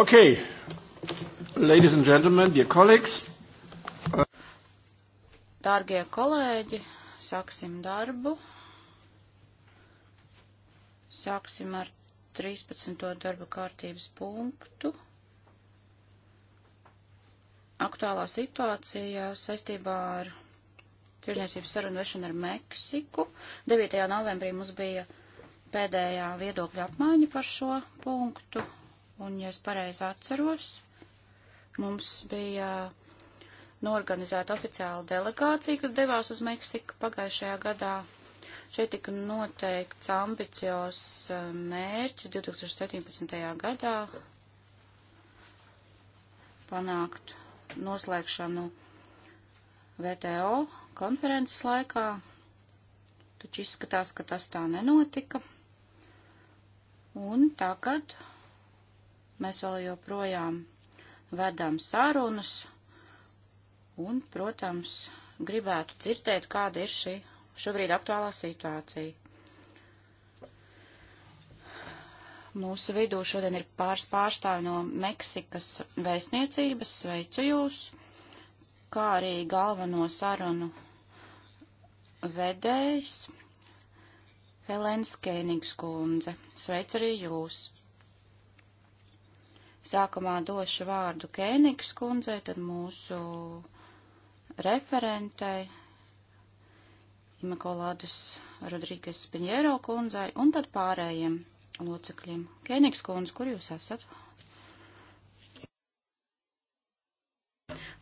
Okay, ladies and gentlemen, dear colleagues. Dārgie kolēģi, sāksim darbu. Sāksim ar 13. darba kārtības punktu. Aktuālā situācija saistībā ar tirzniecības sarunu vešanu ar Meksiku. 9. novembrī mums bija pēdējā viedokļa apmaiņa par šo punktu. Un, ja es pareizi atceros, mums bija norganizēta oficiāla delegācija, kas devās uz Meksiku pagājušajā gadā. Šeit tika noteikts ambicios eh, mērķis 2017. gadā panākt noslēgšanu VTO konferences laikā, taču izskatās, ka tas tā nenotika. Un tagad Mēs vēl joprojām vedam sarunas un, protams, gribētu dzirdēt, kāda ir šī šobrīd aktuālā situācija. Mūsu vidū šodien ir pāris pārstāvi no Meksikas vēstniecības. Sveicu jūs! kā arī galveno sarunu vedējs Helēns Kēnigs kundze. Sveic arī jūs! Sākumā došu vārdu Kēnigs kundzei, tad mūsu referentei Imakolādas Rodrīgas Piņēro kundzei un tad pārējiem locekļiem. Kēnigs kundze, kur jūs esat?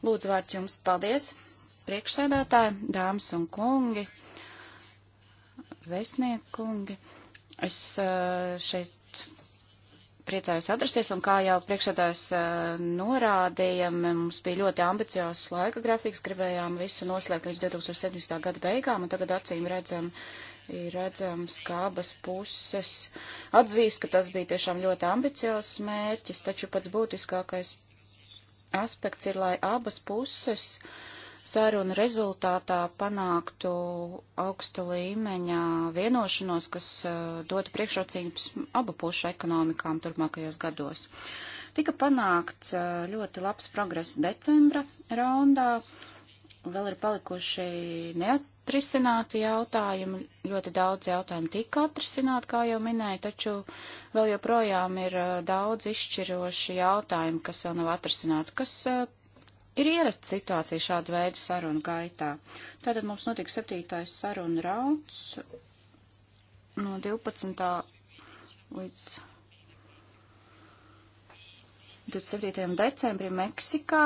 Lūdzu vārds jums, paldies, priekšsēdētāji, dāmas un kungi, vēstnieku kungi. Es eh, šeit priecājos atrasties, un kā jau priekšsēdājs uh, norādīja, mums bija ļoti ambiciozs laika grafiks, gribējām visu noslēgt līdz 2017. gada beigām, un tagad acīm redzam, ir redzams, ka abas puses atzīst, ka tas bija tiešām ļoti ambiciozs mērķis, taču pats būtiskākais aspekts ir, lai abas puses uh, sarunu rezultātā panāktu augsta līmeņa vienošanos, kas eh, dotu priekšrocības abu pušu ekonomikām turpmākajos gados. Tika panākts eh, ļoti labs progress decembra raundā. Vēl ir palikuši neatrisināti jautājumi. Ļoti daudz jautājumu tika atrisināti, kā jau minēju, taču vēl joprojām ir eh, daudz izšķiroši jautājumi, kas vēl nav atrisināti, kas ir ierasta situācija šāda veida sarunu gaitā. Tātad mums notika septītais sarunu rauns no 12. līdz 27. decembrim Meksikā.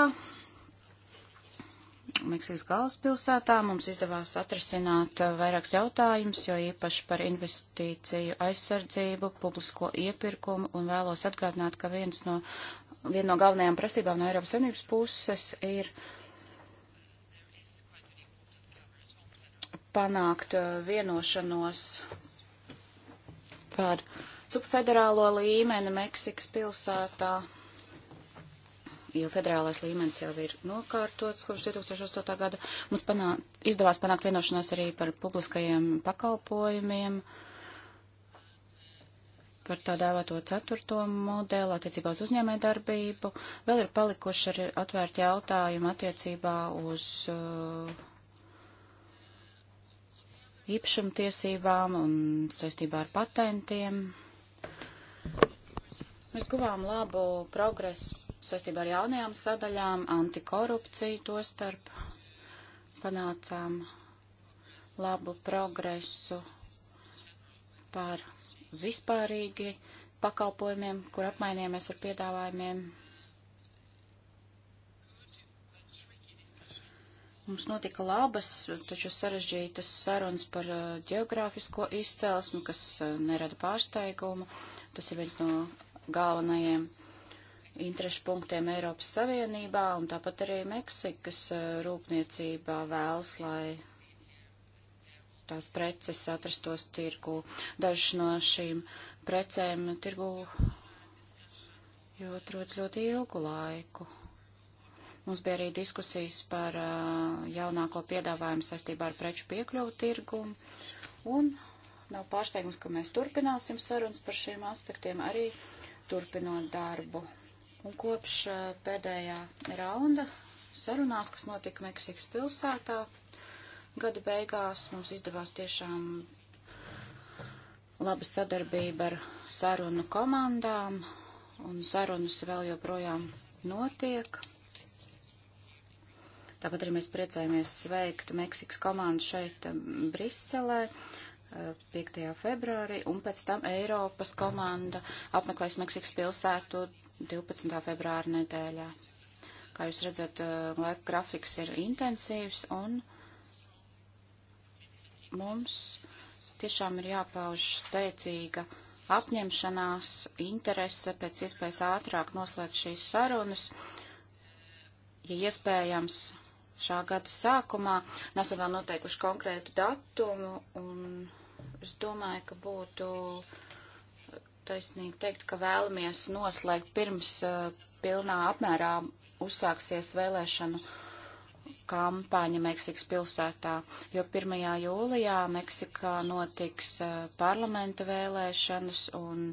Meksikas galvaspilsētā mums izdevās atrasināt uh, vairākus jautājumus, jo īpaši par investīciju aizsardzību, publisko iepirkumu un vēlos atgādināt, ka viens no viena no galvenajām prasībām no Eiropas Savienības puses ir panākt uh, vienošanos par subfederālo līmeni Meksikas pilsētā, jo federālais līmenis jau ir nokārtots kopš 2008. gada. Mums panā, izdevās panākt vienošanos arī par publiskajiem pakalpojumiem. Uh, par tā dēvēto ceturto modeli attiecībā uz uzņēmē darbību. Vēl ir palikuši arī atvērti jautājumi attiecībā uz uh, īpašumtiesībām un saistībā ar patentiem. Mēs guvām labu progresu saistībā ar jaunajām sadaļām, antikorupciju to starp panācām labu progresu par vispārīgi pakalpojumiem, kur apmainījāmies ar piedāvājumiem. Mums notika labas, taču sarežģītas sarunas par uh, geogrāfisko izcelsmu, kas uh, nerada pārsteigumu. Tas ir viens no galvenajiem interešu punktiem Eiropas Savienībā, un tāpat arī Meksikas uh, rūpniecībā vēlas, lai tās preces atrastos tirgu. Dažas no šīm precēm tirgu jau atrodas ļoti ilgu laiku. Mums bija arī diskusijas par uh, jaunāko piedāvājumu saistībā ar preču piekļuvu tirgumu. Un nav pārsteigums, ka mēs turpināsim sarunas par šiem aspektiem, arī turpinot darbu. Un kopš uh, pēdējā raunda sarunās, kas notika Meksikas pilsētā, Gada beigās mums izdevās tiešām laba sadarbība ar sarunu komandām, un sarunas vēl joprojām notiek. Tāpat arī mēs priecājamies sveikt Meksikas komandu šeit Briselē. 5. Eh, februārī, un pēc tam Eiropas komanda apmeklēs Meksikas pilsētu 12. februāra nedēļā. Kā jūs redzat, eh, laika grafiks ir intensīvs, un uh, mums tiešām ir jāpauž spēcīga apņemšanās, interese pēc iespējas ātrāk noslēgt šīs sarunas, ja iespējams šā gada sākumā. Nesam vēl noteikuši konkrētu datumu, un es domāju, ka būtu taisnīgi teikt, ka vēlamies noslēgt pirms uh, pilnā apmērā uzsāksies vēlēšanu uh, kampaņa Meksikas pilsētā, jo 1. jūlijā Meksikā notiks parlamenta vēlēšanas un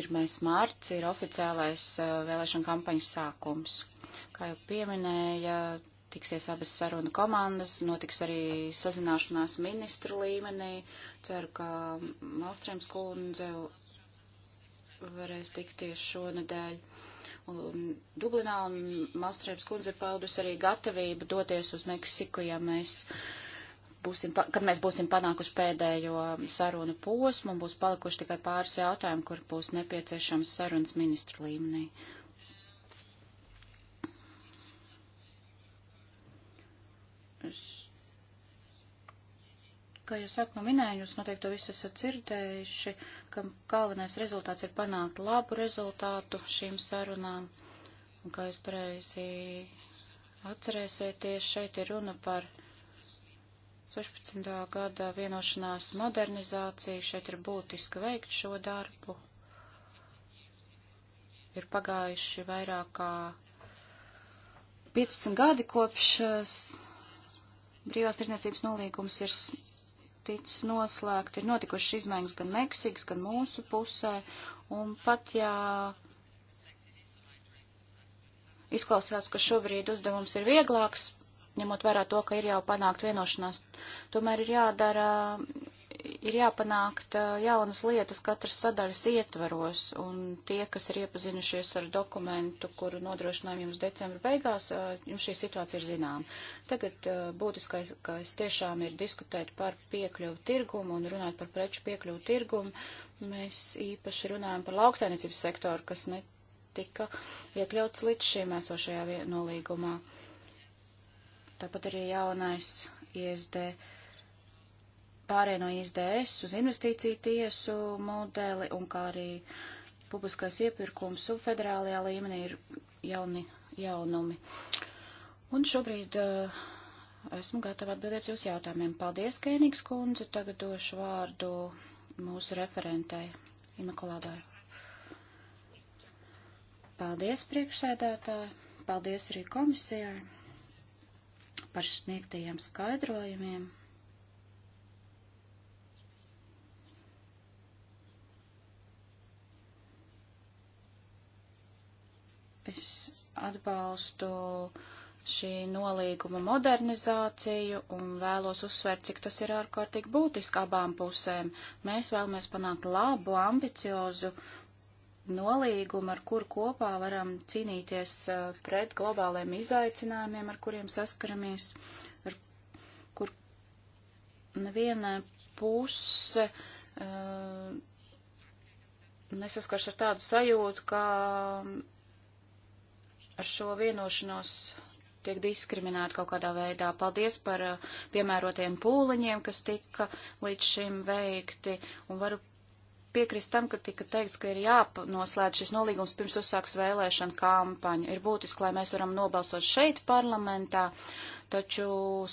1. marts ir oficiālais vēlēšana kampaņas sākums. Kā jau pieminēja, tiksies abas saruna komandas, notiks arī sazināšanās ministru līmenī. Ceru, ka Malstrēms kundze varēs tikties šonadēļ un um, Dublinā, un Malstrēms kundze ir paudus arī gatavību doties uz Meksiku, ja mēs būsim, kad mēs būsim panākuši pēdējo sarunu posmu, un būs palikuši tikai pāris jautājumi, kur būs nepieciešams sarunas ministru līmenī. Kā jau sākumā minēju, jūs noteikti to visu esat dzirdējuši. Uh, ka galvenais rezultāts ir panākt labu rezultātu šīm sarunām. Un kā jūs pareizi atcerēsieties, šeit ir runa par 16. gada vienošanās modernizāciju. Šeit ir būtiski veikt šo darbu. Ir pagājuši vairāk kā 15 gadi kopš brīvās tirniecības nolīgums ir ticis noslēgt, ir notikušas izmaiņas gan Meksikas, gan mūsu pusē, un pat jā. Izklausās, ka šobrīd uzdevums ir vieglāks, ņemot vērā to, ka ir jau panākt vienošanās, tomēr ir jādara ir jāpanākt jaunas lietas katras sadaļas ietvaros, un tie, kas ir iepazinušies ar dokumentu, kuru nodrošinājām jums decembra beigās, jums šī situācija ir zinām. Tagad būtiskais tiešām ir diskutēt par piekļuvu tirgumu un runāt par preču piekļuvu tirgumu. Mēs īpaši runājam par lauksainicības sektoru, kas netika iekļauts līdz šim esošajā nolīgumā. Tāpat arī jaunais ISD pārē no ISDS uz investīciju tiesu modeli un kā arī publiskais iepirkums subfederālajā līmenī ir jauni jaunumi. Un šobrīd uh, esmu gatava atbildēt jūsu jautājumiem. Paldies, Kēnigs kundze. Tagad došu vārdu mūsu referentei Imakulādai. Paldies, priekšsēdētāji. Paldies arī komisijai par sniegtajiem skaidrojumiem. Es atbalstu šī nolīguma modernizāciju un vēlos uzsvērt, cik tas ir ārkārtīgi būtiski abām pusēm. Mēs vēlamies panākt labu, ambiciozu nolīgumu, ar kur kopā varam cīnīties eh, pret globāliem izaicinājumiem, ar kuriem saskaramies, ar kur neviena puse uh, nesaskars ar tādu sajūtu, ka ar šo vienošanos tiek diskriminēti kaut kādā veidā. Paldies par uh, piemērotiem pūliņiem, kas tika līdz šim veikti, un varu piekrist tam, ka tika teikts, ka ir jānoslēdz šis nolīgums pirms uzsāks vēlēšana kampaņa. Ir būtiski, lai mēs varam nobalsot šeit parlamentā, taču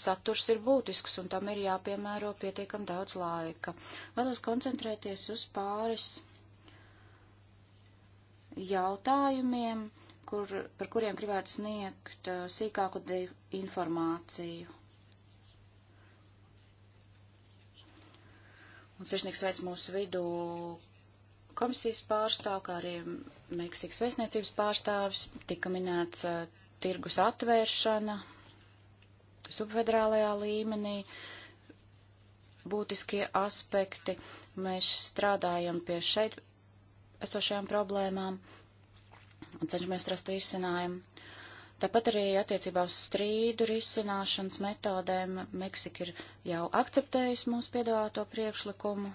saturs ir būtisks, un tam ir jāpiemēro pietiekam daudz laika. Vēlos koncentrēties uz pāris jautājumiem kur, par kuriem gribētu sniegt uh, sīkāku informāciju. Un sirsnīgs veids mūsu vidū komisijas pārstāv, kā arī Meksikas vēstniecības pārstāvis, tika minēts uh, tirgus atvēršana subfederālajā līmenī, būtiskie aspekti. Mēs strādājam pie šeit esošajām problēmām. Uh, un cenšamies rast risinājumu. Tāpat arī attiecībā uz strīdu risināšanas metodēm Meksika ir jau akceptējusi mūsu piedāvāto priekšlikumu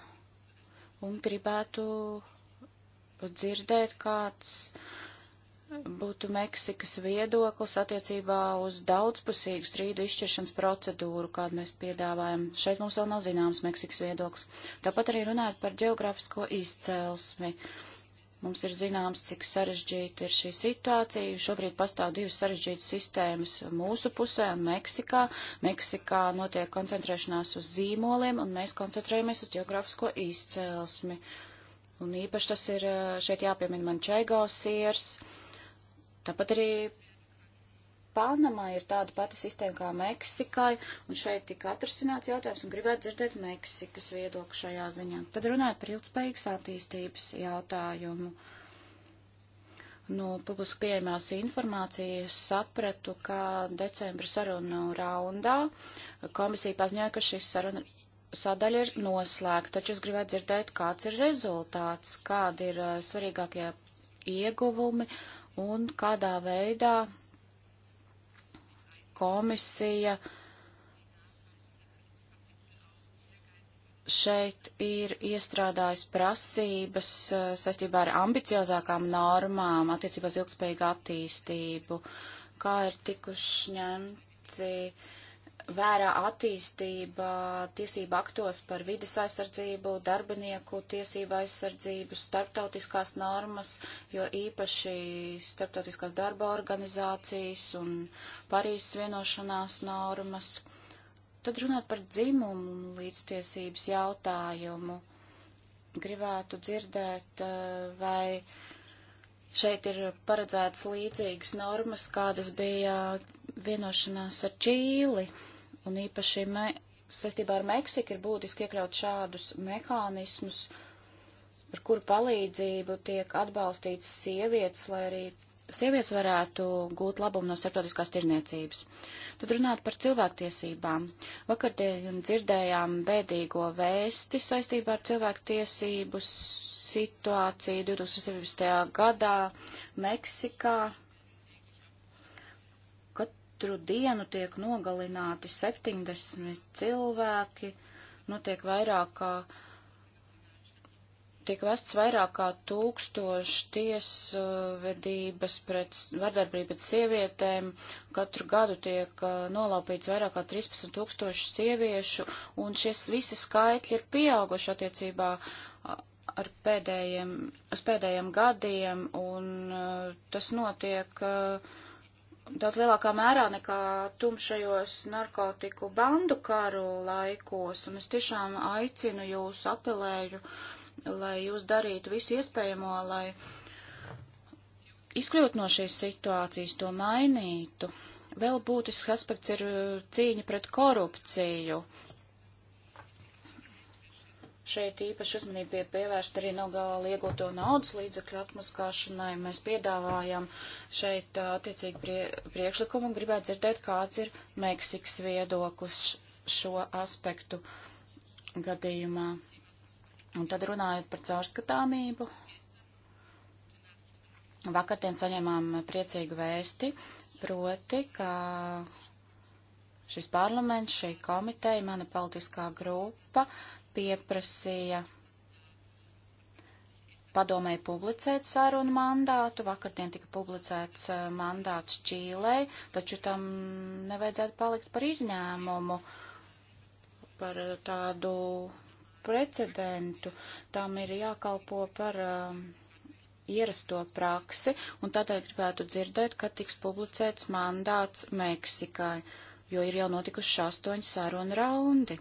un gribētu dzirdēt, kāds būtu Meksikas viedoklis attiecībā uz daudzpusīgu strīdu izšķiršanas procedūru, kādu mēs piedāvājam. Šeit mums vēl nav zināms Meksikas viedoklis. Tāpat arī runājot par geogrāfisko izcelsmi. Uh, Mums ir zināms, cik sarežģīta ir šī situācija. Šobrīd pastāv divas sarežģītas sistēmas mūsu pusē un Meksikā. Meksikā notiek koncentrēšanās uz zīmoliem, un mēs koncentrējamies uz geogrāfisko izcēlesmi. Un īpaši tas ir eh, šeit jāpiemina mančaigo siers, tāpat arī Panamā ir tāda pati sistēma kā Meksikai, un šeit tika atrasināts jautājums, un gribētu dzirdēt Meksikas viedokli šajā ziņā. Tad runājot par ilgspējīgas attīstības jautājumu. No nu, publiski pieejamās informācijas sapratu, ka decembra sarunu raundā komisija paziņoja, ka šis sarunu sadaļa ir noslēgta, taču es gribētu dzirdēt, kāds ir rezultāts, kādi ir eh, svarīgākie ieguvumi un kādā veidā komisija šeit ir iestrādājis prasības eh, saistībā ar ambiciozākām normām attiecībā uz ilgspējīgu attīstību, kā ir tikuši ņemti vērā attīstība tiesība aktos par vides aizsardzību, darbinieku tiesību aizsardzību, starptautiskās normas, jo īpaši starptautiskās darba organizācijas un Parīzes vienošanās normas. Tad runāt par dzimumu līdztiesības jautājumu. Gribētu dzirdēt, eh, vai šeit ir paredzētas līdzīgas normas, kādas bija vienošanās ar Čīli Un īpaši me, saistībā ar Meksiku ir būtiski iekļaut šādus mehānismus, ar kuru palīdzību tiek atbalstīts sievietes, lai arī sievietes varētu gūt labumu no starptautiskās tirniecības. Tad runāt par cilvēktiesībām. Vakardien dzirdējām bēdīgo vēsti saistībā ar cilvēktiesību situāciju 2017. gadā Meksikā katru dienu tiek nogalināti 70 cilvēki, notiek nu, vairāk kā, tiek vests vairāk kā tūkstoši tiesvedības pret vardarbību pret sievietēm, katru gadu tiek nolaupīts vairāk kā 13 tūkstoši sieviešu, un šis visi skaitļi ir pieauguši attiecībā ar pēdējiem, uz pēdējiem gadiem, un tas notiek uh, daudz lielākā mērā nekā tumšajos narkotiku bandu karu laikos, un es tiešām aicinu jūs, apelēju, lai jūs darītu visu iespējamo, lai izkļūtu no šīs situācijas, to mainītu. Vēl būtisks aspekts ir uh, cīņa pret korupciju. Šeit īpaši uzmanība bija pievērsta arī nogāli iegūto naudas līdzekļu atmaskāšanai. Mēs piedāvājam šeit attiecīgi prie, priekšlikumu un gribētu dzirdēt, kāds ir Meksikas viedoklis šo aspektu gadījumā. Un tad runājot par caurskatāmību. Vakardien saņēmām priecīgu vēsti, proti, ka šis parlaments, šī komiteja, mana politiskā grupa pieprasīja padomēji publicēt sarunu mandātu, vakardien tika publicēts eh, mandāts Čīlei, taču tam nevajadzētu palikt par izņēmumu, par eh, tādu precedentu, tam ir jākalpo par um, ierasto praksi, un tādēļ gribētu dzirdēt, kad tiks publicēts mandāts Meksikai, jo ir jau notikuši astoņi sarunu raundi.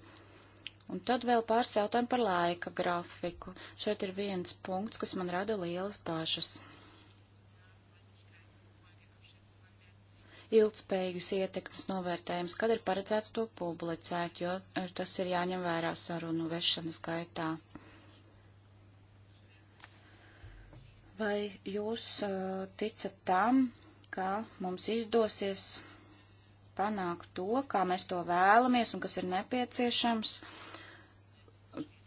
Un tad vēl pāris jautājumu par laika grafiku. Šeit ir viens punkts, kas man rada lielas bažas. Ilgspējīgas ietekmes novērtējums, kad ir paredzēts to publicēt, jo eh, tas ir jāņem vērā sarunu vešanas gaitā. Vai jūs uh, ticat tam, ka mums izdosies panākt to, kā mēs to vēlamies un kas ir nepieciešams? Uh,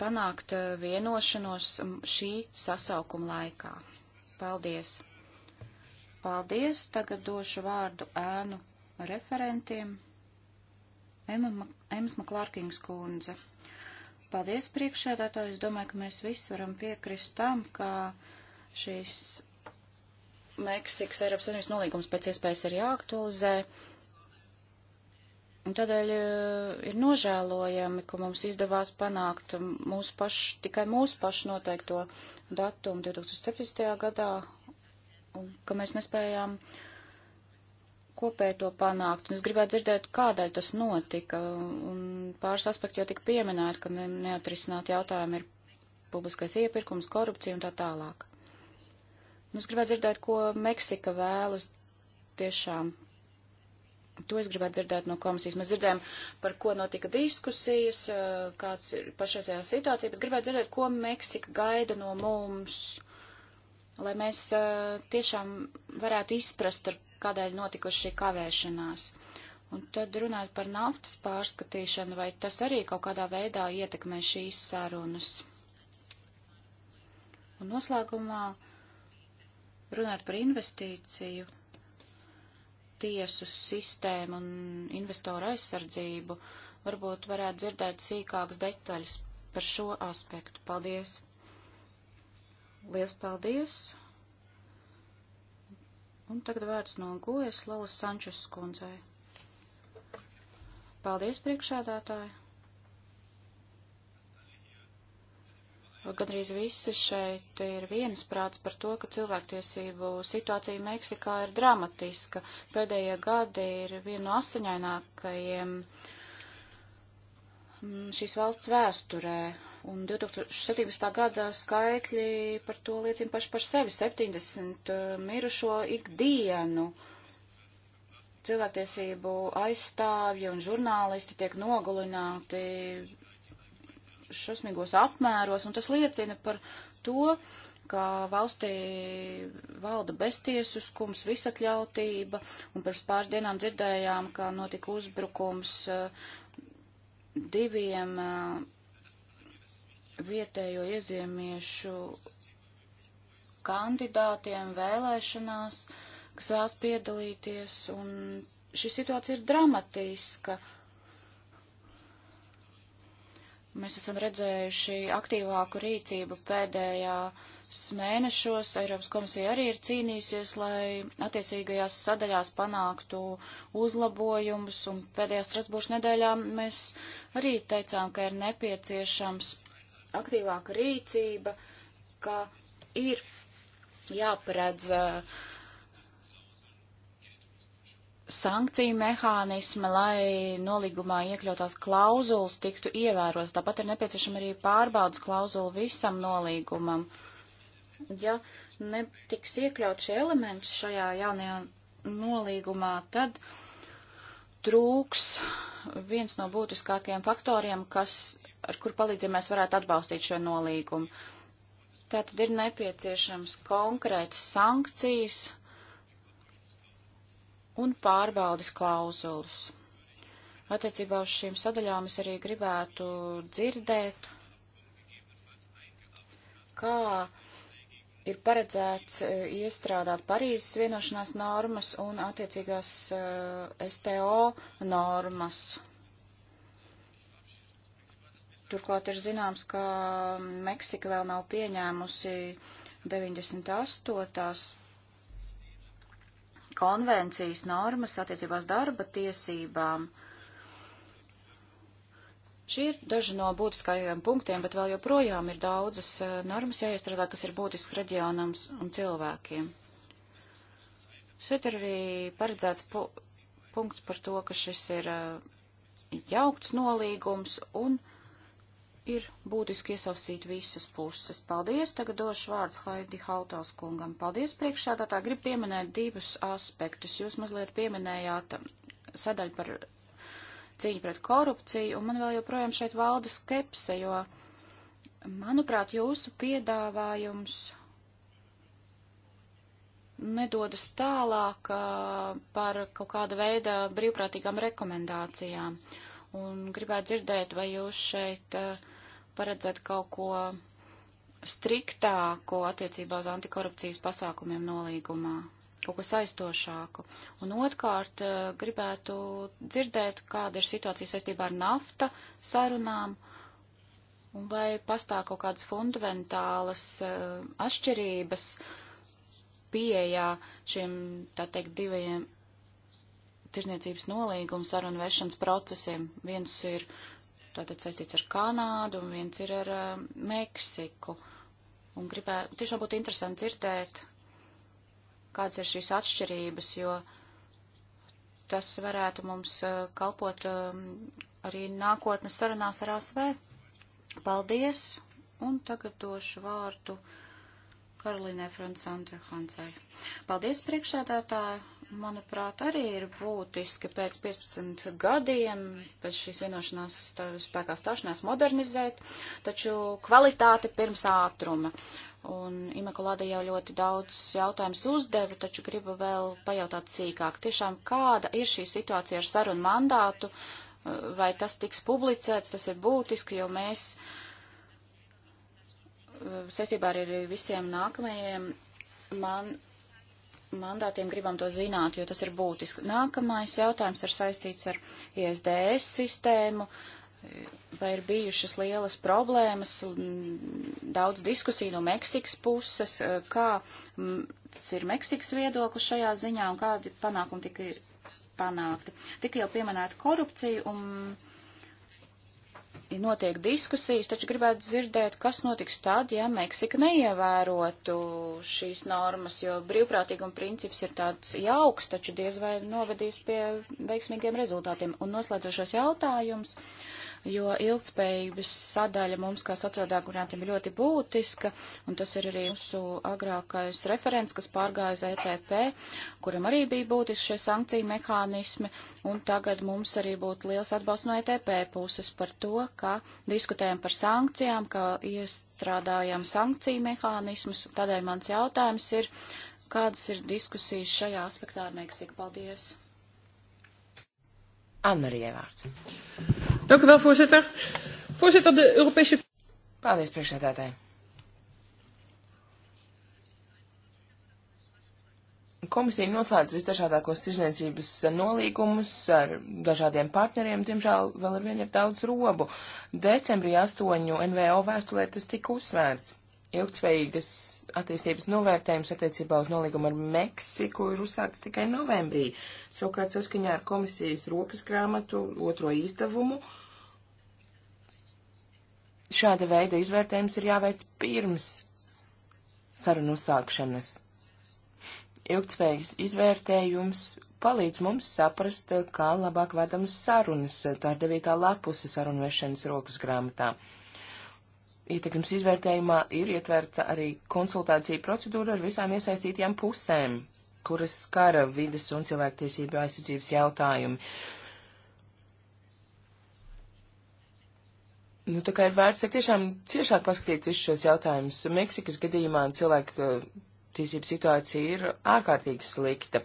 panākt eh, vienošanos šī sasaukuma laikā. Paldies! Paldies! Tagad došu vārdu ēnu referentiem. Emas Maklārkings kundze. Paldies priekšēdētāji. Es domāju, ka mēs visi varam piekrist tam, ka šīs Meksikas Eiropas Savienības nolīgums pēc iespējas ir jāaktualizē. Uh, Un tādēļ eh, ir nožēlojami, ka mums izdevās panākt mūsu pašu, tikai mūsu pašu noteikto datumu 2017. gadā, un ka mēs nespējām kopēji to panākt. Un es gribētu dzirdēt, kādēļ tas notika, un pāris aspekti jau tika pieminēti, ka neatrisināt jautājumi ir publiskais iepirkums, korupcija un tā tālāk. Un es gribētu dzirdēt, ko Meksika vēlas tiešām To es gribētu dzirdēt no komisijas. Mēs dzirdējām, par ko notika diskusijas, eh, kāds ir pašreizējā situācija, bet gribētu dzirdēt, ko Meksika gaida no mums, lai mēs eh, tiešām varētu izprast, ar kādēļ notikuši šī kavēšanās. Un tad runāt par naftas pārskatīšanu, vai tas arī kaut kādā veidā ietekmē šīs sarunas. Un noslēgumā runāt par investīciju tiesu sistēmu un investoru aizsardzību, varbūt varētu dzirdēt sīkākas detaļas par šo aspektu. Paldies! Liels paldies! Un tagad vārds no gojas Lalas Sančus skundzei. Paldies, priekšādātāji! Gadrīz visi šeit ir viensprāts par to, ka cilvēktiesību situācija Meksikā ir dramatiska. Pēdējie gadi ir viena no asiņainākajiem mm, šīs valsts vēsturē. Un 2017. gada skaitļi par to liecina paši par sevi - 70 eh, mirušo ikdienu. Cilvēktiesību aizstāvji un žurnālisti tiek nogalināti šausmīgos apmēros, un tas liecina par to, ka valstī valda beztiesiskums, visatļautība, un pirms pāris dienām dzirdējām, ka notika uzbrukums eh, diviem eh, vietējo iezīmiešu kandidātiem vēlēšanās, kas vēlas piedalīties, un šī situācija ir dramatiska. Uh, Mēs esam redzējuši aktīvāku rīcību pēdējās mēnešos. Eiropas komisija arī ir cīnījusies, lai attiecīgajās sadaļās panāktu uzlabojumus, un pēdējā Strasbūras nedēļā mēs arī teicām, ka ir nepieciešams aktīvāka rīcība, ka ir jāparedz uh, sankciju mehānismi, lai nolīgumā iekļautās klauzulas tiktu ievēros. Tāpat ir nepieciešama arī pārbaudas klauzula visam nolīgumam. Ja netiks iekļaut šie elementi šajā jaunajā nolīgumā, tad trūks viens no būtiskākajiem faktoriem, kas, ar kur palīdzību mēs varētu atbalstīt šo nolīgumu. Tātad ir nepieciešams konkrētas sankcijas, un pārbaudas klauzulus. Attiecībā uz šīm sadaļām es arī gribētu dzirdēt, kā ir paredzēts e, iestrādāt Parīzes vienošanās normas un attiecīgās e, STO normas. Turklāt ir zināms, ka Meksika vēl nav pieņēmusi 98 konvencijas normas attiecībās darba tiesībām. Šī ir daži no būtiskajiem punktiem, bet vēl joprojām ir daudzas eh, normas jāiestrādā, kas ir būtisks reģionams un cilvēkiem. Šeit ir arī paredzēts pu punkts par to, ka šis ir eh, jaukts nolīgums un uh, ir būtiski iesaistīt visas puses. Paldies, tagad došu vārds Haidi Hautals kungam. Paldies priekšādātā, gribu pieminēt divus aspektus. Jūs mazliet pieminējāt um, sadaļu par cīņu pret korupciju, un man vēl joprojām šeit valda skepse, jo, manuprāt, jūsu piedāvājums nedodas tālāk uh, par kaut kāda veida brīvprātīgām rekomendācijām. Un gribētu dzirdēt, vai jūs šeit uh, paredzēt kaut ko striktāko attiecībā uz antikorupcijas pasākumiem nolīgumā, kaut ko saistošāku. Un otrkārt, eh, gribētu dzirdēt, kāda ir situācija saistībā ar nafta sarunām, un vai pastāv kaut kādas fundamentālas eh, atšķirības pieejā šiem, tā teikt, divajiem tirzniecības nolīgumu sarunu vešanas procesiem. Viens ir uh, tātad saistīts ar Kanādu un viens ir ar uh, Meksiku. Un gribētu, tiešām būtu interesanti dzirdēt, kādas ir šīs atšķirības, jo tas varētu mums uh, kalpot uh, arī nākotnes sarunās ar ASV. Paldies! Un tagad došu vārdu Karolinai Fransanderhansai. Paldies, priekšsēdētāji! manuprāt, arī ir būtiski pēc 15 gadiem, pēc šīs vienošanās stā, spēkā stāšanās modernizēt, taču kvalitāte pirms ātruma. Un Imakulāda jau ļoti daudz jautājums uzdeva, taču gribu vēl pajautāt sīkāk. Tiešām, kāda ir šī situācija ar sarunu mandātu, vai tas tiks publicēts, tas ir būtiski, jo mēs eh, saistībā ar visiem nākamajiem man mandātiem gribam to zināt, jo tas ir būtiski. Nākamais jautājums ir saistīts ar ISDS sistēmu. Vai ir bijušas lielas problēmas, daudz diskusiju no Meksikas puses, kāds ir Meksikas viedoklis šajā ziņā un kādi panākumi tika panākti. Tik jau pieminēta korupcija un notiek diskusijas, taču gribētu dzirdēt, kas notiks tad, ja Meksika neievērotu šīs normas, jo brīvprātīguma princips ir tāds jauks, taču diez vai novedīs pie veiksmīgiem rezultātiem. Un noslēdzošais jautājums. Uh, jo ilgspējības sadaļa mums kā sociāldemokrātiem ir ļoti būtiska, un tas ir arī mūsu agrākais referents, kas pārgāja uz ETP, kuram arī bija būtiski šie sankciju mehānismi, un tagad mums arī būtu liels atbalsts no ETP puses par to, ka diskutējam par sankcijām, ka iestrādājam sankciju mehānismus, tādēļ mans jautājums ir, kādas ir diskusijas šajā aspektā ar Meksiku? Paldies! Anne-Marijai vārds. Dank u wel, voorzitter. Voorzitter, de Europese... Paldies, priekšsēdētāji. Komisija noslēdz visdažādākos tirzniecības nolīgumus ar dažādiem partneriem, diemžēl vēl ar vienu ir daudz robu. Decembrī astoņu NVO vēstulē tas tika uzsvērts ilgtspējīgas attīstības novērtējums attiecībā uz nolīgumu ar Meksiku ir uzsākts tikai novembrī. Savukārt saskaņā ar komisijas rokas grāmatu otro izdevumu šāda veida izvērtējums ir jāveic pirms sarunu uzsākšanas. Ilgtspējīgs izvērtējums palīdz mums saprast, kā labāk vedamas sarunas, tā ir devītā lapuse sarunvešanas rokas grāmatā. Ietekmes izvērtējumā ir ietverta arī konsultācija procedūra ar visām iesaistītajām pusēm, kuras skara vidas un cilvēktiesību aizsardzības jautājumi. Nu, tā kā ir vērts, tiešām ciešāk paskatīt visus šos jautājumus. Meksikas gadījumā cilvēku tiesību situācija ir ārkārtīgi slikta.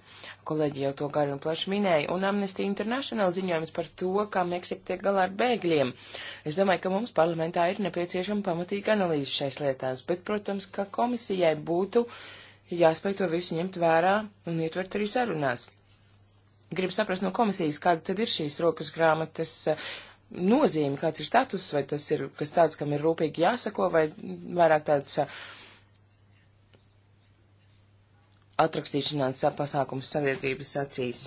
Kolēģi jau to gari un plaši minēja, un Amnesty International ziņojums par to, kā Meksika tiek galā ar bēgļiem. Es domāju, ka mums parlamentā ir nepieciešama pamatīga analīze šais lietās, bet, protams, ka komisijai būtu jāspēj to visu ņemt vērā un ietvert arī sarunās. Gribu saprast no komisijas, kāda tad ir šīs rokas grāmatas eh, nozīme, kāds ir status, vai tas ir kas tāds, kam ir rūpīgi jāsako, vai vairāk tāds uh, atrakstīšanās pasākums sabiedrības acīs.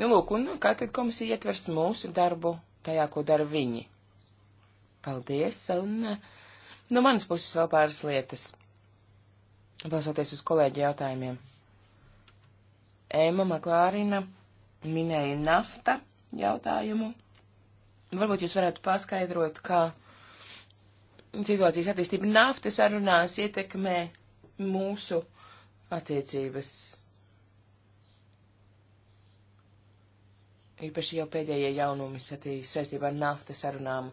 Nu, lūk, un kā tad komisija ietvers mūsu darbu tajā, ko dara viņi? Paldies, un no nu, manas puses vēl pāris lietas. Balsoties uz kolēģi jautājumiem. Ēma Maklārina minēja nafta jautājumu. Varbūt jūs varētu paskaidrot, kā situācijas attīstība naftas arunās ietekmē mūsu attiecības. Īpaši jau pēdējie jaunumi saistībā ar naftas sarunām.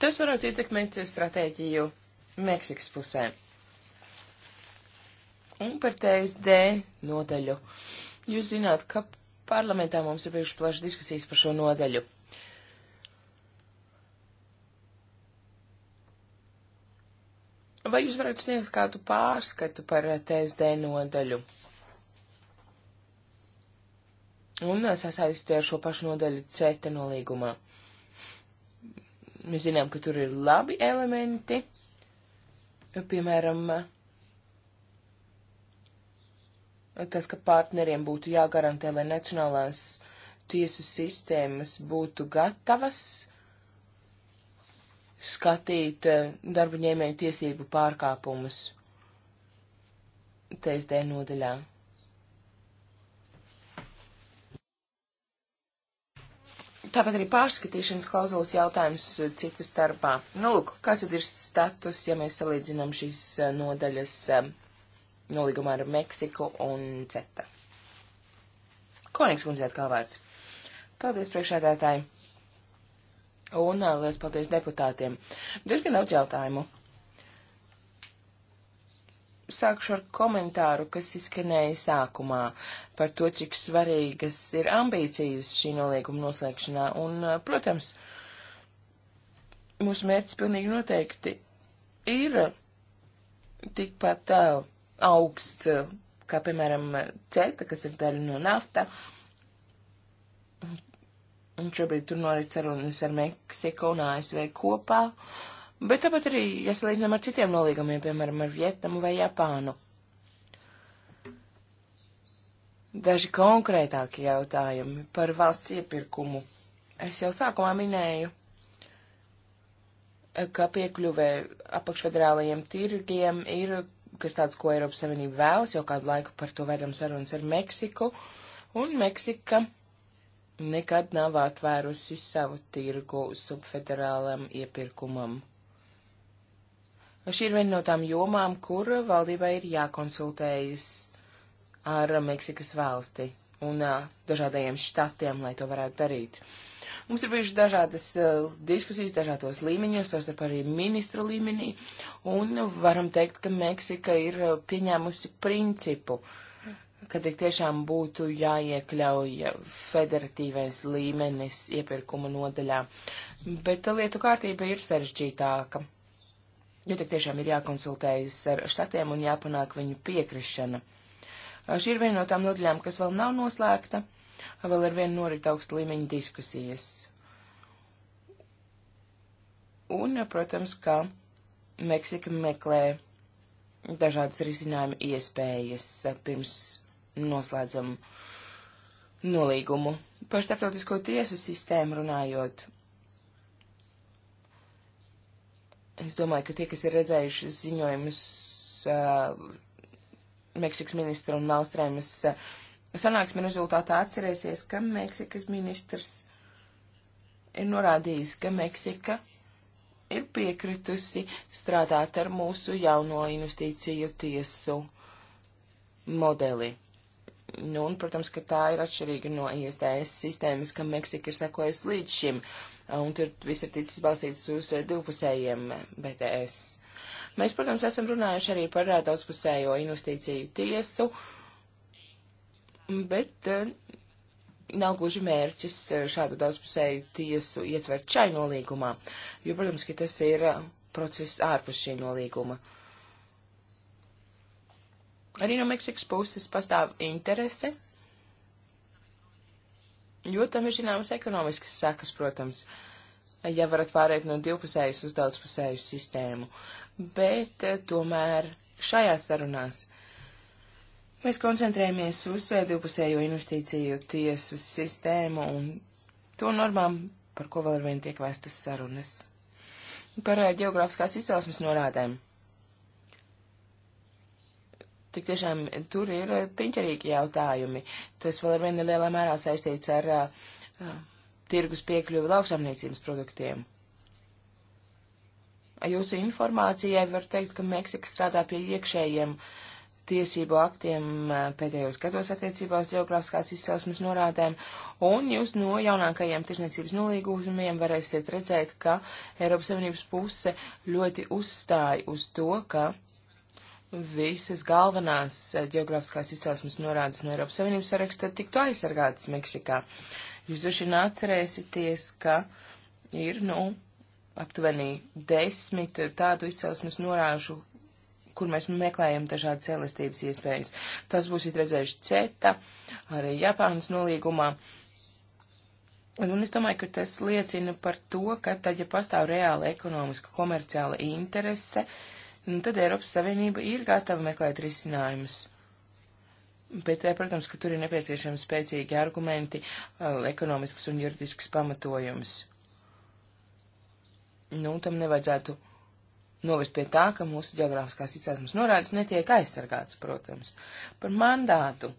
Tas varētu ietekmēt stratēģiju Meksikas pusē. Un par TSD nodaļu. Jūs zināt, ka parlamentā mums ir bijušas plašas diskusijas par šo nodaļu. Vai jūs varat sniegt kādu pārskatu par TSD nodaļu? Un eh, sasaistīt ar šo pašu nodaļu CETA nolīgumā. Mēs zinām, ka tur ir labi elementi, piemēram, tas, ka partneriem būtu jāgarantē, lai nacionālās tiesu sistēmas būtu gatavas skatīt eh, darba ņēmēju tiesību pārkāpumus TSD nodaļā. Tāpat arī pārskatīšanas klauzulas jautājums eh, citas starpā. Nu, lūk, kāds tad ir status, ja mēs salīdzinām šīs eh, nodaļas nolīgumā ar Meksiku un CETA? Konings kundzēt kā vārds. Paldies priekšādātāji! Un eh, liels paldies deputātiem. Diezgan daudz jautājumu. Sākšu ar komentāru, kas izskanēja sākumā par to, cik svarīgas ir ambīcijas šī nolieguma noslēgšanā. Un, eh, protams, mūsu mērķis pilnīgi noteikti ir tikpat uh, augsts, kā piemēram CETA, kas ir daļa no nafta Un šobrīd tur norit sarunas ar Meksiku un ASV kopā, bet tāpat arī, ja salīdzinām ar citiem nolīgumiem, piemēram, ar Vietnamu vai Japānu. Daži konkrētāki jautājumi par valsts iepirkumu. Es jau sākumā minēju, ka piekļuvē apakšfederālajiem tirgiem ir kas tāds, ko Eiropas Savienība vēlas, jau kādu laiku par to vedam sarunas ar Meksiku, un Meksika nekad nav atvērusi savu tirgu subfederālam iepirkumam. Šī ir viena no tām jomām, kur valdībai ir jākonsultējas ar Meksikas valsti un uh, dažādajiem štatiem, lai to varētu darīt. Mums ir bijušas dažādas uh, diskusijas dažādos līmeņos, tostarp arī ministru līmenī, un varam teikt, ka Meksika ir uh, pieņēmusi principu uh, ka tik tiešām būtu jāiekļauj federatīvais līmenis iepirkuma nodaļā. Bet lietu kārtība ir sarežģītāka, jo tik tiešām ir jākonsultējas ar štatiem un jāpanāk viņu piekrišana. Šī ir viena no tām nodaļām, kas vēl nav noslēgta, vēl ar vienu norit augsta līmeņa diskusijas. Un, protams, ka Meksika meklē dažādas risinājuma iespējas pirms noslēdzam nolīgumu. Par starptautisko tiesu sistēmu runājot, es domāju, ka tie, kas ir redzējuši ziņojumus uh, Meksikas ministra un Melstrēmas uh, sanāksme rezultātā atcerēsies, ka Meksikas ministrs ir norādījis, ka Meksika ir piekritusi strādāt ar mūsu jauno investīciju tiesu modeli. Nu, un, protams, ka tā ir atšķirīga no ISDS sistēmas, kam Meksika ir sekojusi līdz šim, un tur viss ir ticis balstīts uz divpusējiem BTS. Mēs, protams, esam runājuši arī par daudzpusējo investīciju tiesu, bet nav gluži mērķis šādu daudzpusēju tiesu ietvert šai nolīgumā, jo, protams, ka tas ir process ārpus šī nolīguma. Arī no Meksikas puses pastāv interese, jo tam ir zināmas ekonomiskas sekas, protams, ja varat pāriet no divpusējas uz daudzpusēju sistēmu. Bet eh, tomēr šajās sarunās mēs koncentrējamies uz eh, divpusējo investīciju tiesu sistēmu un to normām, par ko vēl ar vien tiek vēstas sarunas. Par ģeogrāfiskās eh, izcelsmes norādēm. Tik tiešām tur ir eh, piņķerīgi jautājumi. Tas vēl ar vienu lielā mērā saistīts ar uh, tirgus piekļuvi lauksamniecības produktiem. Jūsu informācijai var teikt, ka Meksika strādā pie iekšējiem uh, tiesību aktiem eh, pēdējos gados attiecībā uz geogrāfiskās izcelsmes norādēm, un jūs no jaunākajiem tirsniecības nolīgumiem varēsiet redzēt, ka Eiropas Savienības puse ļoti uzstāja uz to, ka visas galvenās eh, geogrāfiskās izcelsmes norādes no Eiropas Savienības saraksta tiktu aizsargātas Meksikā. Jūs droši vien atcerēsieties, ka ir, nu, aptuveni desmit tādu izcelsmes norāžu, kur mēs nu, meklējam dažādas elastības iespējas. Tas būs redzējuši CETA, arī Japānas nolīgumā. Un es domāju, ka tas liecina par to, ka tad, ja pastāv reāla ekonomiska komerciāla interese, uh, nu, tad Eiropas Savienība ir gatava meklēt risinājumus. Bet, eh, protams, ka tur ir nepieciešami spēcīgi argumenti, eh, ekonomisks un juridisks pamatojums. Nu, tam nevajadzētu novest pie tā, ka mūsu geogrāfiskās izcelsmes norādes netiek aizsargātas, protams. Par mandātu.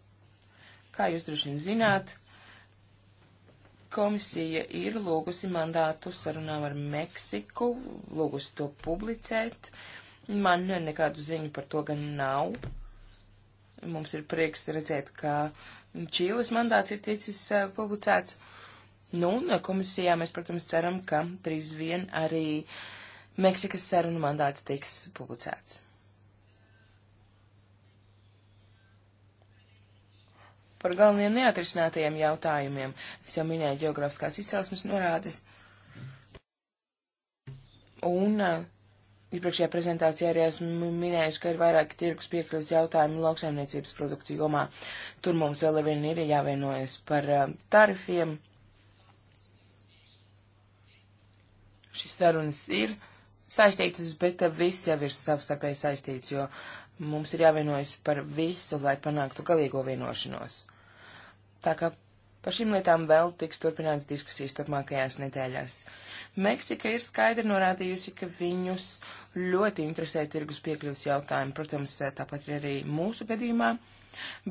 Kā jūs droši vien zināt, komisija ir lūgusi mandātu sarunām ar Meksiku, lūgusi to publicēt. Uh, Man nekādu ziņu par to gan nav. Mums ir prieks redzēt, ka Čīles mandāts ir ticis publicēts. Nu, no komisijā mēs, protams, ceram, ka drīz vien arī Meksikas sarunu mandāts tiks publicēts. Par galveniem neatrisinātajiem jautājumiem es jau minēju geogrāfiskās izcelsmes norādes. Un uh, Iepriekšējā prezentācijā arī esmu minējuši, ka ir vairāki tirgus piekļuvis jautājumi lauksaimniecības produktu jomā. Tur mums vēl vien ir jāvienojas par eh, tarifiem. Šis sarunas ir saistītas, bet eh, viss jau ir savstarpēji saistīts, jo mums ir jāvienojas par visu, lai panāktu galīgo vienošanos. Tā kā Par šīm lietām vēl tiks turpināts diskusijas turpmākajās nedēļās. Meksika ir skaidri norādījusi, ka viņus ļoti interesē tirgus piekļuvas jautājumi, protams, tāpat ir arī mūsu gadījumā,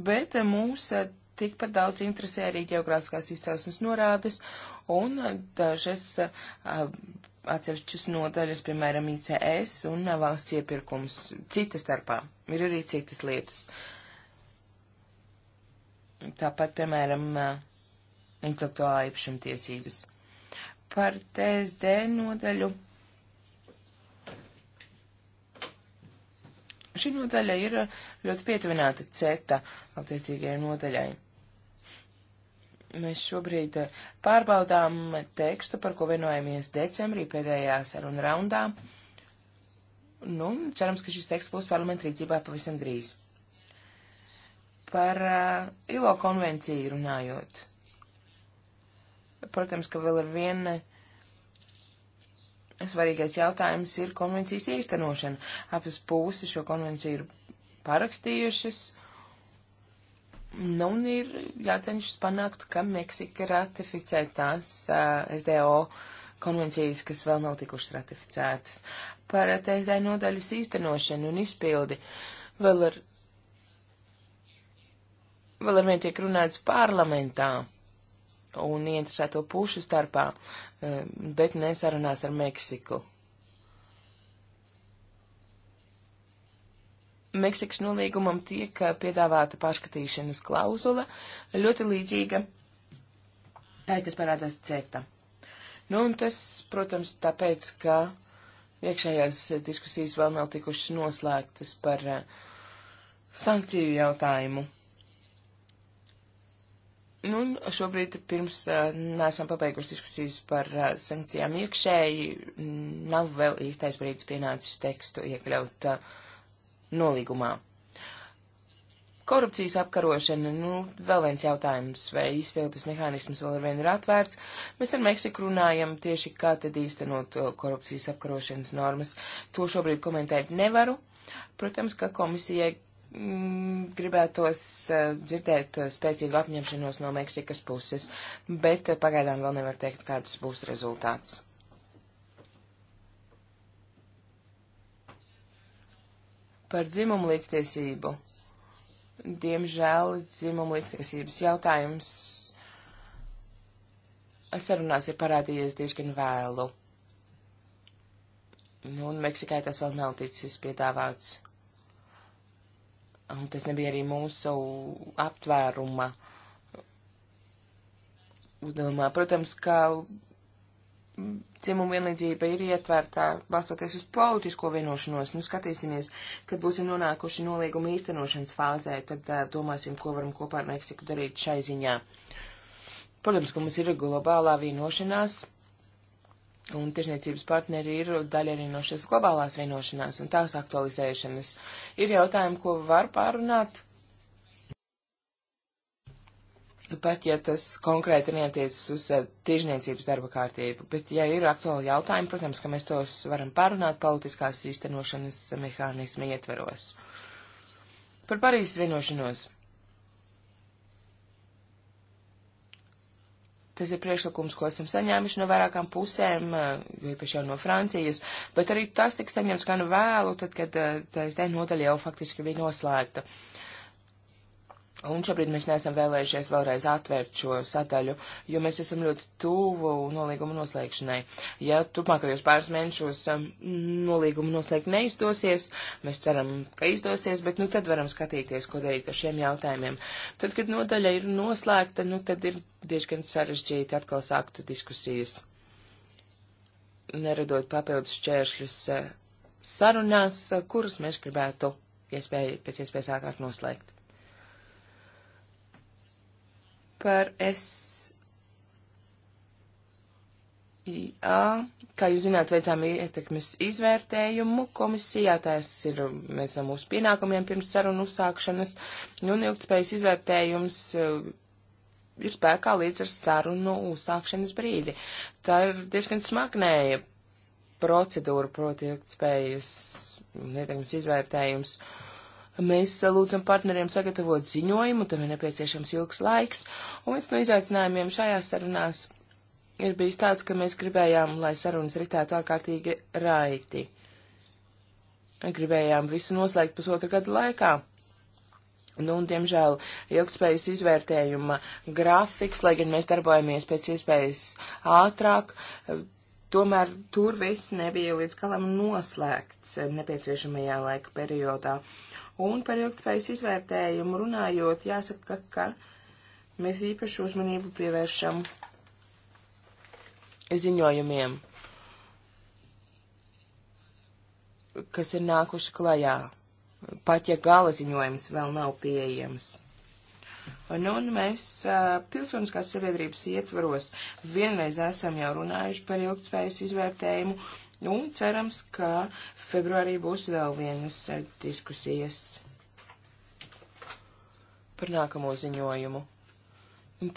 bet mūs tikpat daudz interesē arī geogrāfiskās izcelsmes norādes un dažas atsevišķas nodaļas, piemēram, ICS un valsts iepirkums. Citas starpā ir arī citas lietas. Tāpat, piemēram, intelektuālā īpašumtiesības. Par TSD nodaļu. Šī nodaļa ir ļoti pietuvināta CETA attiecīgajai nodaļai. Mēs šobrīd pārbaudām tekstu, par ko vienojamies decembrī pēdējā saruna raundā. Nu, cerams, ka šis teksts būs parlamenta rīcībā pavisam drīz. Par uh, ILO konvenciju runājot. Protams, ka vēl ar vienu svarīgais jautājums ir konvencijas īstenošana. Abas puses šo konvenciju ir parakstījušas. Nu, un ir jācenšas panākt, ka Meksika ratificē tās uh, SDO konvencijas, kas vēl nav tikušas ratificētas. Par TSD nodaļas īstenošanu un izpildi vēl ar, vēl ar vien tiek runāts parlamentā un ieinteresēto pušu starpā, e, bet nesarunās ar Meksiku. Meksikas nolīgumam tiek piedāvāta pārskatīšanas klauzula, ļoti līdzīga tai, kas parādās CETA. Nu, un tas, protams, tāpēc, ka iekšējās diskusijas vēl nav tikušas noslēgtas par e, sankciju jautājumu. Nu, šobrīd pirms neesam pabeiguši diskusijas par sankcijām iekšēji, nav vēl īstais brīdis pienācis tekstu iekļaut nolīgumā. Korupcijas apkarošana, nu, vēl viens jautājums, vai izpildes mehānisms vēl ar vienu ir atvērts. Mēs ar Meksiku runājam tieši, kā tad īstenot korupcijas apkarošanas normas. To šobrīd komentēt nevaru. Protams, ka komisijai Mm, gribētos eh, dzirdēt eh, spēcīgu apņemšanos no Meksikas puses, bet eh, pagaidām vēl nevar teikt, kāds būs rezultāts. Par dzimumu līdztiesību. Diemžēl dzimumu līdztiesības jautājums sarunās ir parādījies diezgan vēlu. Nu, un Meksikai tas vēl nav ticis piedāvāts. Un tas nebija arī mūsu aptvēruma uzdevumā. Protams, ka dzimumu vienlīdzība ir ietvērta balstoties uz politisko vienošanos. Nu, skatīsimies, kad būsim nonākuši nolīguma īstenošanas fāzē, tad uh, domāsim, ko varam kopā ar Meksiku darīt šai ziņā. Protams, ka mums ir globālā vienošanās Un tiešniecības partneri ir daļa arī no šīs globālās vienošanās un tās aktualizēšanas. Ir jautājumi, ko var pārunāt, pat ja tas konkrēti neatiecas uz eh, tiešniecības darba kārtību. Bet, ja ir aktuāli jautājumi, protams, ka mēs tos varam pārunāt politiskās īstenošanas mehānismi ietveros. Par Parīzes vienošanos. Tas ir priekšlikums, ko esam saņēmuši no vairākām pusēm, eh, īpaši jau no Francijas, bet arī tas tika saņemts gan vēlu, tad, kad eh, taisnē nodaļa jau faktiski bija noslēgta. Uh, Un šobrīd mēs neesam vēlējušies vēlreiz atvērt šo sadaļu, jo mēs esam ļoti tuvu nolīguma noslēgšanai. Ja turpmākajos pāris mēnešos um, nolīguma noslēgt neizdosies, mēs ceram, ka izdosies, bet nu tad varam skatīties, ko darīt ar šiem jautājumiem. Tad, kad nodaļa ir noslēgta, nu tad ir diezgan sarežģīti atkal sāktu diskusijas, neradot papildus šķēršļus uh, sarunās, uh, kuras mēs gribētu iespēju, pēc iespējas ātrāk noslēgt. par SIA. Kā jūs zināt, veicām ietekmes izvērtējumu komisijā, tās ir viens no mūsu pienākumiem pirms sarunu uzsākšanas, un ilgtspējas izvērtējums eh, ir spēkā līdz ar sarunu uzsākšanas brīdi. Tā ir diezgan smagnēja procedūra, proti ilgtspējas ietekmes izvērtējums. Uh, Mēs eh, lūdzam partneriem sagatavot ziņojumu, tam ir nepieciešams ilgs laiks, un viens no izaicinājumiem šajās sarunās ir bijis tāds, ka mēs gribējām, lai sarunas ritētu ārkārtīgi raiti. Gribējām visu noslēgt pusotru gadu laikā. Nu, un, diemžēl, ilgspējas izvērtējuma grafiks, lai gan mēs darbojamies pēc iespējas ātrāk, Tomēr tur viss nebija līdz galam noslēgts nepieciešamajā laika periodā. Un par ilgspējas izvērtējumu runājot, jāsaka, ka mēs īpašu uzmanību pievēršam ziņojumiem, kas ir nākuši klajā, pat ja gala ziņojums vēl nav pieejams. Un, nu, un mēs pilsoniskās sabiedrības ietvaros vienreiz esam jau runājuši par ilgtspējas izvērtējumu, nu, un cerams, ka februārī būs vēl vienas diskusijas par nākamo ziņojumu.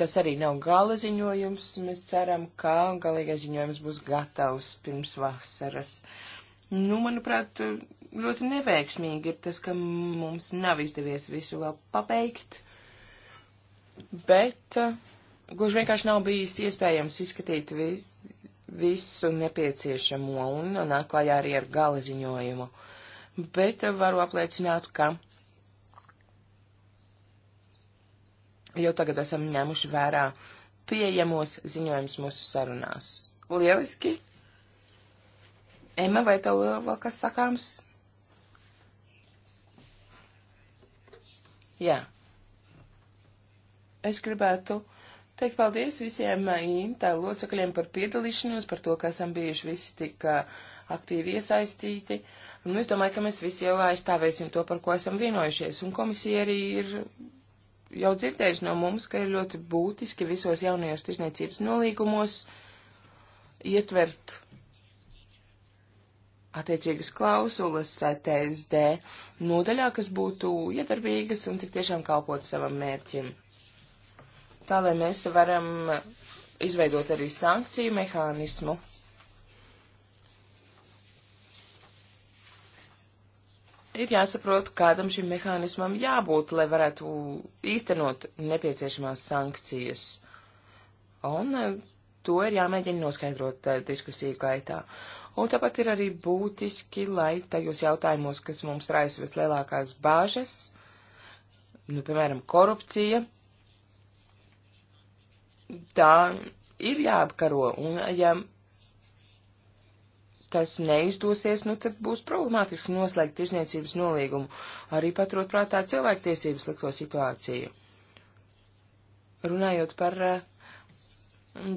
Tas arī nav gala ziņojums. Mēs ceram, ka galīgais ziņojums būs gatavs pirms vasaras. Nu, manuprāt, ļoti neveiksmīgi ir tas, ka mums nav izdevies visu vēl pabeigt bet eh, gluži vienkārši nav bijis iespējams izskatīt vi, visu nepieciešamo un nāk klajā arī ar gala ziņojumu. Bet eh, varu apliecināt, ka jau tagad esam ņēmuši vērā pieejamos ziņojums mūsu sarunās. Lieliski! Emma, vai tev vēl kas sakāms? Jā. Yeah. Es gribētu teikt paldies visiem INTA locekļiem par piedalīšanos, par to, ka esam bijuši visi tik aktīvi iesaistīti. Un es domāju, ka mēs visi jau aizstāvēsim to, par ko esam vienojušies. Un komisija arī ir jau dzirdējuši no mums, ka ir ļoti būtiski visos jaunajos tirzniecības nolīgumos ietvert attiecīgas klausulas TSD nodaļā, kas būtu iedarbīgas un tik tiešām kalpot savam mērķim tā lai mēs varam izveidot arī sankciju mehānismu. Ir jāsaprot, kādam šim mehānismam jābūt, lai varētu īstenot nepieciešamās sankcijas. Un eh, to ir jāmēģina noskaidrot eh, diskusiju gaitā. Un tāpat ir arī būtiski, lai tajos jautājumos, kas mums raisa vislielākās bāžas, nu, piemēram, korupcija, tā ir jāapkaro, un ja tas neizdosies, nu tad būs problemātiski noslēgt tirzniecības nolīgumu, arī paturot prātā cilvēktiesības likto situāciju. Runājot par uh,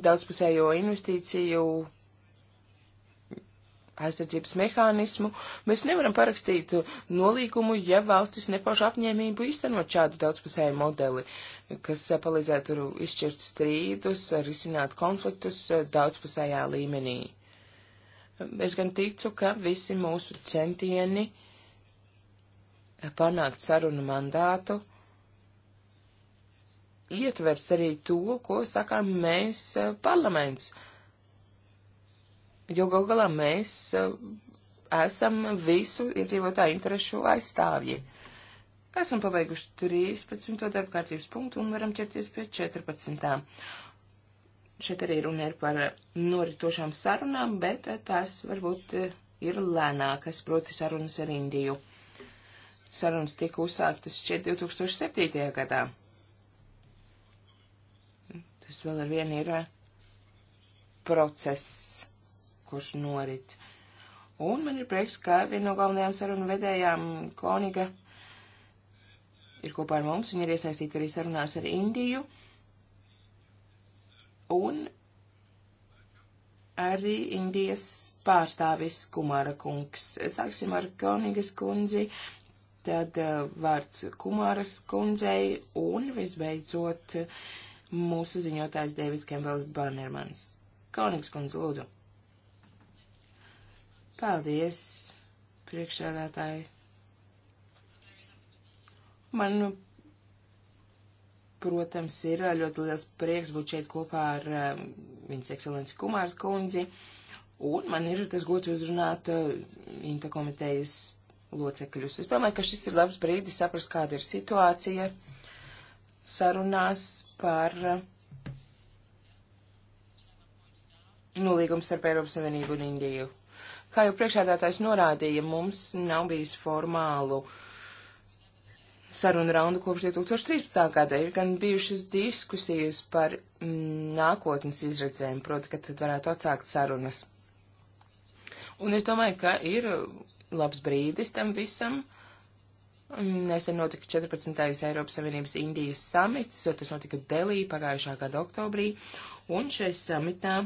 daudzpusējo investīciju aizsardzības mehānismu, mēs nevaram parakstīt nolīgumu, ja valstis nepauž apņēmību īstenot šādu daudzpusēju modeli, kas palīdzētu izšķirt strīdus, risināt konfliktus daudzpusējā līmenī. Es gan ticu, ka visi mūsu centieni panākt sarunu mandātu ietvers arī to, ko sakām mēs eh, parlaments. Uh, jo gal galā mēs eh, esam visu iedzīvotāju interesu aizstāvji. Esam pabeiguši 13. darba kārtības punktu un varam ķerties pie 14. Šeit arī runa ir par eh, noritošām sarunām, bet eh, tās varbūt ir lēnākas, proti sarunas ar Indiju. Sarunas tika uzsāktas šķiet 2007. gadā. Tas vēl ar vienu ir process kurš norit. Un man ir prieks, ka viena no galvenajām sarunu vedējām Koniga ir kopā ar mums. Viņa ir iesaistīta arī sarunās ar Indiju. Un arī Indijas pārstāvis Kumāra kungs. Sāksim ar Konigas kundzi, tad eh, vārds Kumāras kundzei un visbeidzot mūsu ziņotājs Dēvids Kembels Banermans. Konigas kundze, lūdzu. Paldies, priekšsēdētāji. Man, protams, ir ļoti liels prieks būt šeit kopā ar um, viņas ekscelenci Kumārs kundzi, un man ir tas gods uzrunāt uh, Inta komitejas locekļus. Es domāju, ka šis ir labs brīdis saprast, kāda ir situācija sarunās par uh, nolīgumu starp Eiropas Savienību un Indiju. Kā jau priekšādātājs norādīja, mums nav bijis formālu sarunu raundu kopš 2013. gada. Ir gan bijušas diskusijas par mm, nākotnes izredzēm, proti, ka tad varētu atsākt sarunas. Un es domāju, ka ir labs brīdis tam visam. Mm, nesen notika 14. Eiropas Savienības Indijas samits, tas notika Delī pagājušā gada oktobrī, un šajā samitā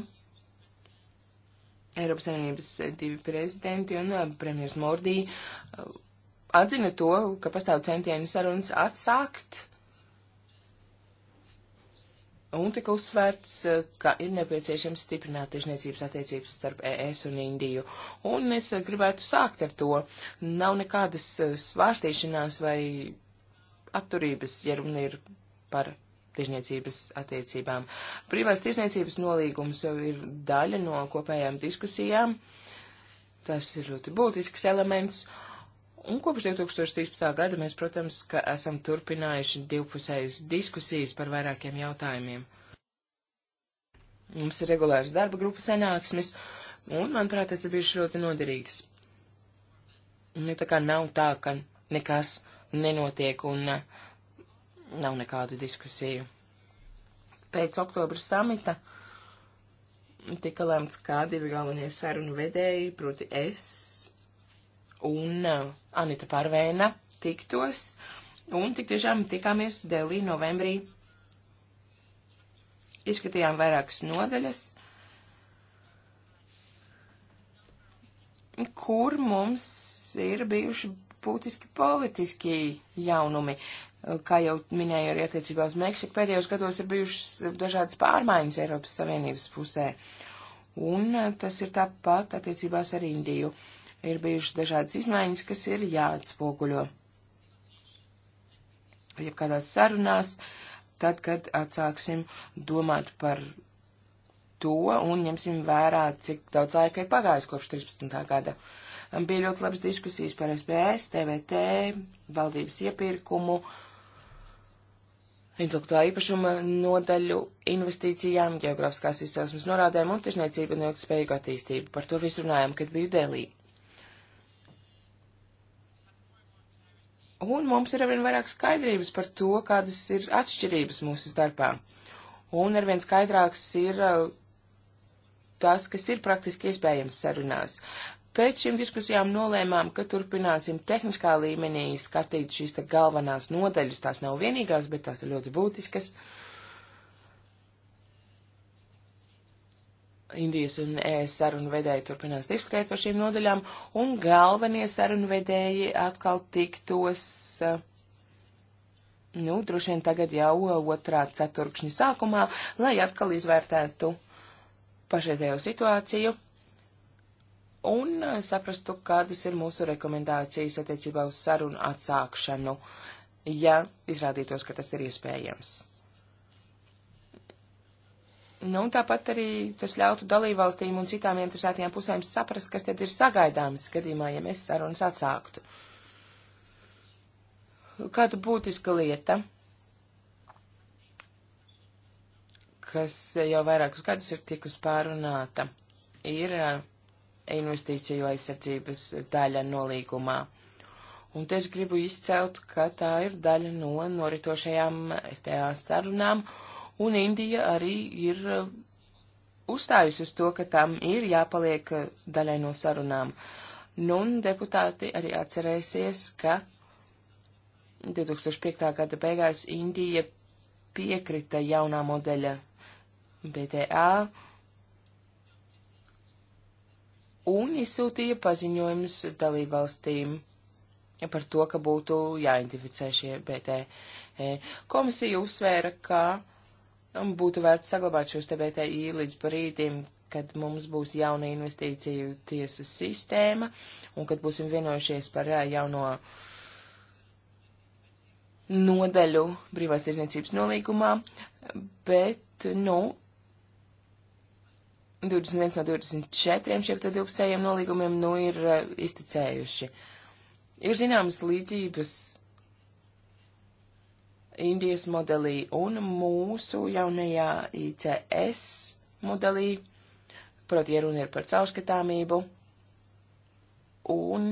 Eiropas Savienības divi prezidenti un eh, premjers Mordī eh, atzina to, ka pastāv centieni sarunas atsākt. Un tika uzsvērts, eh, ka ir nepieciešams stiprināt tiešniecības attiecības starp ES un Indiju. Un es gribētu sākt ar to. Nav nekādas svārstīšanās vai atturības, ja runa ir par tirzniecības attiecībām. Privās tirzniecības nolīgums jau ir daļa no kopējām diskusijām. Tas ir ļoti būtisks elements. Un kopš 2013. gada mēs, protams, ka esam turpinājuši divpusējas diskusijas par vairākiem jautājumiem. Mums ir regulārs darba grupu sanāksmes, un, manuprāt, tas ir bijis ļoti noderīgs. Nu, tā kā nav tā, ka nekas nenotiek, un uh, Nav nekādu diskusiju. Pēc oktobra samita tika lēmts, kā divi galvenie sarunu vedēji, proti es un uh, Anita Parvēna, tiktos. Un tik tiešām tikāmies Delī novembrī. Izskatījām vairākas nodaļas, kur mums ir bijuši būtiski politiski jaunumi. Eh, kā jau minēju arī attiecībā uz Meksiku, pēdējos gados ir bijušas eh, dažādas pārmaiņas Eiropas Savienības pusē. Un eh, tas ir tāpat attiecībās ar Indiju. Ir bijušas dažādas izmaiņas, kas ir jāatspoguļo. Ja kādās sarunās, tad, kad atsāksim domāt par to un ņemsim vērā, cik daudz laika ir pagājis kopš 13. gada. Bija ļoti labas diskusijas par SBS, TVT, valdības iepirkumu, uh, intelektuālā īpašuma nodaļu investīcijām, geogrāfiskās izcelsmes norādēm un tiešniecību un ilgspējīgu attīstību. Par to visu runājām, kad biju Delī. Un mums ir arvien vairāk skaidrības par to, kādas ir atšķirības mūsu darbā. Un arvien skaidrāks ir uh, tas, kas ir praktiski iespējams sarunās. Pēc šīm diskusijām nolēmām, ka turpināsim tehniskā līmenī skatīt šīs te galvenās nodaļas. Tās nav vienīgās, bet tās ir ļoti būtiskas. Indijas un ES sarunvedēji turpinās diskutēt par šīm nodaļām, un galvenie sarunvedēji atkal tiktos, nu, droši vien tagad jau otrā ceturkšņa sākumā, lai atkal izvērtētu pašreizējo situāciju un eh, saprastu, kādas ir mūsu rekomendācijas attiecībā uz sarunu atsākšanu, ja izrādītos, ka tas ir iespējams. Nu, tāpat arī tas ļautu dalībvalstīm un citām interesētajām pusēm saprast, kas tad ir sagaidāms gadījumā, ja mēs sarunas atsāktu. Kāda būtiska lieta, kas jau vairākus gadus ir tikus pārunāta, ir uh, investīciju aizsardzības daļa nolīgumā. Un te es gribu izcelt, ka tā ir daļa no noritošajām FTA sarunām, un Indija arī ir uh, uzstājusi uz to, ka tam ir jāpaliek uh, daļai no sarunām. Nu, un deputāti arī atcerēsies, ka 2005. gada beigās Indija piekrita jaunā modeļa BTA un izsūtīja paziņojumus dalībvalstīm par to, ka būtu jāidentificē šie BTE. Komisija uzsvēra, ka būtu vērts saglabāt šos te BTI līdz brīdim, kad mums būs jauna investīciju tiesu sistēma un kad būsim vienojušies par jauno nodaļu brīvās tirzniecības nolīgumā, bet, nu, 21 no 24 šiem divpusējiem nolīgumiem nu ir uh, izticējuši. Ir zināmas līdzības Indijas modelī un mūsu jaunajā ICS modelī, proti, ja runa ir par caurskatāmību un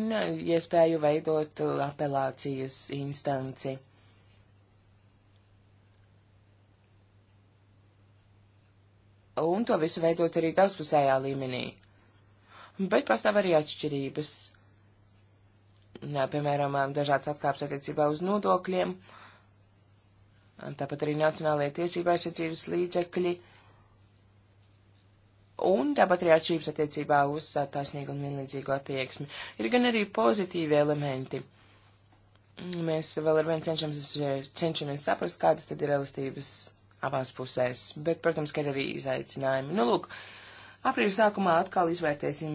iespēju veidot eh, apelācijas instanci. un to visu veidot arī daudzpusējā līmenī. Bet pastāv arī atšķirības. Jā, piemēram, dažādas atkāpes attiecībā uz nodokļiem, tāpat arī nacionālajie tiesība aizsardzības līdzekļi, un tāpat arī atšķirības attiecībā uz taisnīgu un vienlīdzīgu attieksmi. Ir gan arī pozitīvi elementi. Mēs vēl ar vien cenšamies, cenšamies saprast, kādas tad ir elastības abās pusēs, bet, protams, ka ir arī izaicinājumi. Nu, lūk, aprīļa sākumā atkal izvērtēsim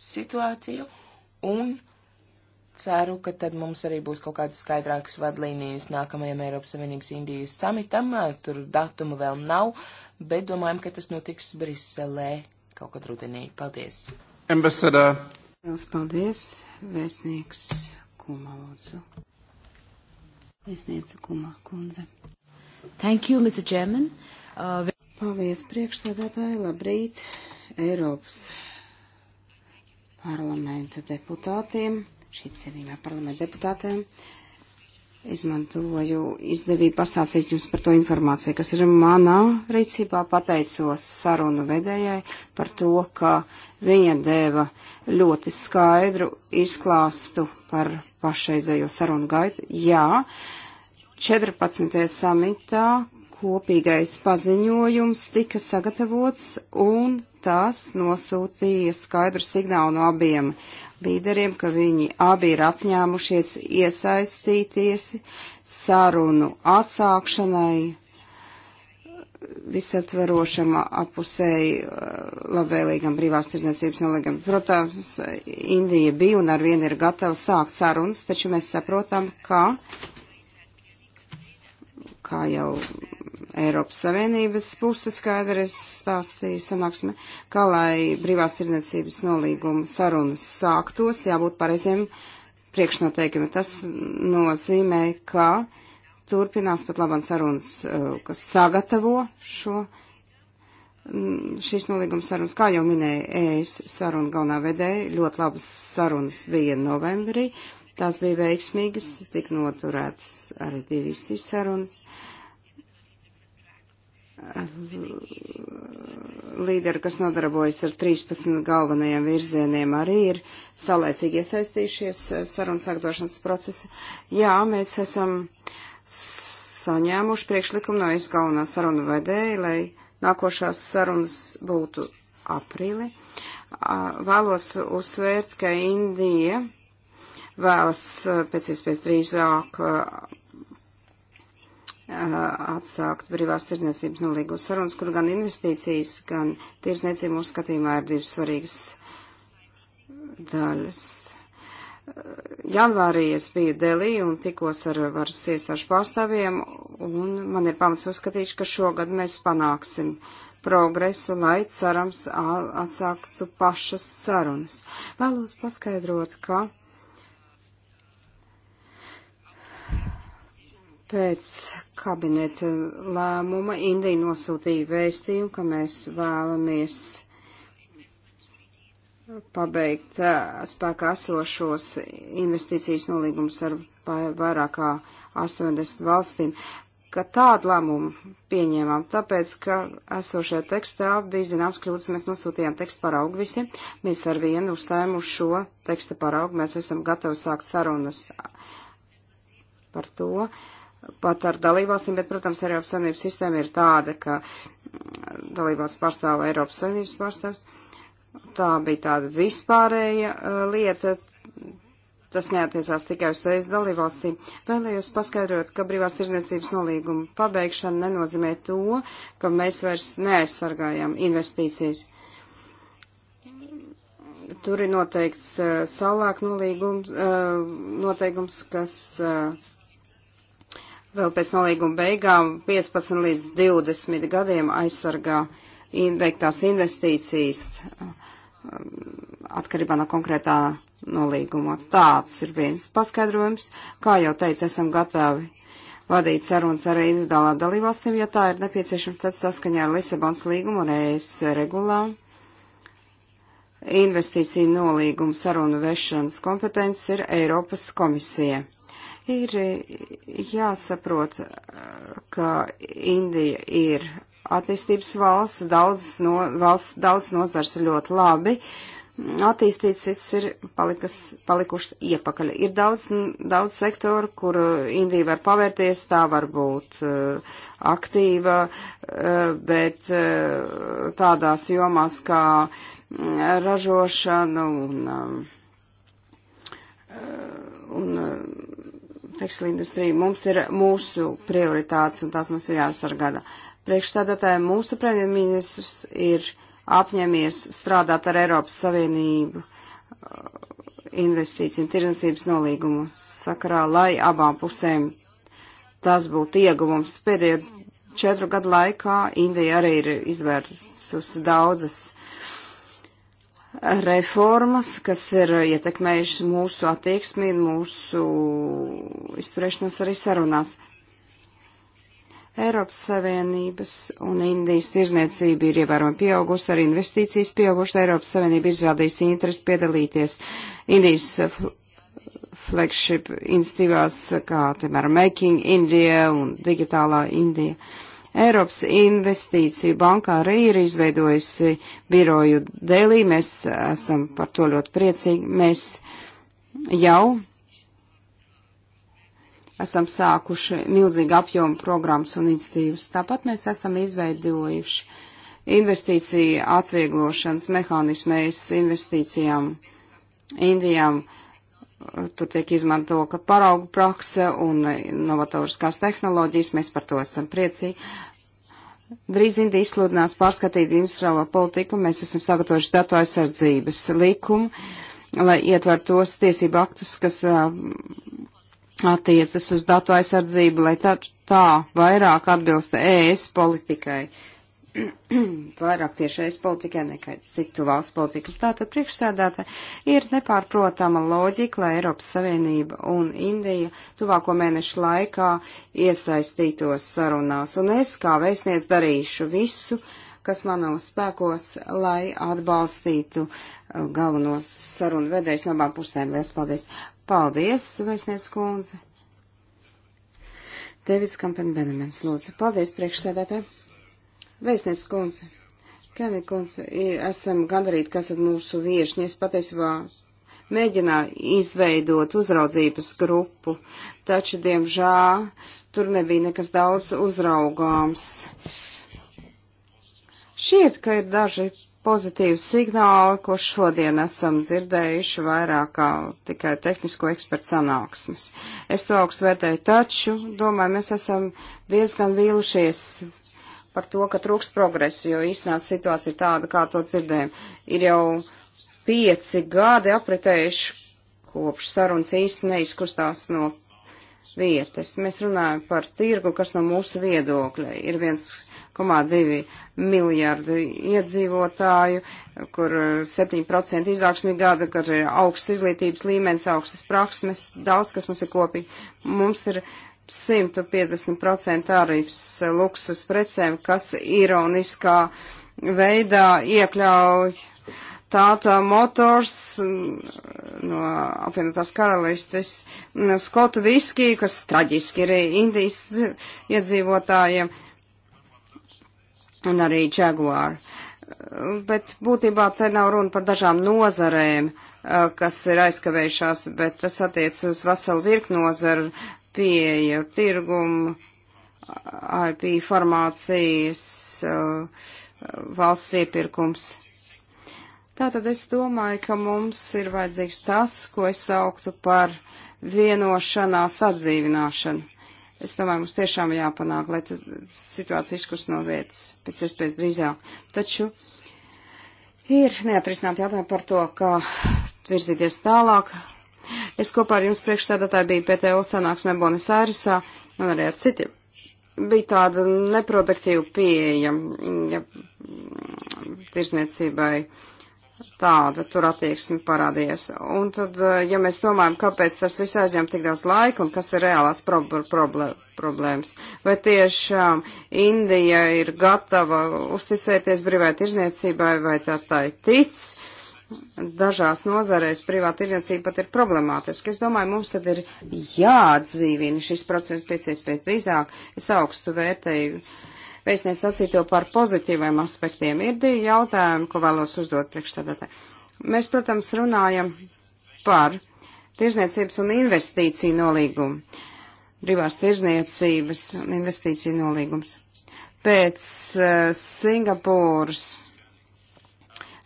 situāciju un ceru, ka tad mums arī būs kaut kādas skaidrākas vadlīnijas nākamajam Eiropas Savienības Indijas samitam. Tur datuma vēl nav, bet domājam, ka tas notiks Briselē kaut kad rudenī. Paldies! Ambasadā! Liels paldies, vēstnieks Kumalūdzu. Vēstniece Kumā kundze. Thank you, Mr. Chairman. Uh, Paldies, priekšsēdētāji, labrīt, Eiropas parlamenta deputātiem, šī cienījumā parlamenta deputātiem. Izmantoju izdevību pastāstīt jums par to informāciju, kas ir manā rīcībā. Pateicos sarunu vedējai par to, ka viņa deva ļoti skaidru izklāstu par pašreizējo sarunu gaitu. Jā, uh, 14. samitā kopīgais paziņojums tika sagatavots un tas nosūtīja skaidru signālu no abiem līderiem, ka viņi abi ir apņēmušies iesaistīties sarunu atsākšanai visaptverošam apusēji eh, labvēlīgam brīvās tirdzniecības nolīgam. Protams, Indija bija un arvien ir gatava sākt sarunas, taču mēs saprotam, ka kā jau Eiropas Savienības puse skaidri ir stāstījusi sanāksme, kā lai brīvās tirdzniecības nolīguma sarunas sāktos, jābūt pareiziem priekšnoteikumiem. Tas nozīmē, ka turpinās pat labam sarunas, uh, kas sagatavo šo mm, šīs nolīguma sarunas, kā jau minēja ES saruna galvenā vedēja, ļoti labas sarunas bija novembrī, Tās bija veiksmīgas, tik noturētas arī divas izsarunas. Līderi, kas nodarbojas ar 13 galvenajiem virzieniem, arī ir salēcīgi iesaistījušies eh, sarunas sākdošanas procesa. Jā, mēs esam saņēmuši priekšlikumu no izgalvenā saruna vedēja, lai nākošās sarunas būtu aprīli. Vēlos uzsvērt, ka Indija vēlas eh, pēc iespējas drīzāk eh, eh, atsākt brīvās tirdzniecības nolīgu sarunas, kur gan investīcijas, gan tirdzniecība mūsu skatījumā ir divas svarīgas daļas. Janvārī es biju Delī un tikos ar varas iestāžu pārstāvjiem, un man ir pamats uzskatīt, ka šogad mēs panāksim progresu, lai cerams atsāktu pašas sarunas. Vēlos paskaidrot, ka Pēc kabineta lēmuma Indija nosūtīja vēstījumu, ka mēs vēlamies pabeigt spēkā esošos investīcijas nolīgumus ar vairāk kā 80 valstīm, ka tādu lēmumu pieņēmām, tāpēc, ka esošajā tekstā bija zināms kļūdas, mēs nosūtījām tekstu paraugu visiem, mēs ar vienu uzstājām uz šo teksta paraugu, mēs esam gatavi sākt sarunas par to. Uh, pat ar dalībvalstīm, bet, protams, Eiropas Savienības sistēma ir tāda, ka dalībvalsts pārstāv Eiropas Savienības pārstāvs. Tā bija tāda vispārēja uh, lieta. Tas neatiecās tikai uz sevis dalībvalstīm. Vēlējos paskaidrot, ka brīvās tirdzniecības nolīguma pabeigšana nenozīmē to, ka mēs vairs neaizsargājam investīcijas. Tur ir noteikts uh, salāk nolīgums, uh, noteikums, kas uh, vēl pēc nolīguma beigām 15 līdz 20 gadiem aizsargā veiktās investīcijas um, atkarībā no konkrētā nolīguma. Tāds ir viens paskaidrojums. Kā jau teicu, esam gatavi vadīt sarunas ar individuālām dalībvalstīm, ja tā ir nepieciešams, tad saskaņā ar Lisabons līgumu un ES regulām. Investīciju nolīgumu sarunu vešanas kompetence ir Eiropas komisija. Ir jāsaprot, ka Indija ir attīstības valsts, daudz, no, valsts, daudz nozars ir ļoti labi. Attīstīts cits ir palikas, palikušas iepakaļ. Ir daudz, daudz sektoru, kur Indija var pavērties, tā var būt uh, aktīva, uh, bet uh, tādās jomās kā mm, ražošana un, un tekstila industrija mums ir mūsu prioritātes un tās mums ir jāsargada. Priekšstādātāji mūsu premjerministrs ir apņēmies strādāt ar Eiropas Savienību uh, investīciju un tirdzniecības nolīgumu sakarā, lai abām pusēm tas būtu ieguvums. Pēdējo četru gadu laikā Indija arī ir izvērsusi daudzas reformas, kas ir ietekmējušas mūsu attieksmi, mūsu izturēšanos arī sarunās. Eiropas Savienības un Indijas tirzniecība ir ievērojami pieaugusi, arī investīcijas pieaugušas. Eiropas Savienība izrādījusi interesi piedalīties Indijas flagship institīvās, kā, piemēram, Making India un Digitālā Indija. Uh, Eiropas investīciju bankā arī ir izveidojusi biroju dēlī. Mēs esam par to ļoti priecīgi. Mēs jau esam sākuši milzīgu apjomu programmas un institīvas. Tāpat mēs esam izveidojuši investīciju atvieglošanas mehānismēs investīcijām Indijām tur tiek izmanto, ka paraugu prakse un novatoriskās tehnoloģijas, mēs par to esam priecīgi. Drīz Indija izsludinās pārskatīt industriālo politiku, mēs esam sagatavojuši datu aizsardzības likumu, lai ietver tos tiesību aktus, kas attiecas uz datu aizsardzību, lai tā, tā vairāk atbilst ES politikai. Uh, vairāk tiešais politikai nekā citu valsts politika. Tātad priekšsēdētā ir nepārprotama loģika, lai Eiropas Savienība un Indija tuvāko mēnešu laikā iesaistītos sarunās. Un es kā vēstniec darīšu visu, kas manos spēkos, lai atbalstītu uh, galvenos sarunu vedējus no abām pusēm. Lielas paldies! Paldies, vēstniec kundze! Devis Kampen Benemens, lūdzu. Paldies, priekšsēdētāji! Vēstnieks kundze, Kenija kundze, esam gandarīti, kas ir mūsu viešņi. Es patiesībā mēģināju izveidot uzraudzības grupu, taču, diemžēl, tur nebija nekas daudz uzraugāms. Šķiet, ka ir daži pozitīvi signāli, ko šodien esam dzirdējuši vairāk kā tikai tehnisko ekspertu sanāksmes. Es to augstu vērtēju, taču, domāju, mēs esam diezgan vīlušies par to, ka trūks progresa, jo īstenās situācija ir tāda, kā to dzirdējam. Ir jau pieci gadi apritējuši, kopš sarunas īsti neizkustās no vietas. Mēs runājam par tirgu, kas no mūsu viedokļa ir 1,2 miljārdu iedzīvotāju, kur 7% eh, izaugsmi gada, kur ir augsts izglītības līmenis, augstas praksmes, daudz, kas mums ir kopīgi. Mums ir uh, 150% tarifs eh, luksus precēm, kas ironiskā veidā iekļauj Tātā Motors mm, no apvienotās karalistes, no mm, Skotu Viskī, kas traģiski ir Indijas iedzīvotājiem, un arī Jaguar. Bet būtībā te nav runa par dažām nozarēm, eh, kas ir aizkavējušās, bet tas attiec uz veselu virknozaru pieeja tirgumu, IP formācijas, uh, valsts iepirkums. Tātad es domāju, ka mums ir vajadzīgs tas, ko es sauktu par vienošanās atdzīvināšanu. Es domāju, mums tiešām jāpanāk, lai situācija izkust no vietas pēc iespējas drīzāk. Taču ir neatrisināt jautājumu par to, kā virzīties tālāk, Es kopā ar jums priekšsēdētāju biju PTO sanāksmē Bonas Airisā un arī ar citiem. Bija tāda neproduktīva pieeja ja, tirsniecībai. Tāda tur attieksme parādījās. Un tad, ja mēs domājam, kāpēc tas viss aizņem tik daudz laika un kas ir reālās pro problē problēmas, vai tiešām Indija ir gatava uzticēties brīvai tirzniecībai, vai tā tā ir tic, uh, dažās nozarēs privāta tirdzniecība pat ir problemātiska. Es domāju, mums tad ir jāatdzīvina šis process pēc iespējas drīzāk. Es augstu vērtēju vēstnieks sacīto par pozitīviem aspektiem. Ir divi jautājumi, ko vēlos uzdot priekšstādātē. Mēs, protams, runājam par tirdzniecības un investīciju nolīgumu. Brīvās tirdzniecības un investīciju nolīgums. Pēc uh, Singapūras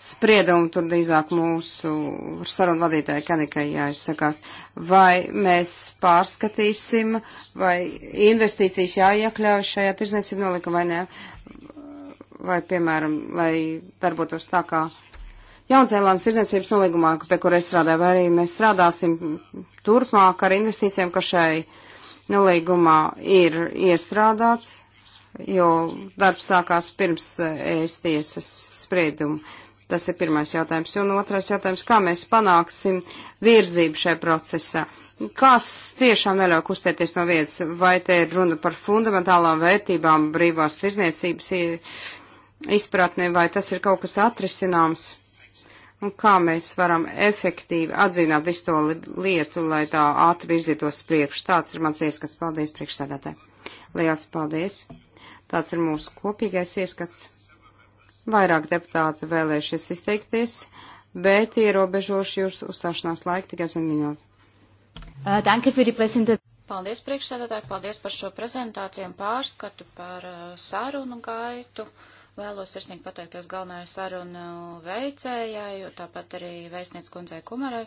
spriedumu, tur drīzāk mūsu sarunu vadītāja Kanikai jāizsakās, vai mēs pārskatīsim, vai investīcijas jāiekļauj šajā tirzniecību nolika vai nē, vai, piemēram, lai darbotos tā kā Jaunzēlandes tirdzniecības nolīgumā, pie kura es strādāju, vai arī mēs strādāsim turpmāk ar investīcijiem, kas šai nolīgumā ir iestrādāts, jo darbs sākās pirms eh, ēstiesas spriedumu. Tas ir pirmais jautājums. Un otrais jautājums, kā mēs panāksim virzību šajā procesā? Kas tiešām neļauj kustēties no vietas? Vai te ir runa par fundamentālām vērtībām brīvās tirzniecības izpratnē, vai tas ir kaut kas atrisināms? Un kā mēs varam efektīvi atzīmēt visu to lietu, lai tā ātri virzītos priekš? Tāds ir mans ieskats. Paldies, priekšsēdētāji. Liels paldies. Tāds ir mūsu kopīgais ieskats. Vairāk deputāti vēlēšies izteikties, bet ierobežošu jūs uzstāšanās laiku tikai uz vienu minūti. Uh, paldies priekšsēdētāji, paldies par šo prezentāciju un pārskatu par uh, sarunu gaitu. Vēlos sirsnīgi pateikties galvenajai sarunu veicējai, tāpat arī vēstniec kundzei Kumarai.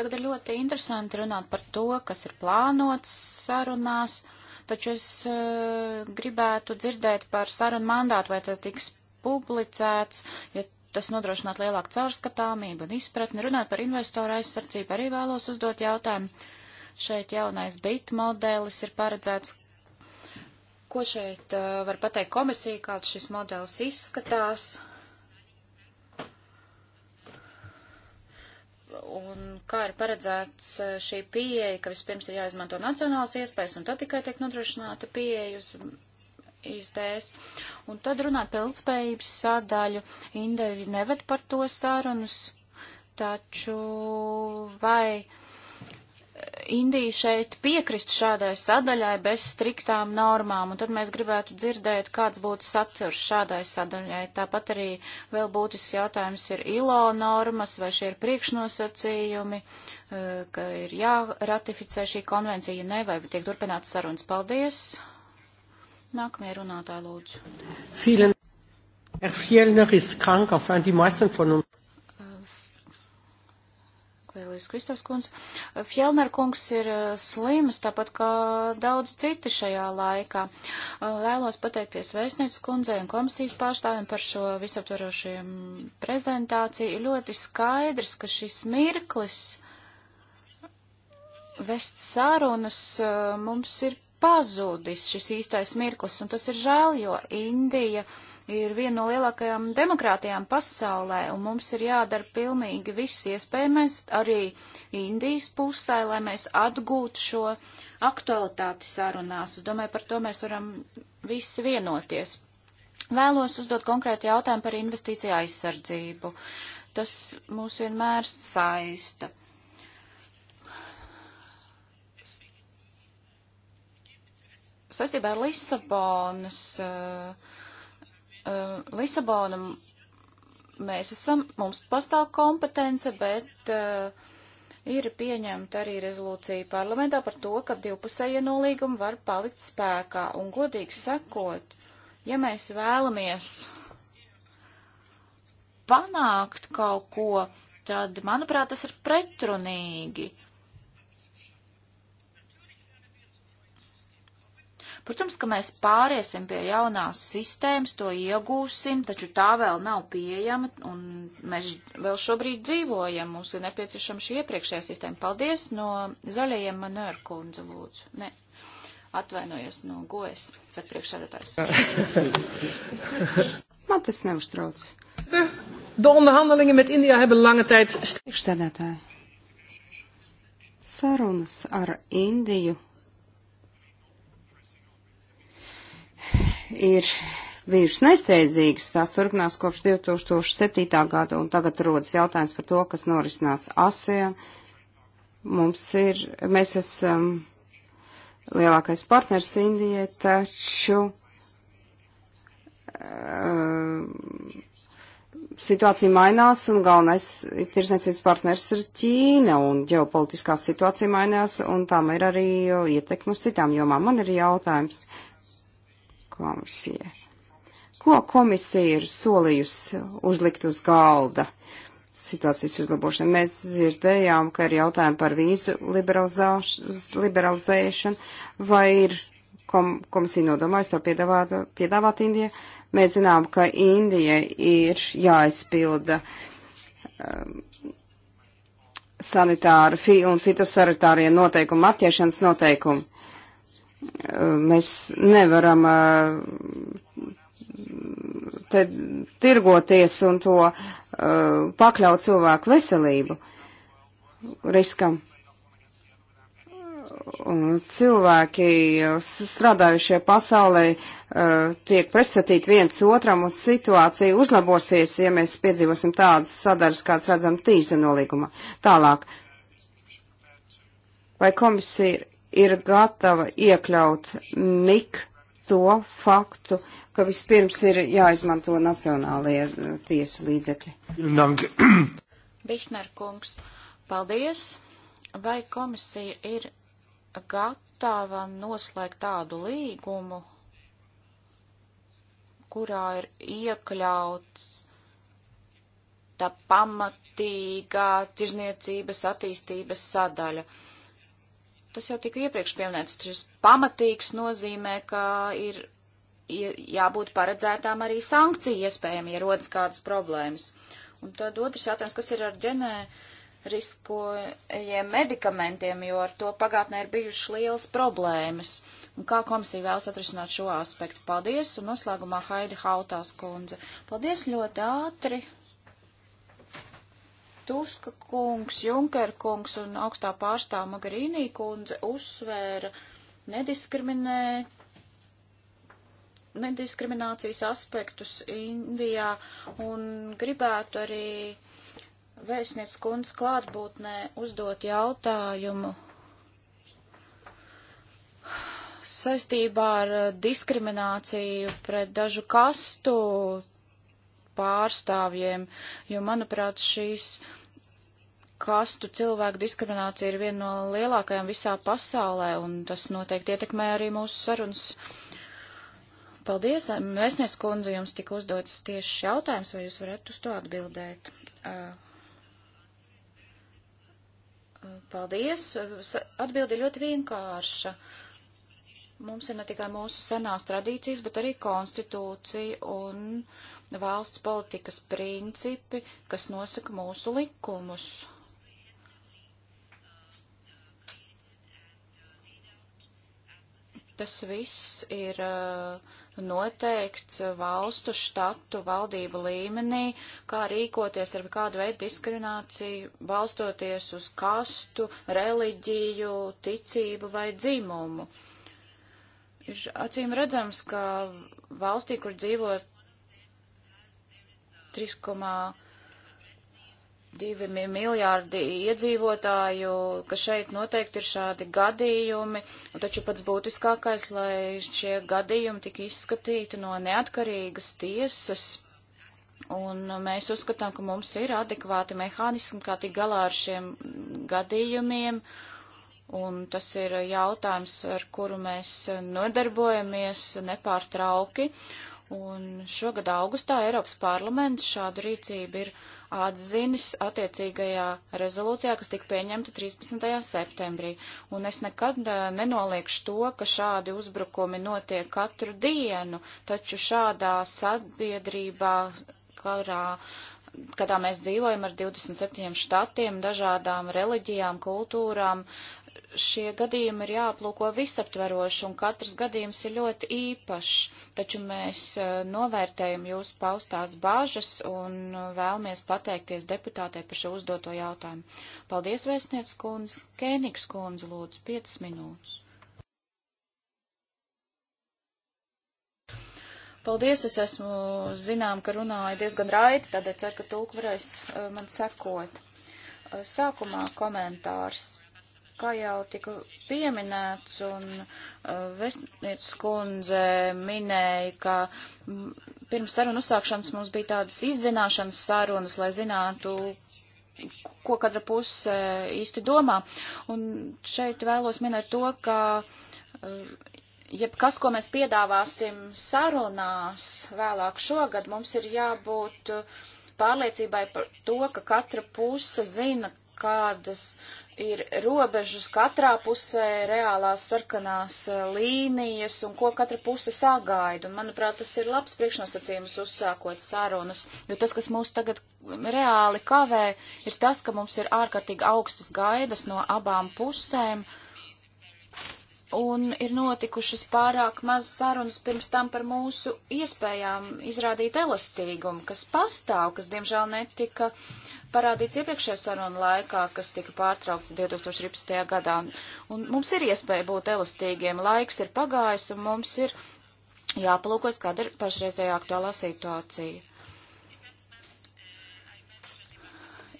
Tagad ir ļoti interesanti runāt par to, kas ir plānots sarunās, taču es uh, gribētu dzirdēt par sarunu mandātu, vai tad tiks publicēts, ja tas nodrošinātu lielāku caurskatāmību un izpratni. Runāt par investoru aizsardzību arī vēlos uzdot jautājumu. Šeit jaunais bit modelis ir paredzēts. Ko šeit uh, var pateikt komisija, kāds šis modelis izskatās? un kā ir paredzēts uh, šī pieeja, ka vispirms ir jāizmanto nacionāls iespējas, un tad tikai tiek nodrošināta pieeja uz izdēs. Un tad runāt par ilgspējības sādaļu. Indēļi neved par to sarunas, taču vai Indija šeit piekrist šādai sadaļai bez striktām normām, un tad mēs gribētu dzirdēt, kāds būtu saturs šādai sadaļai. Tāpat arī vēl būtisks jautājums ir ILO normas, vai šie ir priekšnosacījumi, eh, ka ir jāratificē šī konvencija, ne, vai tiek turpināts sarunas. Paldies! Nākamie runātāji lūdzu. Vielen. Herr Fjellner ist krank, auf die meisten von uns. Lielijas äh, Kristofs kungs. Äh, Fjellner kungs ir äh, slims, tāpat kā daudz citi šajā laikā. Vēlos pateikties vēstnieces kundzei un komisijas pārstāvjiem par šo visaptvarošajiem prezentāciju. Ļoti skaidrs, ka šis mirklis vest sarunas mums ir pazudis šis īstais mirklis, un tas ir žēl, jo Indija ir viena no lielākajām demokrātijām pasaulē, un mums ir jādara pilnīgi viss iespējamais arī Indijas pusē, lai mēs atgūtu šo aktualitāti sarunās. Es domāju, par to mēs varam visi vienoties. Vēlos uzdot konkrēti jautājumu par investīciju aizsardzību. Tas mūs vienmēr saista. Sastībā ar Lisabonas, uh, uh, Lisabona mēs esam, mums pastāv kompetence, bet uh, ir pieņemta arī rezolūcija parlamentā par to, ka divpusējie nolīgumi var palikt spēkā. Un godīgi sakot, ja mēs vēlamies panākt kaut ko, tad, manuprāt, tas ir pretrunīgi. Protams, ka mēs pāriesim pie jaunās sistēmas, to iegūsim, taču tā vēl nav pieejama, un mēs vēl šobrīd dzīvojam, mums ir nepieciešama šī iepriekšējā sistēma. Paldies no zaļajiem manēru kundze, lūdzu. Ne. Atvainojos no gojas, saka priekšsēdētājs. Man tas neuztrauc. De onderhandelingen met India hebben lange tijd. Priekšsēdētāji. Sarunas ar Indiju ir bijušas nesteidzīgas, tās turpinās kopš 2007. gada, un tagad rodas jautājums par to, kas norisinās ASEAN. Mums ir, mēs esam lielākais partners Indijai, taču uh, situācija mainās, un galvenais tirsniecības partners ir Ķīna, un ģeopolitiskā situācija mainās, un tām ir arī ietekmes citām jomām. Man ir jautājums, komisija. Ko komisija ir solījusi uzlikt uz galda situācijas uzlabošanai? Mēs dzirdējām, ka ir jautājumi par vīzu liberalizēšanu, vai ir kom, komisija nodomājusi to piedāvāt, piedāvāt Indijai. Mēs zinām, ka Indija ir jāizpilda um, sanitāri fi un fitosanitārie noteikumi, attiešanas noteikumi. Mēs nevaram te tirgoties un to pakļaut cilvēku veselību riskam. Un cilvēki strādājušie pasaulē tiek pretstatīti viens otram un situācija uzlabosies, ja mēs piedzīvosim tādas sadaras, kādas redzam tīza nolīgumā. Tālāk. Vai komisija ir gatava iekļaut MIK to faktu, ka vispirms ir jāizmanto nacionālajie eh, tiesu līdzekļi. Bihner kungs, paldies! Vai komisija ir gatava noslēgt tādu līgumu, kurā ir iekļauts tā pamatīgā tirzniecības attīstības sadaļa? Tas jau tika iepriekš pieminēts, šis pamatīgs nozīmē, ka ir jābūt paredzētām arī sankciju iespējami, ja rodas kādas problēmas. Un tad otrs jautājums, kas ir ar ģenēriskojiem medikamentiem, jo ar to pagātnē ir bijušas lielas problēmas. Un kā komisija vēlas atrisināt šo aspektu? Paldies, un noslēgumā Haidi Hautās kundze. Paldies ļoti ātri. Tuska kungs, Junker kungs un augstā pārstāva Magarīnī kundze uzsvēra nediskriminēt nediskriminācijas aspektus Indijā un gribētu arī vēstniec kundas klātbūtnē uzdot jautājumu saistībā ar diskrimināciju pret dažu kastu pārstāvjiem, jo, manuprāt, šīs kastu cilvēku diskriminācija ir viena no lielākajām visā pasaulē, un tas noteikti ietekmē arī mūsu sarunas. Paldies, Vēsniec kundze, jums tika uzdots tieši jautājums, vai jūs varat uz to atbildēt. Paldies, atbildi ļoti vienkārša. Mums ir ne tikai mūsu senās tradīcijas, bet arī konstitūcija un uh, valsts politikas principi, kas nosaka mūsu likumus. Tas viss ir uh, noteikts valstu, štatu, valdību līmenī, kā rīkoties ar kādu veidu diskrimināciju, balstoties uz kastu, reliģiju, ticību vai dzimumu ir acīm redzams, ka valstī, kur dzīvot 3,2 miljārdi iedzīvotāju, ka šeit noteikti ir šādi gadījumi, un taču pats būtiskākais, lai šie gadījumi tik izskatīti no neatkarīgas tiesas. Un mēs uzskatām, ka mums ir adekvāti mehānismi, kā tik galā ar šiem gadījumiem. Un tas ir jautājums, ar kuru mēs nodarbojamies nepārtrauki. Un šogad augustā Eiropas parlaments šādu rīcību ir atzinis attiecīgajā rezolūcijā, kas tika pieņemta 13. septembrī. Un es nekad nenoliekšu to, ka šādi uzbrukumi notiek katru dienu, taču šādā sabiedrībā, karā, kādā mēs dzīvojam ar 27 štatiem, dažādām reliģijām, kultūrām, uh, šie gadījumi ir jāaplūko visaptveroši, un katrs gadījums ir ļoti īpašs, taču mēs eh, novērtējam jūsu paustās bāžas un eh, vēlamies pateikties deputātei par šo uzdoto jautājumu. Paldies, vēstniec kundze. Kēniks kundze, lūdzu, 5 minūtes. Paldies, es esmu zinām, ka runāju diezgan raiti, tādēļ ceru, ka tūk varēs eh, man sekot. Sākumā komentārs Kā jau tika pieminēts, un uh, Vesnītas kundze minēja, ka pirms sarunu uzsākšanas mums bija tādas izzināšanas sarunas, lai zinātu, ko katra puse īsti domā. Un šeit vēlos minēt to, ka uh, jebkas, ko mēs piedāvāsim sarunās vēlāk šogad, mums ir jābūt uh, pārliecībai par to, ka katra puse zina, kādas ir robežas katrā pusē, reālās sarkanās eh, līnijas un ko katra puse sagaida. Un, manuprāt, tas ir labs priekšnosacījums uzsākot sarunas, jo tas, kas mūs tagad reāli kavē, ir tas, ka mums ir ārkārtīgi augstas gaidas no abām pusēm. Un ir notikušas pārāk maz sarunas pirms tam par mūsu iespējām izrādīt elastīgumu, kas pastāv, kas diemžēl netika uh, parādīts iepriekšējā saruna laikā, kas tika pārtraukts 2013. gadā. Un, un mums ir iespēja būt elastīgiem, laiks ir pagājis un mums ir jāpalūkojas, kāda ir pašreizējā aktuālā situācija.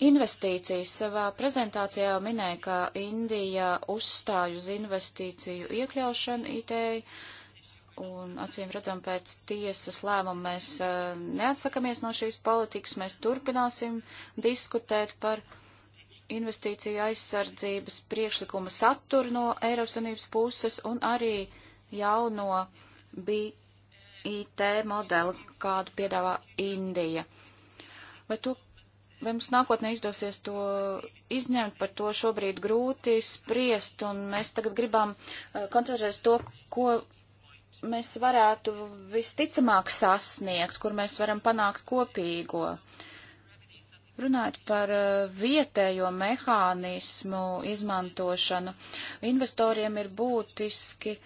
Investīcijas savā prezentācijā minēja, ka Indija uzstāj uz investīciju iekļaušanu ideju Un acīm redzam, pēc tiesas lēmuma mēs eh, neatsakamies no šīs politikas, mēs turpināsim diskutēt par investīciju aizsardzības priekšlikuma saturu no Eiropas Unības puses un arī jauno BIT modeli, kādu piedāvā Indija. Vai to, vai mums nākotnē izdosies to izņemt, par to šobrīd grūti spriest, un mēs tagad gribam uh, koncentrēties to, ko mēs varētu visticamāk sasniegt, kur mēs varam panākt kopīgo. Runājot par eh, vietējo mehānismu izmantošanu, investoriem ir būtiski,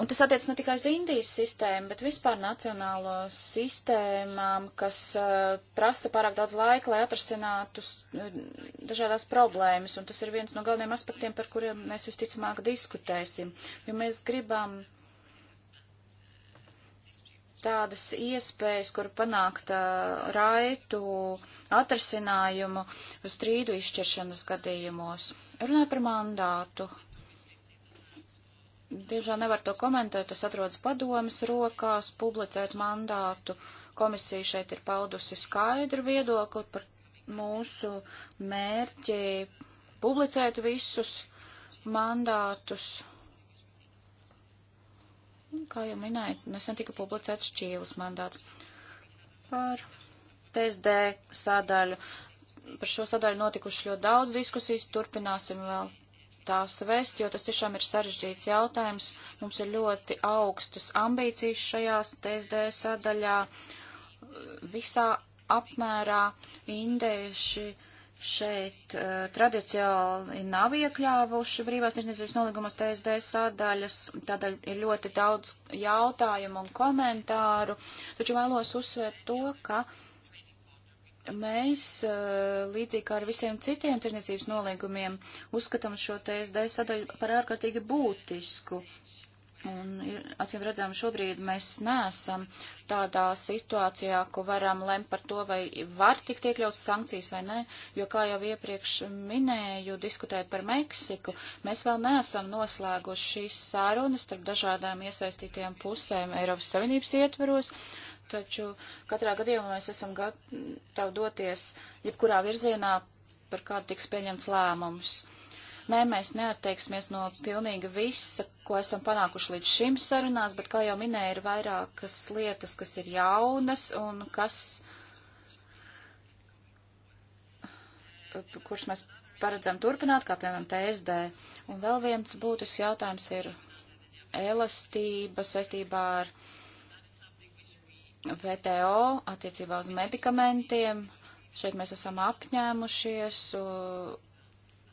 un tas attiec ne tikai uz Indijas sistēmu, bet vispār nacionālo sistēmām, kas eh, prasa pārāk daudz laika, lai atrasinātu dažādās problēmas, un tas ir viens no galvenajiem aspektiem, par kuriem mēs visticamāk diskutēsim, jo mēs gribam tādas iespējas, kur panākt uh, raitu atrasinājumu strīdu izšķiršanas gadījumos. Runāju par mandātu. Diemžēl nevar to komentēt, tas atrodas padomas rokās, publicēt mandātu. Komisija šeit ir paudusi skaidru viedokli par mūsu mērķi publicēt visus mandātus kā jau minēju, nesen tika publicēts Čīles mandāts par TSD sadaļu. Par šo sadaļu notikuši ļoti daudz diskusijas, turpināsim vēl tās vest, jo tas tiešām ir sarežģīts jautājums. Mums ir ļoti augstas ambīcijas šajās TSD sadaļā. Visā apmērā indieši šeit uh, tradicionāli nav iekļāvuši brīvās tirsniecības nolīgumas TSD sadaļas, tādēļ ir ļoti daudz jautājumu un komentāru, taču vēlos uzsvērt to, ka mēs, uh, līdzīgi kā ar visiem citiem tirsniecības nolīgumiem, uzskatām šo TSD sadaļu par ārkārtīgi būtisku. Uh, Un, acīm redzam, šobrīd mēs neesam tādā situācijā, ko varam lemt par to, vai var tikt iekļauts sankcijas vai nē, jo, kā jau iepriekš minēju, diskutēt par Meksiku, mēs vēl neesam noslēguši šīs sārunas starp dažādām iesaistītajām pusēm Eiropas Savienības ietveros, taču katrā gadījumā mēs esam gatavi doties jebkurā virzienā, par kādu tiks pieņemts lēmums. Nē, mēs neatteiksimies no pilnīgi visa, ko esam panākuši līdz šim sarunās, bet, kā jau minēju, ir vairākas lietas, kas ir jaunas un kas, kuras mēs paredzam turpināt, kā piemēram TSD. Un vēl viens būtisks jautājums ir elastība saistībā ar VTO attiecībā uz medikamentiem. Šeit mēs esam apņēmušies. Uh,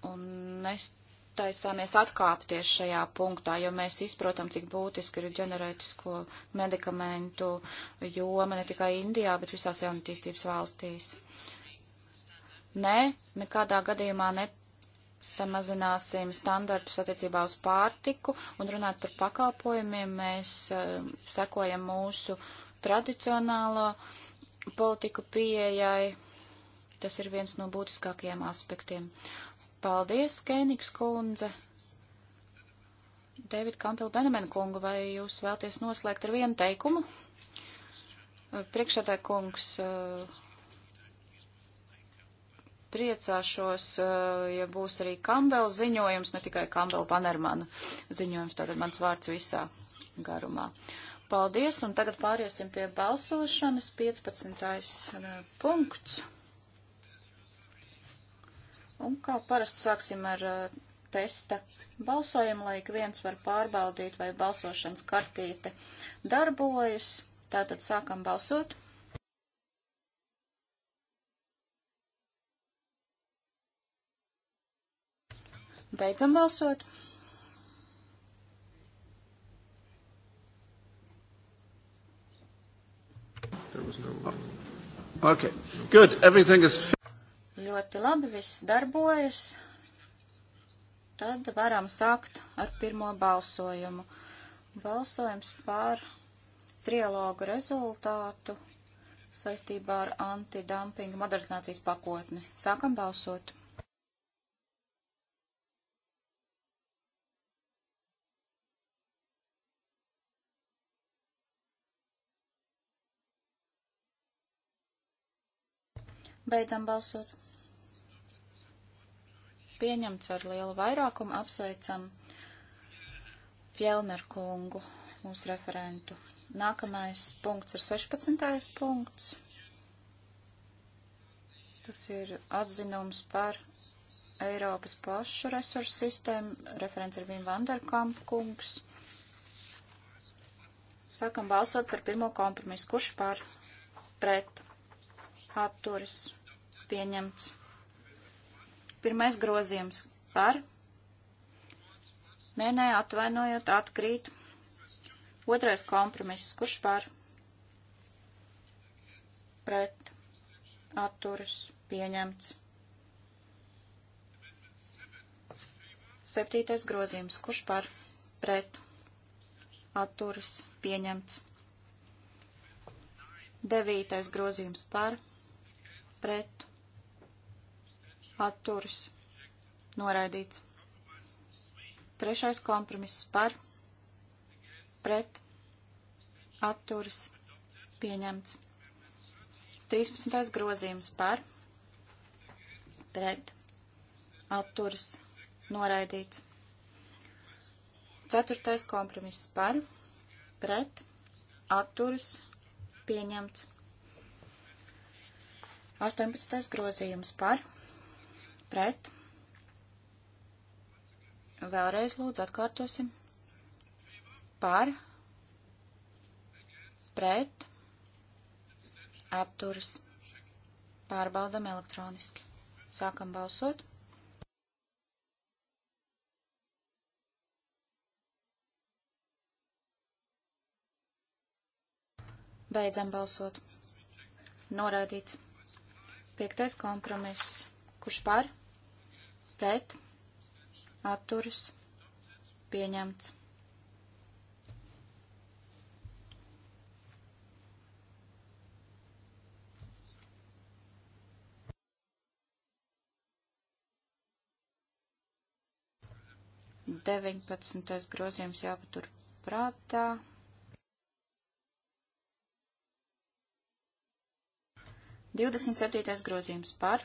un nestaisāmies atkāpties šajā punktā, jo mēs izprotam, cik būtiski ir ģenerētisko medikamentu joma ne tikai Indijā, bet visās jaunatīstības valstīs. Nē, nekādā gadījumā ne samazināsim standartus attiecībā uz pārtiku un runāt par pakalpojumiem. Mēs uh, sekojam mūsu tradicionālo politiku pieejai. Tas ir viens no būtiskākajiem aspektiem. Uh, Paldies, Kēnigs kundze. David Kampil Benemen kungu, vai jūs vēlties noslēgt ar vienu teikumu? Priekšsēdē kungs, eh, priecāšos, eh, ja būs arī Kambela ziņojums, ne tikai Kambela Panermana ziņojums, tātad mans vārds visā garumā. Paldies, un tagad pāriesim pie balsošanas. 15. Eh, punkts. Un kā parasti sāksim ar uh, testa balsojumu, lai ik viens var pārbaudīt, vai balsošanas kartīte darbojas. Tātad sākam balsot. Beidzam balsot. There was no... Oh. Okay, good. Everything is ļoti labi viss darbojas, tad varam sākt ar pirmo balsojumu. Balsojums par trialogu rezultātu saistībā ar antidumpingu modernizācijas pakotni. Sākam balsot. Beidzam balsot pieņemts ar lielu vairākumu. Apsveicam Fjellner kungu, mūsu referentu. Nākamais punkts ir 16. punkts. Tas ir atzinums par Eiropas pašu resursu sistēmu. Referents ir Vim Vanderkamp kungs. Sākam balsot par pirmo kompromisu. Kurš par? Pret. Atturis. Pieņemts. Pirmais grozījums par. Nē, nē, atvainojot, atkrīt. Otrais kompromiss, kurš par. Pret. Atturas. Pieņemts. Septītais grozījums, kurš par. Pret. Atturas. Pieņemts. Devītais grozījums par. Pret atturas noraidīts. Trešais kompromiss par pret atturas pieņemts. 13. grozījums par pret atturas noraidīts. Ceturtais kompromiss par pret atturas pieņemts. 18. grozījums par pret pret. Vēlreiz lūdzu atkārtosim. Par, pret, atturas. Pārbaudam elektroniski. Sākam balsot. Beidzam balsot. Noraidīts. Piektais kompromiss. Kurš par? pret, atturas, pieņemts. Deviņpadsmitais grozījums jāpatur prātā. Divdesmit septītais grozījums par,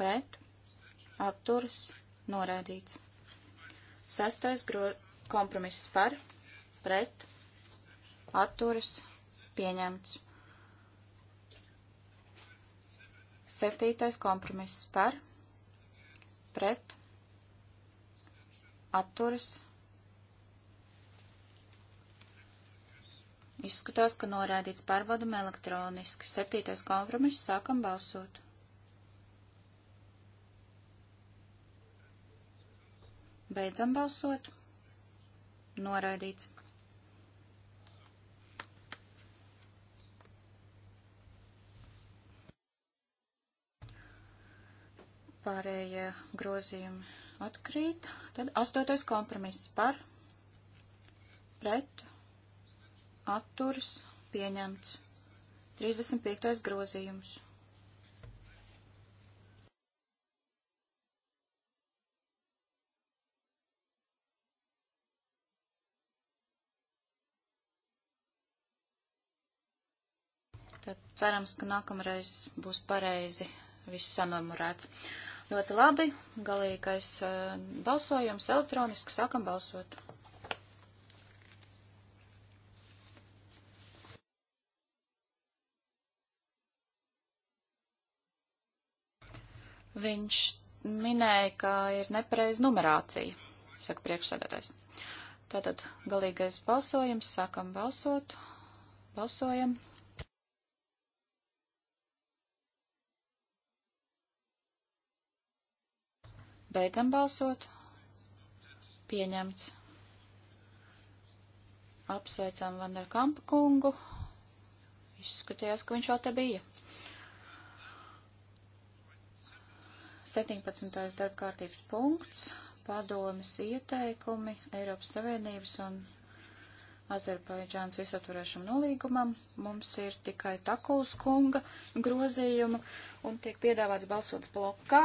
pret, atturas norādīts. Sastais gro... kompromiss par, pret, atturas pieņemts. Septītais kompromiss par, pret, atturas. Izskatās, ka norādīts pārbaudam elektroniski. Septītais kompromiss sākam balsot. Beidzam balsot. Noraidīts. Pārējie grozījumi atkrīt. Tad astotais kompromiss par, pret, atturs, pieņemts. 35. grozījums. Tad cerams, ka nākamreiz būs pareizi viss sanomurēts. Ļoti labi, galīgais uh, balsojums elektroniski, sākam balsot. Viņš minēja, ka ir nepareiz numerācija, saka priekšsēdētājs. Tātad galīgais balsojums, sākam balsot, balsojam. balsojam. Beidzam balsot. Pieņemts. Apsveicam Vanderkampu kungu. Izskatījās, ka viņš vēl te bija. 17. darba kārtības punkts - padomis ieteikumi Eiropas Savienības un Azerbaidžānas visaptvarēšanu nolīgumam. Mums ir tikai Takuls kunga grozījumu un tiek piedāvāts balsots blokā.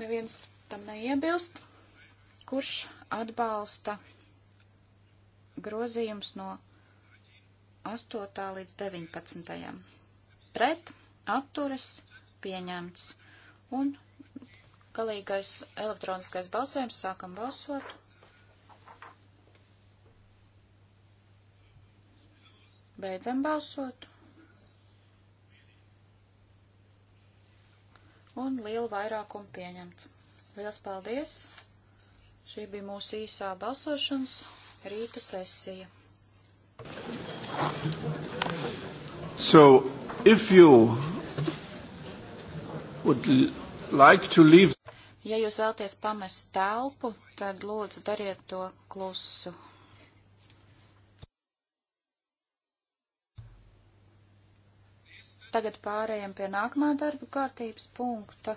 Neviens tam neiebilst. Kurš atbalsta grozījums no 8. līdz 19. Pret atturas pieņemts. Un galīgais elektroniskais balsojums sākam balsot. Beidzam balsot. un liela vairākuma pieņemts. Liels paldies! Šī bija mūsu īsā balsošanas rīta sesija. So, if you would like to leave... Ja jūs vēlties pamest telpu, tad lūdzu dariet to klusu. Tagad pārējiem pie nākamā darba kārtības punkta.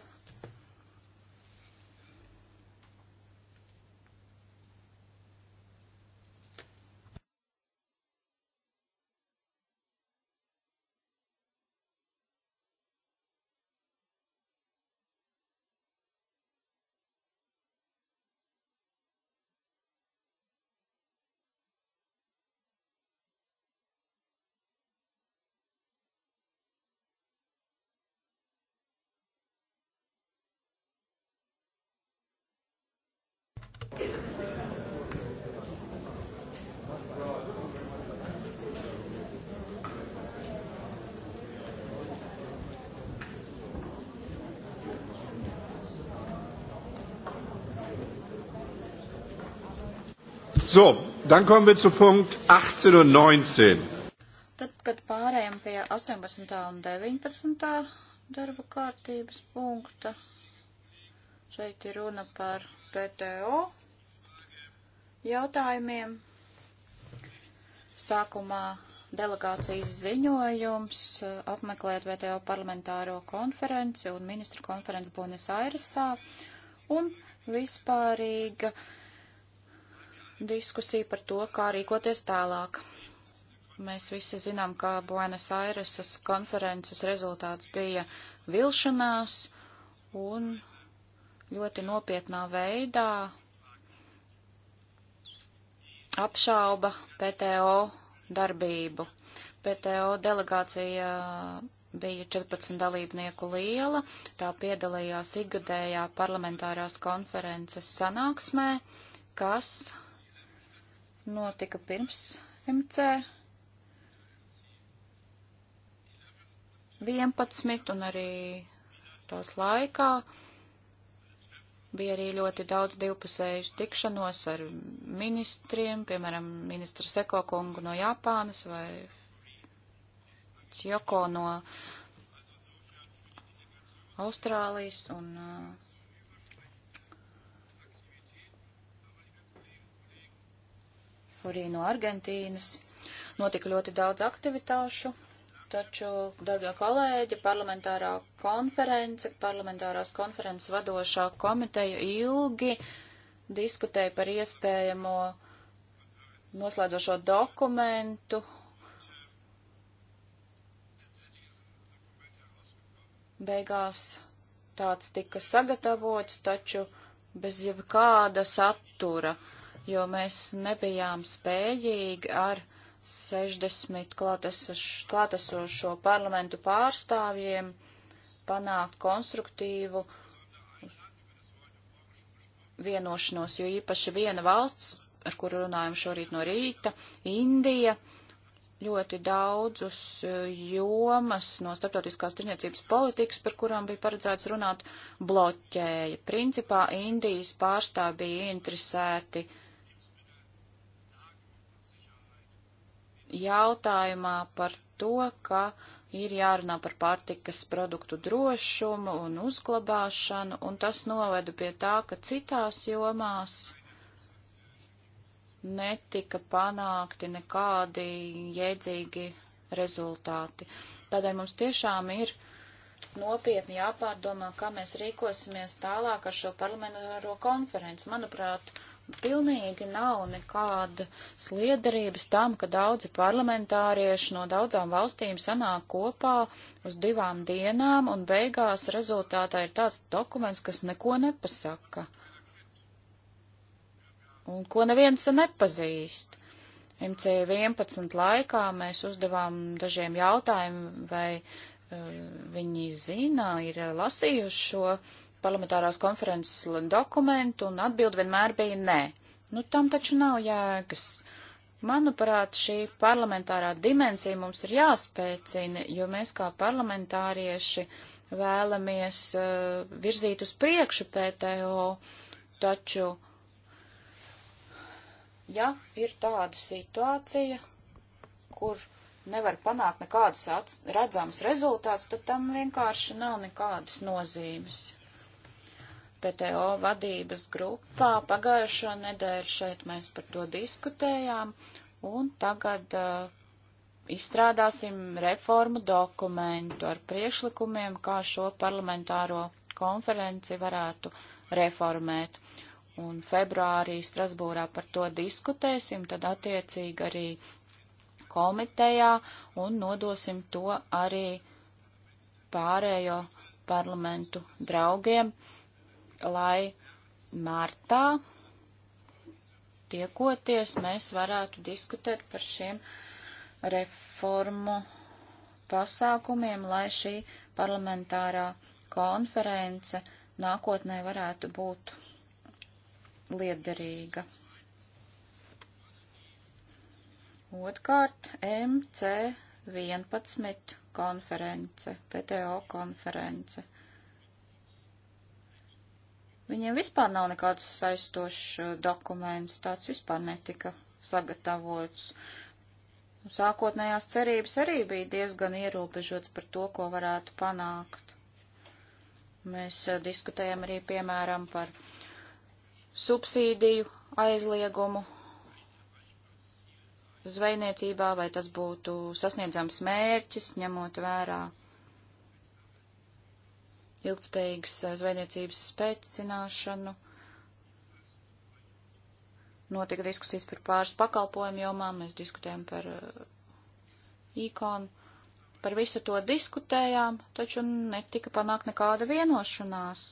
So, dann kommen wir zu Punkt 18 un 19. Tad, kad pārējām pie 18. un 19. darba kārtības punkta, šeit ir runa par PTO jautājumiem. Sākumā delegācijas ziņojums apmeklēt VTO parlamentāro konferenci un ministru konferenci Buenos Airesā un vispārīga uh, diskusija par to, kā rīkoties tālāk. Mēs visi zinām, ka Buenas Aireses konferences rezultāts bija vilšanās un ļoti nopietnā veidā apšauba PTO darbību. PTO delegācija bija 14 dalībnieku liela, tā piedalījās ikgadējā parlamentārās konferences sanāksmē, kas notika pirms MC 11 un arī tās laikā bija arī ļoti daudz divpusēju tikšanos ar ministriem, piemēram, ministra Seko kungu no Japānas vai Čjoko no Austrālijas un uh, arī no Argentīnas. Notika ļoti daudz aktivitāšu, taču, darbie kolēģi, parlamentārā konference, parlamentārās konferences vadošā komiteja ilgi diskutēja par iespējamo noslēdzošo dokumentu. Beigās tāds tika sagatavots, taču bez jebkāda satura. Uh, jo mēs nebijām spējīgi ar 60 klātesošo parlamentu pārstāvjiem panākt konstruktīvu vienošanos, jo īpaši viena valsts, ar kuru runājam šorīt no rīta, Indija, ļoti daudzus e, jomas no starptautiskās tirniecības politikas, par kurām bija paredzēts runāt, bloķēja. Principā Indijas pārstāvji bija interesēti uh, jautājumā par to, ka ir jārunā par pārtikas produktu drošumu un uzglabāšanu, un tas noveda pie tā, ka citās jomās netika panākti nekādi jēdzīgi rezultāti. Tādēļ mums tiešām ir nopietni jāpārdomā, kā mēs rīkosimies tālāk ar šo parlamentāro konferenci. Manuprāt, uh, Pilnīgi nav nekādas liederības tam, ka daudzi parlamentārieši no daudzām valstīm sanāk kopā uz divām dienām, un beigās rezultātā ir tāds dokuments, kas neko nepasaka, un ko neviens nepazīst. MC11 laikā mēs uzdevām dažiem jautājumu, vai uh, viņi zina, ir eh, lasījuši šo parlamentārās konferences dokumentu, un atbildi vienmēr bija nē. Nu, tam taču nav jēgas. Manuprāt, šī parlamentārā dimensija mums ir jāspēcina, jo mēs kā parlamentārieši vēlamies uh, virzīt uz priekšu PTO, taču, ja ir tāda situācija, kur nevar panākt nekādus redzamus rezultātus, tad tam vienkārši nav nekādas nozīmes. PTO vadības grupā. Pagājušo nedēļu šeit mēs par to diskutējām, un tagad uh, izstrādāsim reformu dokumentu ar priekšlikumiem, kā šo parlamentāro konferenci varētu reformēt. Un februārī Strasbūrā par to diskutēsim, tad attiecīgi arī komitejā un nodosim to arī pārējo parlamentu draugiem. Uh, lai martā tiekoties mēs varētu diskutēt par šiem reformu pasākumiem, lai šī parlamentārā konference nākotnē varētu būt liederīga. Otkārt, MC11 konference, PTO konference. Viņiem vispār nav nekāds saistošs uh, dokuments, tāds vispār netika sagatavots. Sākotnējās cerības arī bija diezgan ierobežots par to, ko varētu panākt. Mēs uh, diskutējam arī, piemēram, par subsīdiju aizliegumu zvejniecībā, vai tas būtu sasniedzams mērķis, ņemot vērā ilgtspējīgas eh, zvejniecības spēcināšanu. Notika diskusijas par pāris pakalpojumu jomām, mēs diskutējām par īkonu, eh, par visu to diskutējām, taču netika panākt nekāda vienošanās.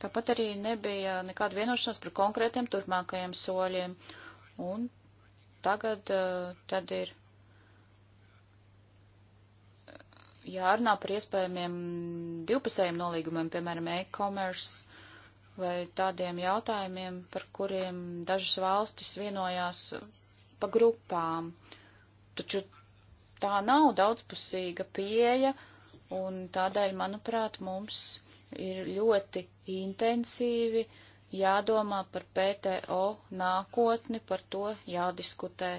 Tāpat arī nebija nekāda vienošanās par konkrētiem turpmākajiem soļiem. Un tagad eh, tad ir jārunā par iespējamiem divpusējiem nolīgumiem, piemēram, e-commerce vai tādiem jautājumiem, par kuriem dažas valstis vienojās pa grupām. Taču tā nav daudzpusīga pieeja, un tādēļ, manuprāt, mums ir ļoti intensīvi jādomā par PTO nākotni, par to jādiskutē.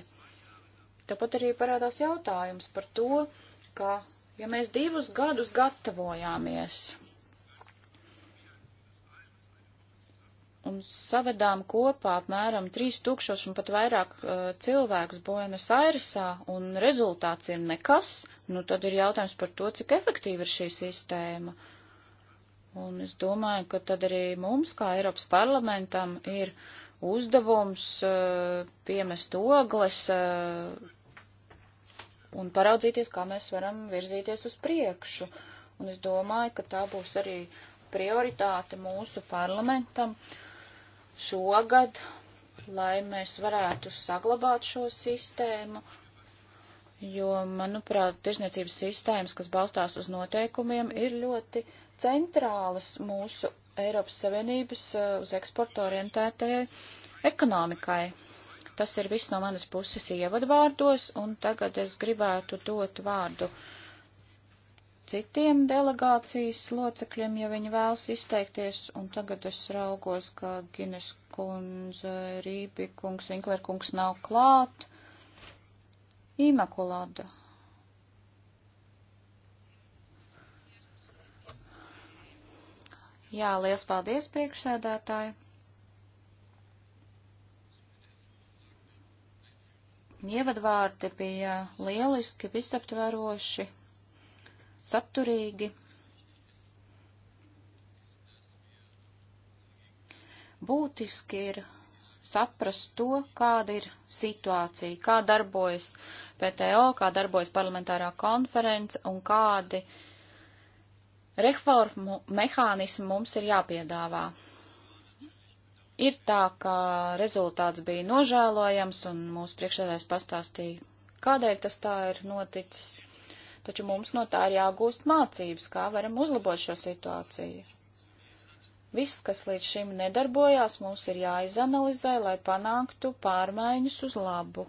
Tāpat arī parādās jautājums par to, ka ja mēs divus gadus gatavojāmies un savedām kopā apmēram 3000 un pat vairāk uh, cilvēkus Buenos Airesā, un rezultāts ir nekas, nu tad ir jautājums par to, cik efektīva ir šī sistēma. Un es domāju, ka tad arī mums, kā Eiropas parlamentam, ir uzdevums uh, piemest ogles uh, un paraudzīties, kā mēs varam virzīties uz priekšu. Un es domāju, ka tā būs arī prioritāte mūsu parlamentam šogad, lai mēs varētu saglabāt šo sistēmu, jo, manuprāt, tirzniecības sistēmas, kas balstās uz noteikumiem, ir ļoti centrālas mūsu Eiropas Savienības uh, uz eksportu orientētajai ekonomikai. Tas ir viss no manas puses ievadvārdos, un tagad es gribētu dot vārdu citiem delegācijas locekļiem, ja viņi vēlas izteikties, un tagad es raugos, ka Gines kundze, Rībi kungs, Vinkler kungs nav klāt. Imakulāda. Jā, liels paldies priekšsēdētāji. Ievadvārdi bija lieliski, visaptveroši, saturīgi. Būtiski ir saprast to, kāda ir situācija, kā darbojas PTO, kā darbojas parlamentārā konference un kādi reformu mehānismi mums ir jāpiedāvā. Ir tā, ka rezultāts bija nožēlojams, un mūsu priekšsēdājs pastāstīja, kādēļ tas tā ir noticis. Taču mums no tā ir jāgūst mācības, kā varam uzlabot šo situāciju. Viss, kas līdz šim nedarbojās, mums ir jāizanalizē, lai panāktu pārmaiņas uz labu.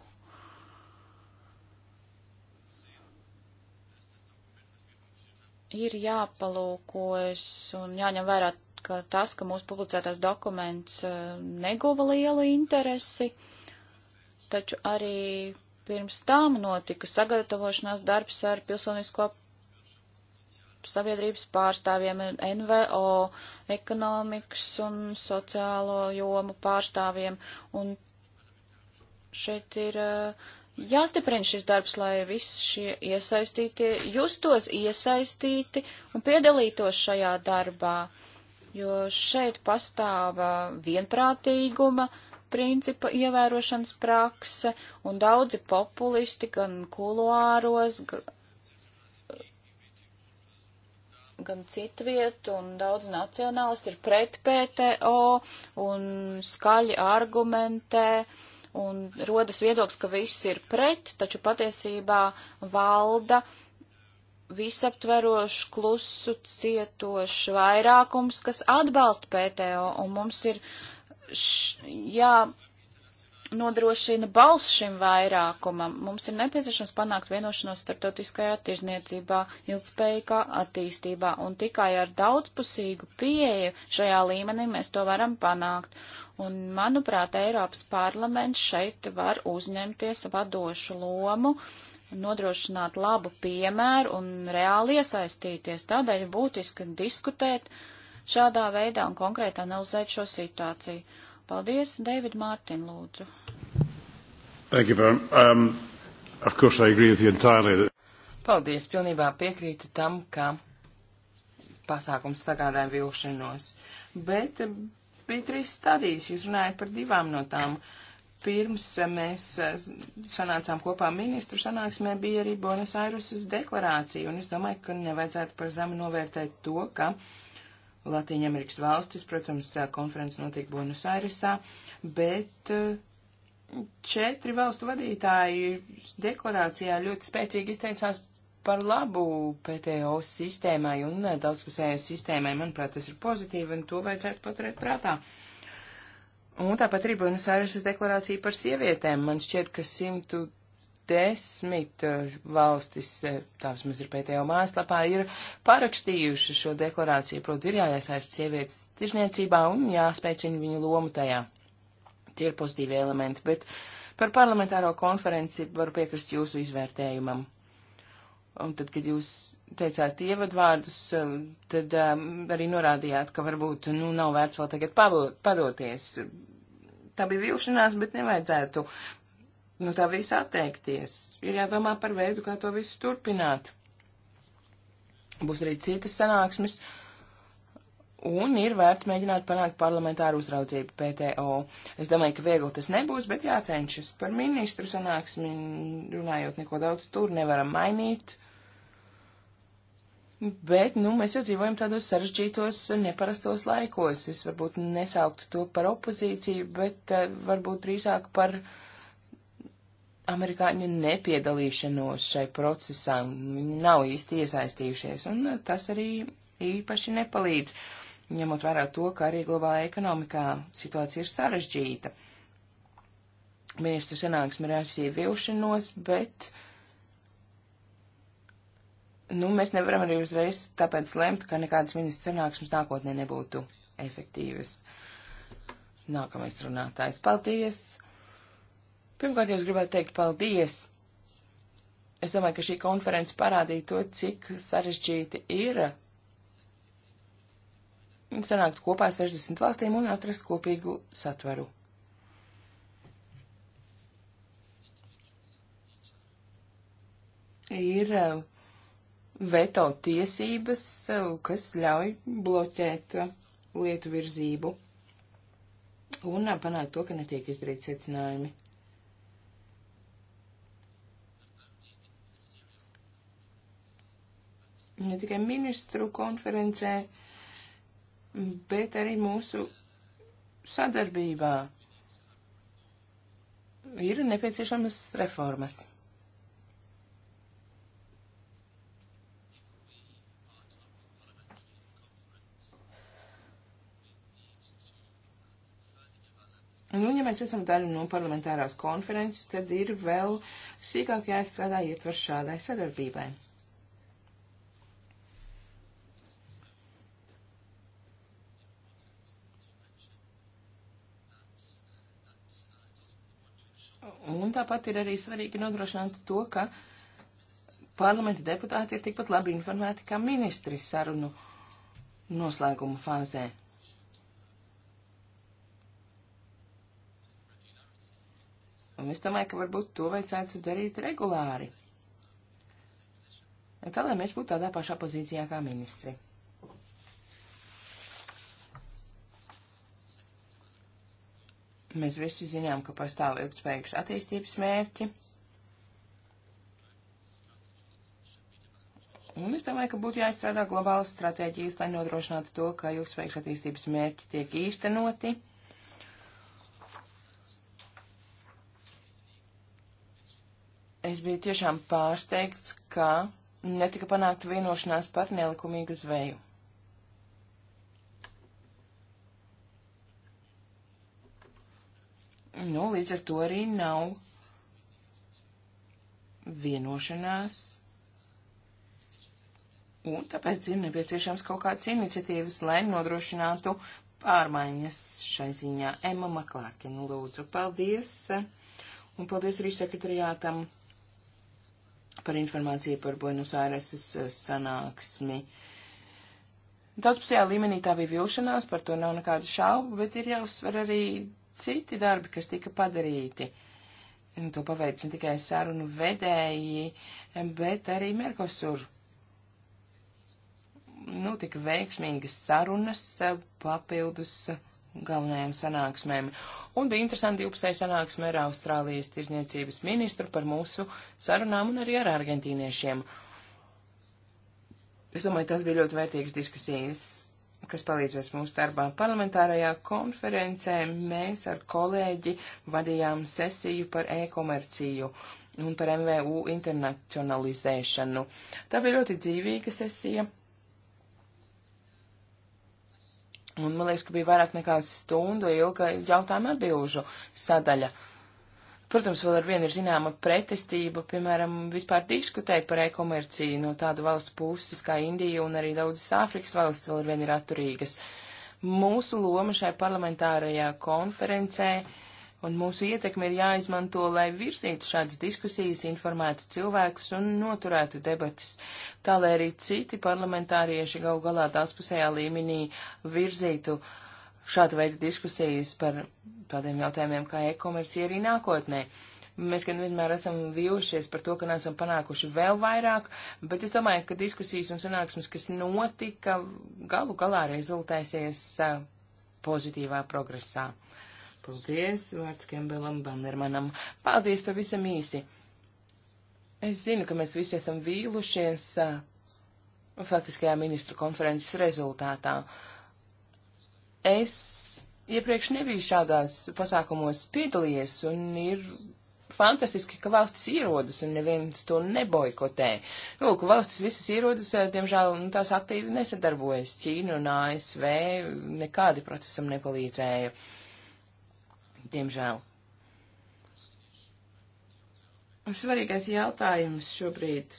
Ir jāpalūkojas un jāņem vērā ka tas, ka mūsu publicētais dokuments e, neguva lielu interesi, taču arī pirms tām notika sagatavošanās darbs ar pilsonisko sabiedrības pārstāvjiem, NVO, ekonomikas un sociālo jomu pārstāvjiem. Un šeit ir e, jāstiprina šis darbs, lai visi šie iesaistītie justos iesaistīti un piedalītos šajā darbā jo šeit pastāv vienprātīguma principa ievērošanas prakse, un daudzi populisti gan kuluāros, gan, gan citvietu, un daudz nacionālisti ir pret PTO un skaļi argumentē. Un rodas viedoklis, ka viss ir pret, taču patiesībā valda uh, visaptverošs, klusu, cietošs vairākums, kas atbalsta PTO, un mums ir š, jā nodrošina balss šim vairākumam. Mums ir nepieciešams panākt vienošanos starptautiskajā tirzniecībā, ilgspējīgā attīstībā, un tikai ar daudzpusīgu pieeju šajā līmenī mēs to varam panākt. Un, manuprāt, Eiropas parlaments šeit var uzņemties vadošu lomu. Uh, nodrošināt labu piemēru un reāli iesaistīties. Tādēļ būtiski diskutēt šādā veidā un konkrēti analizēt šo situāciju. Paldies, David Mārtiņ, lūdzu. Thank you, Baron. Um, of course I agree with you entirely. Paldies, pilnībā piekrītu tam, ka pasākums sagādāja vilšanos. Bet um, bija trīs stadijas, jūs runājat par divām no tām. Uh, pirms eh, mēs eh, sanācām kopā ministru sanāksmē, bija arī Buenos Aireses deklarācija, un es domāju, ka nevajadzētu par zemu novērtēt to, ka Latīņa Amerikas valstis, protams, eh, konferences notiek Buenos Airesā, bet četri valstu vadītāji deklarācijā ļoti spēcīgi izteicās par labu PTO sistēmai un daudzpusējai sistēmai. Manuprāt, tas ir pozitīvi, un to vajadzētu paturēt prātā. Uh, Un tāpat arī Buenos Aireses deklarācija par sievietēm. Man šķiet, ka 110 eh, valstis, eh, tās mums ir pētējo mājaslapā, ir parakstījuši šo deklarāciju. Proti, ir jāiesaist sievietes tirzniecībā un jāspēcina viņu lomu tajā. Tie ir pozitīvi elementi, bet par parlamentāro konferenci varu piekrist jūsu izvērtējumam. Un tad, kad jūs teicāt ievadvārdus, eh, tad eh, arī norādījāt, ka varbūt nu, nav vērts vēl tagad padoties. Tā bija vilšanās, bet nevajadzētu nu, tā visa atteikties. Ir jādomā par veidu, kā to visu turpināt. Būs arī citas sanāksmes, un ir vērts mēģināt panākt parlamentāru uzraudzību PTO. Es domāju, ka viegli tas nebūs, bet jācenšas par ministru sanāksmi, runājot neko daudz tur nevaram mainīt. Bet, nu, mēs jau dzīvojam tādos sarežģītos, neparastos laikos. Es varbūt nesauktu to par opozīciju, bet uh, varbūt drīzāk par amerikāņu nepiedalīšanos šai procesā. Viņi nav īsti iesaistījušies, un uh, tas arī īpaši nepalīdz, ņemot vērā to, ka arī globālā ekonomikā situācija ir sarežģīta. Ministru sanāksme ir aizsīja vilšanos, bet. Uh, nu, mēs nevaram arī uzreiz tāpēc lemt, ka nekādas ministru sanāksmes nākotnē nebūtu efektīvas. Nākamais runātājs. Paldies! Pirmkārt, jūs gribētu teikt paldies! Es domāju, ka šī konference parādīja to, cik sarežģīti ir sanākt kopā 60 valstīm un atrast kopīgu satvaru. Ir uh, veto tiesības, eh, kas ļauj bloķēt eh, lietu virzību un eh, panākt to, ka netiek izdarīti secinājumi. Ne tikai ministru konferencē, bet arī mūsu sadarbībā ir nepieciešamas reformas. Nu, ja mēs esam daļa no parlamentārās konferences, tad ir vēl sīkāk jāizstrādā ietvers šādai sadarbībai. Un tāpat ir arī svarīgi nodrošināt to, ka parlamenta deputāti ir tikpat labi informēti kā ministri sarunu noslēguma fāzē. Un es domāju, ka varbūt to vajadzētu darīt regulāri. Tā lai mēs būtu tādā pašā pozīcijā kā ministri. Mēs visi zinām, ka pastāv ilgspējīgas attīstības mērķi. Un es domāju, ka būtu jāizstrādā globālas stratēģijas, lai nodrošinātu to, ka ilgspējīgas attīstības mērķi tiek īstenoti. Es biju tiešām pārsteigts, ka netika panākta vienošanās par nelikumīgu zveju. Nu, līdz ar to arī nav vienošanās, un tāpēc ir nepieciešams kaut kādas iniciatīvas, lai nodrošinātu pārmaiņas šai ziņā. Emma Maklārkina, lūdzu, paldies, un paldies arī sekretariātam par informāciju par Buenos Aireses eh, sanāksmi. Daudzpusējā līmenī tā bija vilšanās, par to nav nekādu šaubu, bet ir jāuzsver arī citi darbi, kas tika padarīti. Un to paveic ne tikai sarunu vedēji, bet arī Merkosur. Nu, tika veiksmīgas sarunas eh, papildus. Uh, galvenajām sanāksmēm. Un bija interesanti divpusēja sanāksme ar Austrālijas tirzniecības ministru par mūsu sarunām un arī ar argentīniešiem. Es domāju, tas bija ļoti vērtīgs diskusijas, kas palīdzēs mūsu darbā. Parlamentārajā konferencē mēs ar kolēģi vadījām sesiju par e-komerciju un par MVU internacionalizēšanu. Tā bija ļoti dzīvīga sesija. Un man liekas, ka bija vairāk nekā stundu ilga jautājuma atbilžu sadaļa. Protams, vēl ar vienu ir zināma pretestība, piemēram, vispār diskutēt par e-komerciju no tādu valstu puses kā Indija un arī daudzas Āfrikas valsts vēl ar vienu ir atturīgas. Mūsu loma šai parlamentārajā konferencē uh, un mūsu ietekme ir jāizmanto, lai virzītu šādas diskusijas, informētu cilvēkus un noturētu debatas, tā lai arī citi parlamentārieši gau galā tāspusējā līmenī virzītu šāda veida diskusijas par tādiem jautājumiem kā e-komercija arī nākotnē. Mēs gan vienmēr esam vīlušies par to, ka neesam panākuši vēl vairāk, bet es domāju, ka diskusijas un sanāksmes, kas notika, galu galā rezultēsies pozitīvā progresā. Uh, Paldies, vārds Kembelam Bannermanam. Paldies pavisam īsi. Es zinu, ka mēs visi esam vīlušies uh, faktiskajā ministru konferences rezultātā. Es iepriekš nebiju šādās pasākumos piedalījies un ir fantastiski, ka valstis ierodas un neviens to neboikotē. Nu, ka valstis visas ierodas, uh, diemžēl, nu, tās aktīvi nesadarbojas. Ķīna un ASV nekādi procesam nepalīdzēja. Uh, diemžēl. Svarīgais jautājums šobrīd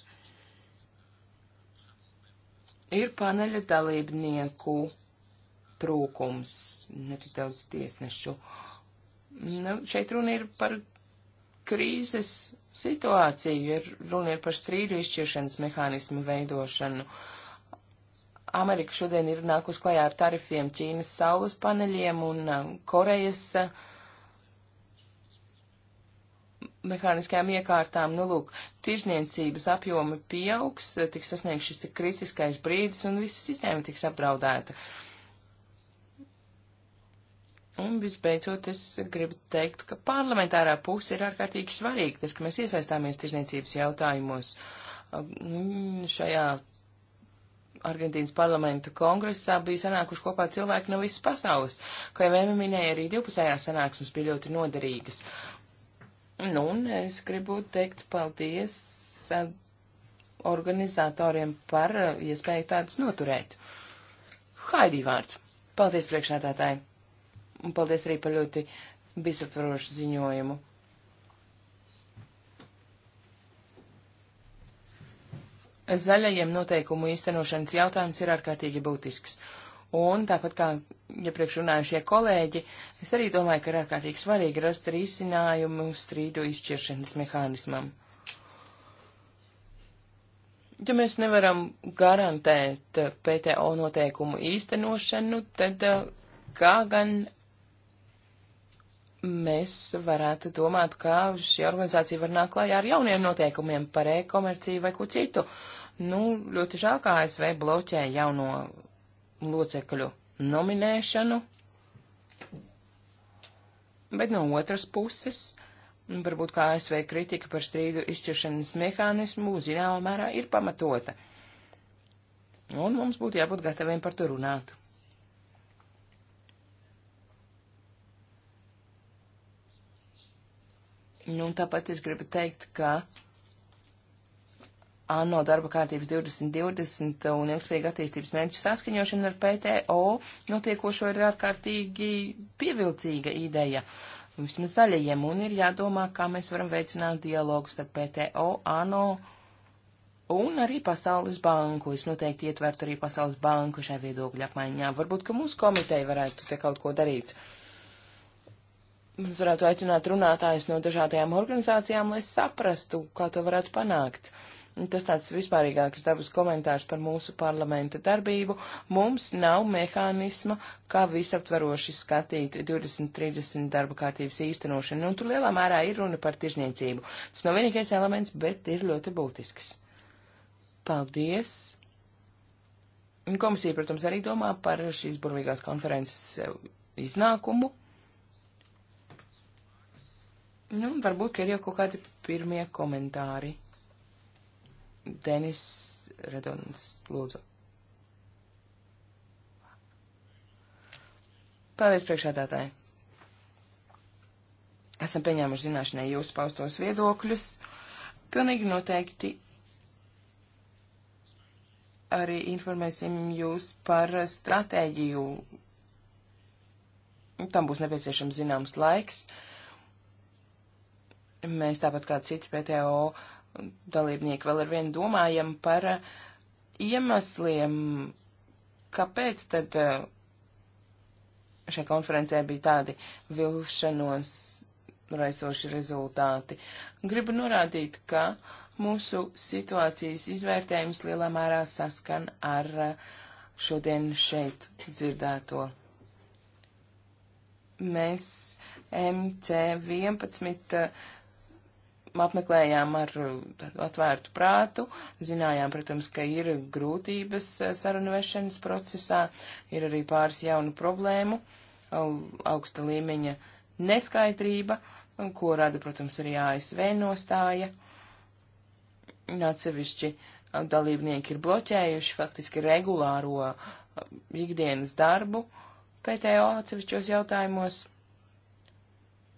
ir paneļa dalībnieku trūkums, netik daudz tiesnešu. Nu, šeit runa ir par krīzes situāciju, ir runa ir par strīdu izšķiršanas mehānismu veidošanu. Amerika šodien ir nākus klajā ar tarifiem Ķīnas saules paneļiem un um, Korejas uh, mehāniskajām iekārtām, nu lūk, tirzniecības apjomi pieaugs, tiks sasniegts šis tik kritiskais brīdis un visa sistēma tiks apdraudēta. Un visbeidzot, es gribu teikt, ka parlamentārā puse ir ārkārtīgi svarīga, tas, ka mēs iesaistāmies tirzniecības jautājumos mm, šajā Argentīnas parlamenta kongresā bija sanākuši kopā cilvēki no visas pasaules, kā jau Vēma minēja, arī divpusējās sanāksmes bija ļoti noderīgas. Nu, un es gribu teikt paldies organizatoriem par iespēju tādus noturēt. Haidī vārds. Paldies priekšādātāji. Un paldies arī par ļoti visaptvarošu ziņojumu. Zaļajiem noteikumu īstenošanas jautājums ir ārkārtīgi būtisks. Un tāpat kā iepriekš ja runājušie kolēģi, es arī domāju, ka ir ārkārtīgi svarīgi rast risinājumu strīdu izšķiršanas mehānismam. Ja mēs nevaram garantēt PTO noteikumu īstenošanu, tad uh, kā gan mēs varētu domāt, ka šī organizācija var nākt klājā ar jauniem noteikumiem par e-komerciju vai ko citu. Nu, ļoti žēl, kā ASV bloķē jauno locekļu nominēšanu, bet no otras puses, varbūt kā ASV kritika par strīdu izšķiršanas mehānismu zināmā mērā ir pamatota, un mums būtu jābūt gataviem par to runāt. Nu, tāpat es gribu teikt, ka ANO darba kārtības 2020 un ilgspējīga attīstības mērķu saskaņošana ar PTO notiekošo ir ārkārtīgi pievilcīga ideja. Vismaz zaļajiem un ir jādomā, kā mēs varam veicināt dialogu starp PTO, ANO un arī Pasaules banku. Es noteikti ietvertu arī Pasaules banku šai viedokļu apmaiņā. Varbūt, ka mūsu komiteja varētu te kaut ko darīt. Mēs varētu aicināt runātājus no dažādajām organizācijām, lai saprastu, kā to varētu panākt. Uh, Tas tāds vispārīgāks dabas komentārs par mūsu parlamenta darbību. Mums nav mehānisma, kā visaptvaroši skatīt 2030 darba kārtības īstenošanu. Un tur lielā mērā ir runa par tirzniecību. Tas nav vienīgais elements, bet ir ļoti būtisks. Paldies! Komisija, protams, arī domā par šīs burvīgās konferences iznākumu. Nu, varbūt, ka ir jau kaut kādi pirmie komentāri. Denis Redons, lūdzu. Paldies priekšādātāji. Esam pieņēmuši zināšanai jūsu paustos viedokļus. Pilnīgi noteikti arī informēsim jūs par stratēģiju. Tam būs nepieciešams zināms laiks. Mēs tāpat kā citi PTO dalībnieki vēl ar vienu domājam par uh, iemesliem, kāpēc tad uh, šajā konferencē bija tādi vilšanos raisoši rezultāti. Gribu norādīt, ka mūsu situācijas izvērtējums lielā mērā saskan ar uh, šodien šeit dzirdēto. Mēs MC11 apmeklējām ar uh, atvērtu prātu, zinājām, protams, ka ir grūtības uh, sarunvešanas procesā, ir arī pāris jaunu problēmu, augsta līmeņa neskaidrība, ko rada, protams, arī ASV nostāja. Atsevišķi uh, dalībnieki ir bloķējuši faktiski regulāro ikdienas darbu PTO atsevišķos jautājumos.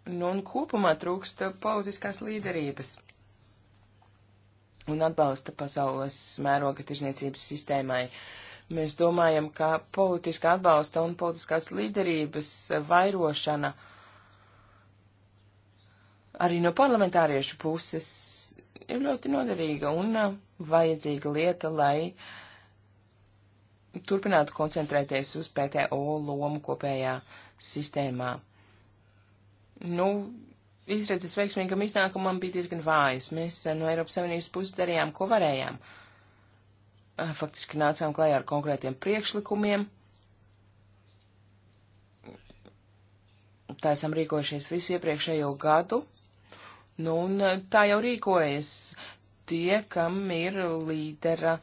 Nu, un kopumā trūkst politiskās līderības un atbalsta pasaules mēroga tirzniecības sistēmai. Mēs domājam, ka politiska atbalsta un politiskās līderības vairošana arī no parlamentāriešu puses ir ļoti noderīga un vajadzīga lieta, lai turpinātu koncentrēties uz PTO lomu kopējā sistēmā nu, izredzes veiksmīgam iznākumam bija diezgan vājas. Mēs eh, no Eiropas Savienības puses darījām, ko varējām. Eh, faktiski nācām klajā ar konkrētiem priekšlikumiem. Tā esam rīkojušies visu iepriekšējo gadu. Nu, un eh, tā jau rīkojas tie, kam ir līdera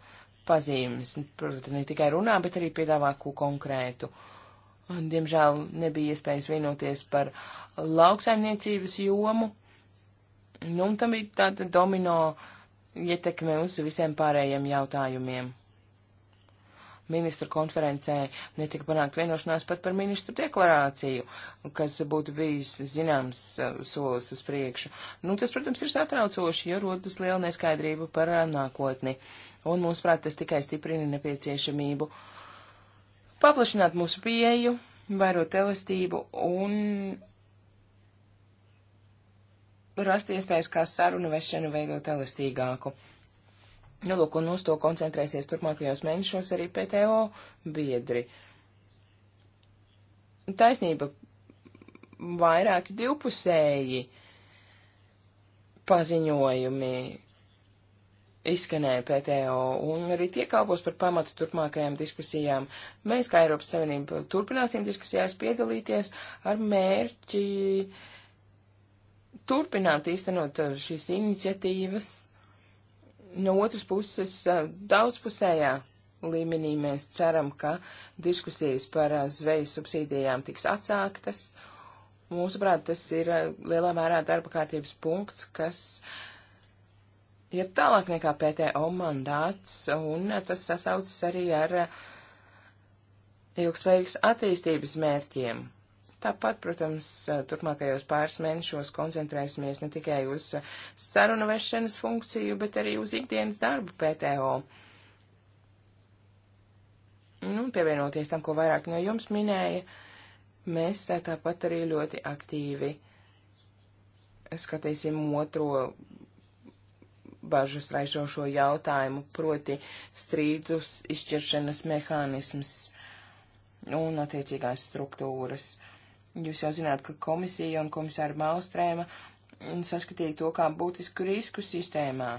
pazīmes. Protams, ne tikai runā, bet arī piedāvā ko konkrētu. Uh, Un, diemžēl nebija iespējas vienoties par lauksaimniecības jomu. Nu, un tam bija tāda domino ietekme uz visiem pārējiem jautājumiem. Ministru konferencē netika panākt vienošanās pat par ministru deklarāciju, kas būtu bijis zināms uh, solis uz priekšu. Nu, tas, protams, ir satraucoši, jo rodas liela neskaidrība par uh, nākotni. Un, mūsuprāt, tas tikai stiprina nepieciešamību uh, paplašināt mūsu pieeju, vairot elastību un rast iespējas kā sarunu vešanu veidot elastīgāku. Nu, lūk, un uz to koncentrēsies turpmākajos mēnešos arī PTO biedri. Taisnība vairāki divpusēji paziņojumi izskanēja PTO un arī tie kalpos par pamatu turpmākajām diskusijām. Mēs, kā Eiropas Savienība, turpināsim diskusijās piedalīties ar mērķi turpināt īstenot šīs iniciatīvas. No otras puses, daudzpusējā līmenī mēs ceram, ka diskusijas par zvejas subsīdijām tiks atsāktas. Mūsuprāt, tas ir lielā mērā darba kārtības punkts, kas uh, ir tālāk nekā PTO mandāts, un tas sasaucas arī ar ilgspējīgas attīstības mērķiem. Tāpat, protams, turpmākajos pāris mēnešos koncentrēsimies ne tikai uz sarunu vešanas funkciju, bet arī uz ikdienas darbu PTO. Nu, pievienoties tam, ko vairāk no jums minēja, mēs tāpat arī ļoti aktīvi skatīsim otro bažas raisošo jautājumu, proti strīdus izšķiršanas mehānismus un attiecīgās struktūras. Jūs jau zināt, ka komisija un komisāra Malstrēma saskatīja to kā būtisku risku sistēmā.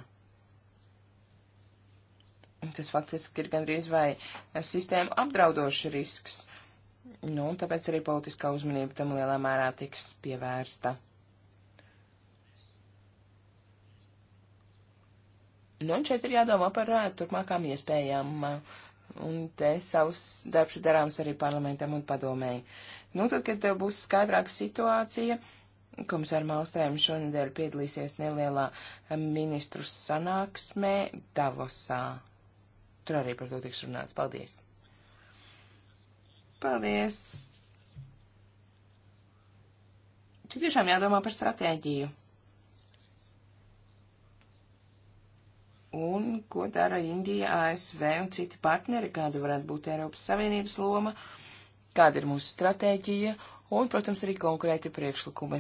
Tas faktiski ir gandrīz vai sistēma apdraudošs risks. Nu, un tāpēc arī politiskā uzmanība tam lielā mērā tiks pievērsta. Nu, un šeit ir jādomā par uh, turpmākām iespējām. Uh, un te savus darbs darāms arī parlamentam un padomēji. Nu, tad, kad būs skaidrāka situācija, komisāra Malstrēma šonadēļ piedalīsies nelielā ministru sanāksmē Davosā. Tur arī par to tiks runāts. Paldies! Paldies! Tik tiešām jādomā par stratēģiju. Un ko dara Indija, ASV un citi partneri, kāda varētu būt Eiropas Savienības loma, kāda ir mūsu stratēģija un, protams, arī konkrēti priekšlikumi.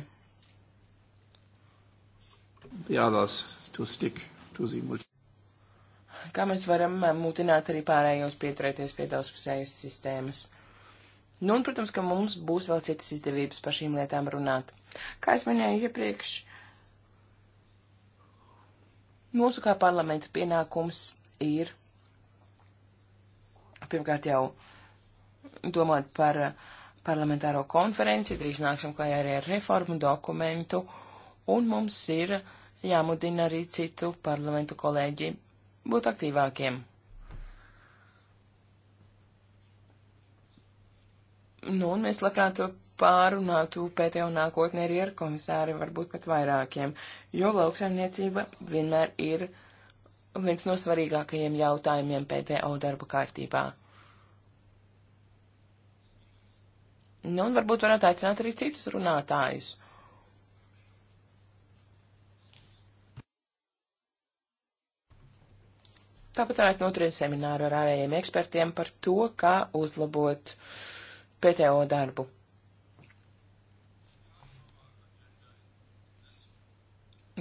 Jādās, tu stik, tu zīmuli. Kā mēs varam mutināt arī pārējos pieturēties pie daudzpusējas sistēmas? Nu, un, protams, ka mums būs vēl citas izdevības par šīm lietām runāt. Kā es minēju iepriekš, ja Mūsu kā parlamenta pienākums ir pirmkārt jau domāt par uh, parlamentāro konferenci, drīz nāksim klajā arī ar reformu dokumentu, un mums ir jāmudina arī citu parlamentu kolēģi būt aktīvākiem. Nu, un mēs labprāt pārunātu pētējo nākotnē arī ar komisāri, varbūt pat vairākiem, jo lauksaimniecība vienmēr ir viens no svarīgākajiem jautājumiem pētējo darba kārtībā. Nu, un varbūt varētu aicināt arī citus runātājus. Tāpat varētu noturēt semināru ar ārējiem ekspertiem par to, kā uzlabot PTO darbu.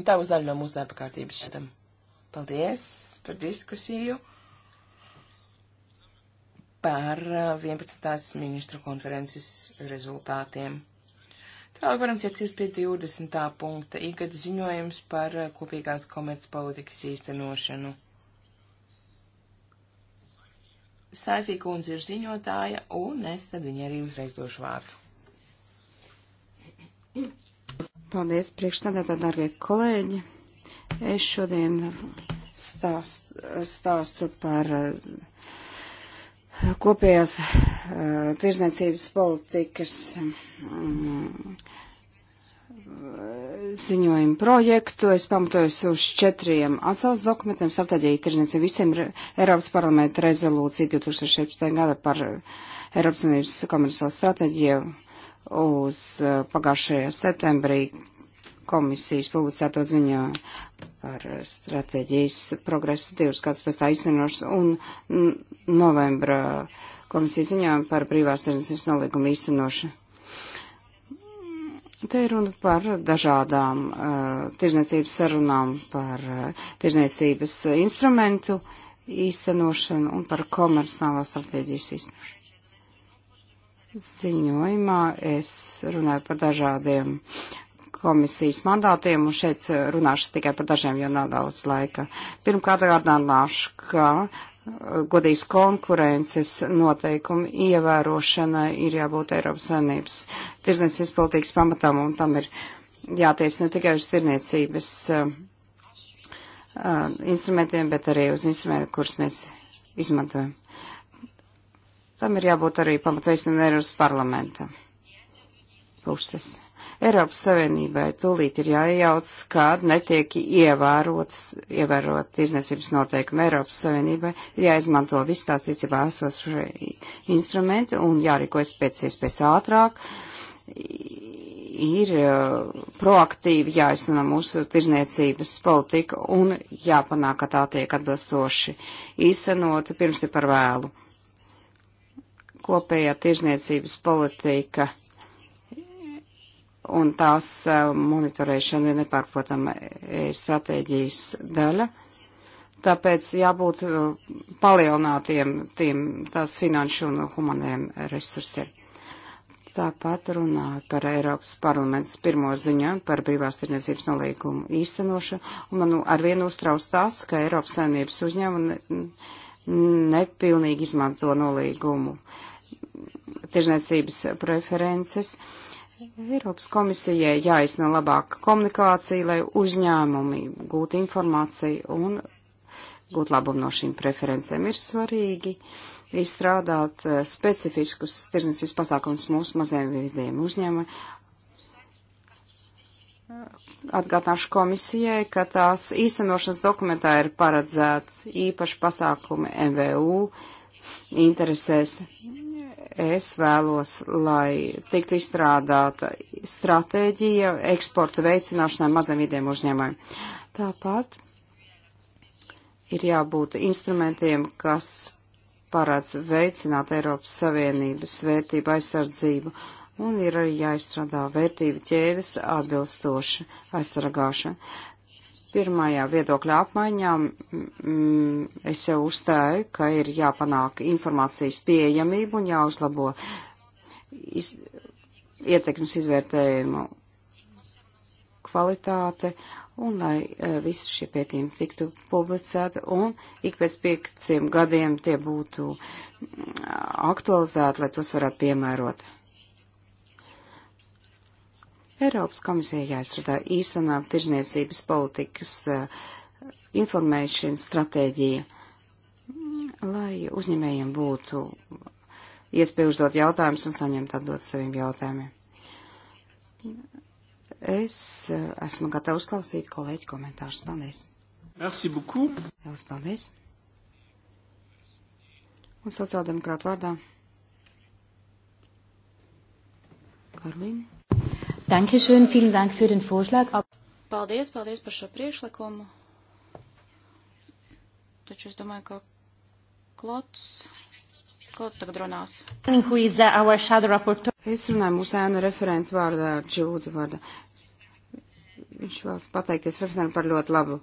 Un nu, tā būs daļa no mūsu darba kārtības šādam. Paldies par diskusiju par 11. ministru konferences rezultātiem. Tālāk varam ķerties pie 20. punkta - ikgad ziņojums par kopīgās komercpolitikas īstenošanu. Saifī kundze ir ziņotāja, un es tad viņai arī uzreiz došu vārdu. Paldies, priekšstādātā, dargie kolēģi. Es šodien stāst, stāstu par uh, kopējās uh, tirzniecības politikas um, ziņojumu projektu. Es pamatojos uz četriem atsaucas dokumentiem - strateģija tirzniecība visiem Eiropas parlamenta rezolūcija 2016. gada par Eiropas Savienības komerciālo stratēģiju uz eh, pagājušajā septembrī komisijas publicēto ziņā par stratēģijas progresu divus gadus pēc tā īstenošas un novembra komisijas ziņā par brīvās tirdzniecības nolīgumu īstenošanu. Te ir runa par dažādām uh, tirzniecības sarunām, par uh, tirzniecības instrumentu īstenošanu un par komercālā stratēģijas īstenošanu ziņojumā es runāju par dažādiem komisijas mandātiem, un šeit runāšu tikai par dažiem, jo nav daudz laika. Pirmkārt, atgādināšu, ka uh, godīgas konkurences noteikumu ievērošana ir jābūt Eiropas saimnības tirdzniecības politikas pamatām, un tam ir jāties ne tikai uz tirniecības uh, uh, instrumentiem, bet arī uz instrumentiem, kurus mēs izmantojam. Uh, Tam ir jābūt arī pamatveicinājumu Eiropas parlamenta puses. Eiropas Savienībai tūlīt ir jājauc, kad netiek ievērotas, ievērot tirzniecības noteikumi Eiropas Savienībai, ir jāizmanto viss tās rīcībā esošie instrumenti un jārīkojas pēc iespējas ātrāk. Ir uh, proaktīvi jāizteno mūsu tirzniecības politika un jāpanāk, ka tā tiek atbilstoši īstenota pirms ir par vēlu kopējā tirzniecības politika un tās eh, monitorēšana ir nepārprotama eh, stratēģijas daļa. Tāpēc jābūt eh, palielinātiem tiem tās finanšu un humaniem resursiem. Tāpat runāju par Eiropas parlaments pirmo ziņojumu par brīvās tirniecības nolīgumu īstenošanu, un man arvien uztrauc tās, ka Eiropas saimnības uzņēmumi nepilnīgi izmanto nolīgumu. Uh, tirzniecības preferences. Eiropas komisijai jāizsno labāka komunikācija, lai uzņēmumi gūtu informāciju un gūt labumu no šīm preferencēm. Ir svarīgi izstrādāt eh, specifiskus tirzniecības pasākumus mūsu mazajiem vidējiem uzņēmumiem. Atgādināšu komisijai, ka tās īstenošanas dokumentā ir paredzēti īpaši pasākumi MVU interesēs es vēlos, lai tiktu izstrādāta stratēģija eksporta veicināšanai maziem vidiem uzņēmumiem. Tāpat ir jābūt instrumentiem, kas parāds veicināt Eiropas Savienības vērtību aizsardzību un ir arī jāizstrādā vērtību ķēdes atbilstoši aizsargāšana. Pirmajā viedokļa apmaiņā mm, es jau uzstāju, ka ir jāpanāk informācijas pieejamība un jāuzlabo iz, ietekmes izvērtējumu kvalitāte un lai uh, visi šie pētījumi tiktu publicēti un ik pēc pieciem gadiem tie būtu aktualizēti, lai tos varētu piemērot. Eiropas komisija jāizstrādā īstenā tirzniecības politikas eh, informēšanas stratēģija, lai uzņēmējiem būtu iespēja uzdot jautājumus un saņemt atbildes saviem jautājumiem. Es eh, esmu gatava uzklausīt kolēģi komentārus. Paldies! Merci beaucoup! Lielas paldies! Un sociāldemokrātu vārdā. Karlīna. Dankeschön, vielen Dank für den Vorschlag. Paldies, paldies par šo priekšlikumu. Taču es domāju, ka Klots, Klots tagad runās. Es runāju mūsu ēnu referentu vārdā, Džūda vārdā. Viņš vēlas pateikties referentam par ļoti labu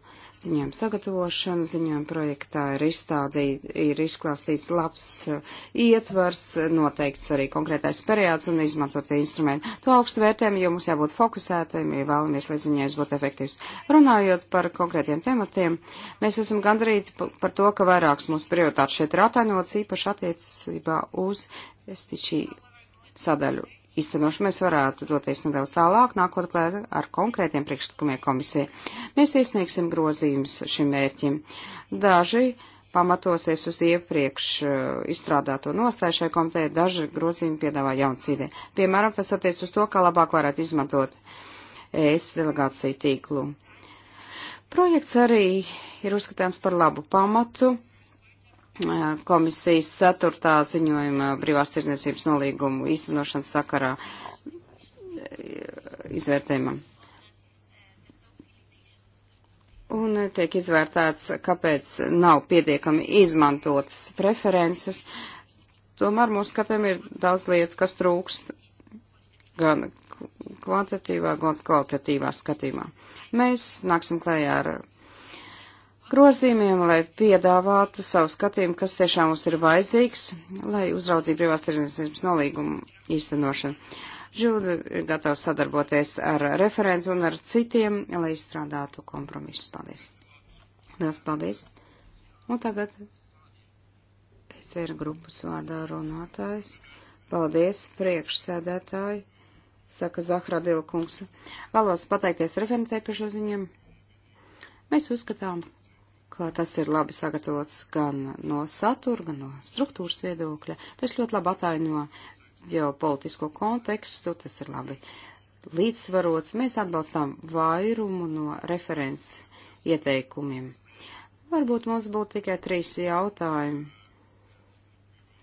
ziņojumu sagatavošanu. Ziņojuma projektā ir, izstādī, ir izklāstīts labs uh, ietvars, noteikts arī konkrētais periods un izmantotie instrumenti. To augstu vērtējumu, jo mums jābūt fokusētiem, ja vēlamies, lai ziņojums būtu efektīvs. Runājot par konkrētiem tematiem, mēs esam gandrīz par to, ka vairākas mūsu prioritātes šeit ir atainotas īpaši attiecībā uz estiķī sadaļu īstenošanu mēs varētu doties nedaudz tālāk, nākot klāt ar konkrētiem priekšlikumiem komisija. Mēs iesniegsim grozījumus šim mērķim. Daži pamatosies uz iepriekš uh, izstrādāto nostāju šai komitejai, daži grozījumi piedāvā jauns ideja. Piemēram, tas attiec uz to, kā labāk varētu izmantot ES delegāciju tīklu. Projekts arī ir uzskatāms par labu pamatu komisijas ceturtā ziņojuma brīvās tirdzniecības nolīgumu īstenošanas sakarā izvērtējumam. Un tiek izvērtēts, kāpēc nav pietiekami izmantotas preferences. Tomēr mūsu skatījumā ir daudz lietu, kas trūkst gan kvantitīvā, gan kvalitatīvā skatījumā. Mēs nāksim klējā ar grozījumiem, lai piedāvātu savu skatījumu, kas tiešām mums ir vajadzīgs, lai uzraudzītu privās tirdzniecības nolīgumu īstenošanu. Žilda ir gatavs sadarboties ar referentu un ar citiem, lai izstrādātu kompromisus. Paldies! Liels paldies! Un tagad PCR grupas vārdā runātājs. Paldies, priekšsēdētāji, saka Zahradila kungs. Vēlos pateikties referentē par šo ziņām. Mēs uzskatām, ka tas ir labi sagatavots gan no satura, gan no struktūras viedokļa. Tas ļoti labi ataino ģeopolitisko kontekstu, tas ir labi līdzsvarots. Mēs atbalstām vairumu no referents ieteikumiem. Varbūt mums būtu tikai trīs jautājumi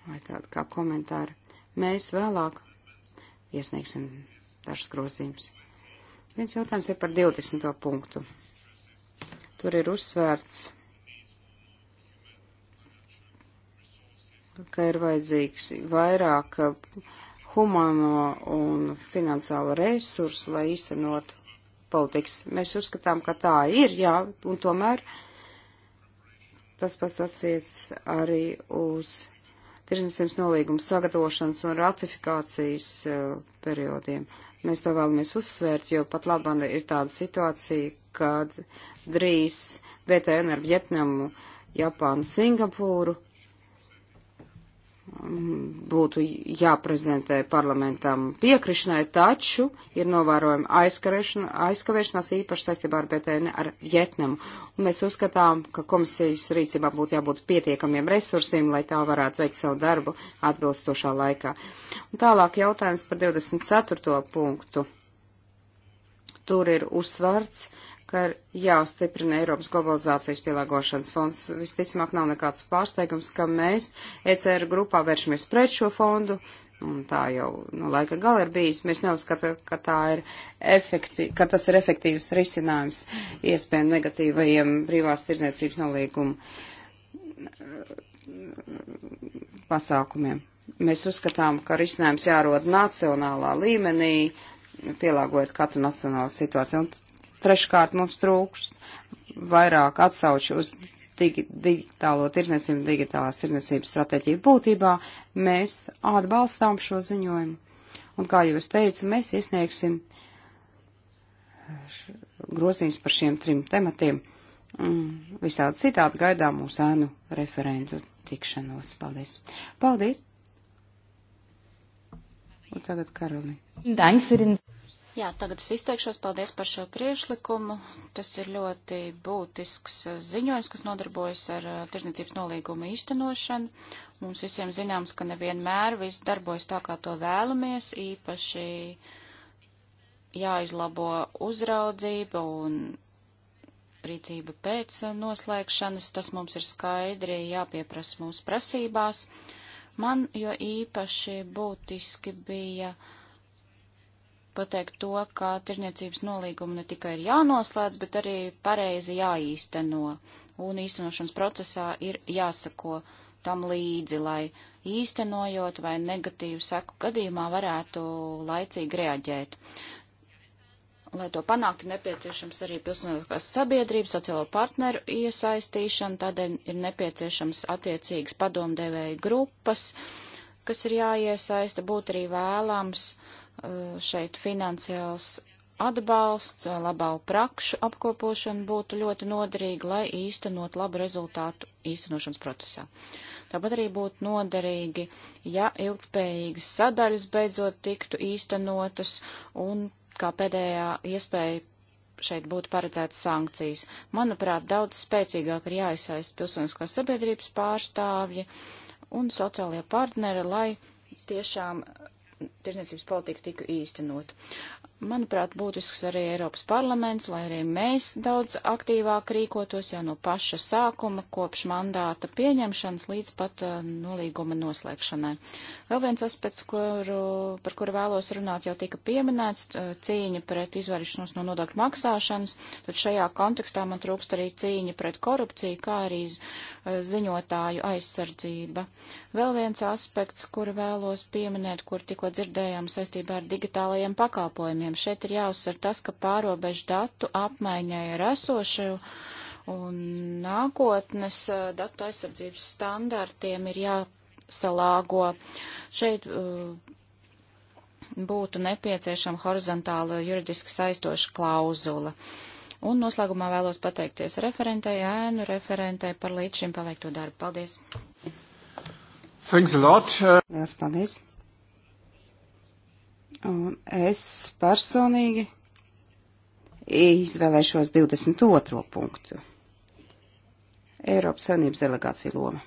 vai tādi kā komentāri. Mēs vēlāk iesniegsim dažas grozījumus. Viens jautājums ir par 20. punktu. Tur ir uzsvērts ka ir vajadzīgs vairāk uh, humano un finansiālo resursu, lai īstenotu politikas. Mēs uzskatām, ka tā ir, jā, un tomēr tas pats atsiec arī uz tirdzniecības nolīguma sagatavošanas un ratifikācijas uh, periodiem. Mēs to vēlamies uzsvērt, jo pat labāk ir tāda situācija, kad drīz BTN ar Vietnamu, Japānu, Singapūru būtu jāprezentē parlamentam piekrišanai, taču ir novērojama aizkavēšanās īpaši saistībā ar BTN ar Vietnamu. Un mēs uzskatām, ka komisijas rīcībā būtu jābūt pietiekamiem resursiem, lai tā varētu veikt savu darbu atbilstošā laikā. Un tālāk jautājums par 24. punktu. Tur ir uzsvarts ka ir jāstiprina Eiropas globalizācijas pielāgošanas fonds. Visticamāk nav nekāds pārsteigums, ka mēs ECR grupā vēršamies pret šo fondu, un tā jau no laika gala ir bijis. Mēs neuzskatām, ka, tā ir efekti, ka tas ir efektīvs risinājums iespējām negatīvajiem brīvās tirdzniecības nolīgumu uh, pasākumiem. Mēs uzskatām, ka risinājums jārod nacionālā līmenī, pielāgojot katru nacionālu situāciju. Un Treškārt mums trūkst vairāk atsauču uz digi, digitālo tirdzniecību, digitālās tirdzniecības stratēģiju. Būtībā mēs atbalstām šo ziņojumu. Un kā jau es teicu, mēs iesniegsim grozījums par šiem trim tematiem. Un visādi citādi gaidām mūsu ēnu referentu tikšanos. Paldies! Paldies! Un tagad Karolīna. Jā, tagad es izteikšos. Paldies par šo priešlikumu. Tas ir ļoti būtisks uh, ziņojums, kas nodarbojas ar uh, tirzniecības nolīgumu īstenošanu. Mums visiem zināms, ka nevienmēr viss darbojas tā, kā to vēlamies, īpaši jāizlabo uzraudzība un rīcība pēc uh, noslēgšanas, tas mums ir skaidri jāpieprasa mūsu prasībās. Man jo īpaši būtiski bija uh, pateikt to, ka tirniecības nolīguma ne tikai ir jānoslēdz, bet arī pareizi jāīsteno. Un īstenošanas procesā ir jāsako tam līdzi, lai īstenojot vai negatīvu seku gadījumā varētu laicīgi reaģēt. Lai to panāktu, nepieciešams arī pilsoniskās sabiedrības, sociālo partneru iesaistīšana, tādēļ ir nepieciešams attiecīgas padomdevēja grupas, kas ir jāiesaista, būtu arī vēlams uh, Eh, šeit finansiāls atbalsts, eh, labau prakšu apkopošana būtu ļoti noderīga, lai īstenot labu rezultātu īstenošanas procesā. Tāpat arī būtu noderīgi, ja ilgspējīgas sadaļas beidzot tiktu īstenotas un kā pēdējā iespēja šeit būtu paredzētas sankcijas. Manuprāt, daudz spēcīgāk ir jāiesaist pilsoniskās sabiedrības pārstāvji un sociālie partneri, lai tiešām tirzniecības politika tika īstenot. Manuprāt, būtisks arī Eiropas parlaments, lai arī mēs daudz aktīvāk rīkotos jau no paša sākuma, kopš mandāta pieņemšanas līdz pat uh, nolīguma noslēgšanai. Vēl viens aspekts, kuru, par kuru vēlos runāt, jau tika pieminēts - cīņa pret izvairīšanos no nodokļu maksāšanas. Tad šajā kontekstā man trūkst arī cīņa pret korupciju, kā arī ziņotāju aizsardzība. Vēl viens aspekts, kuru vēlos pieminēt, kur tikko dzirdējām saistībā ar digitālajiem pakalpojumiem. Šeit ir jāuzsver tas, ka pārobežu datu apmaiņai ar esošu un nākotnes eh, datu aizsardzības standartiem ir jāsalāgo. Šeit uh, būtu nepieciešama horizontāla juridiski saistoša klauzula. Uh, Un noslēgumā vēlos pateikties referentai, ēnu referentai par līdz šim paveikto darbu. Paldies! Thanks a lot! Lielas paldies! Un es personīgi izvēlēšos 22. punktu. Eiropas Savienības delegācija loma.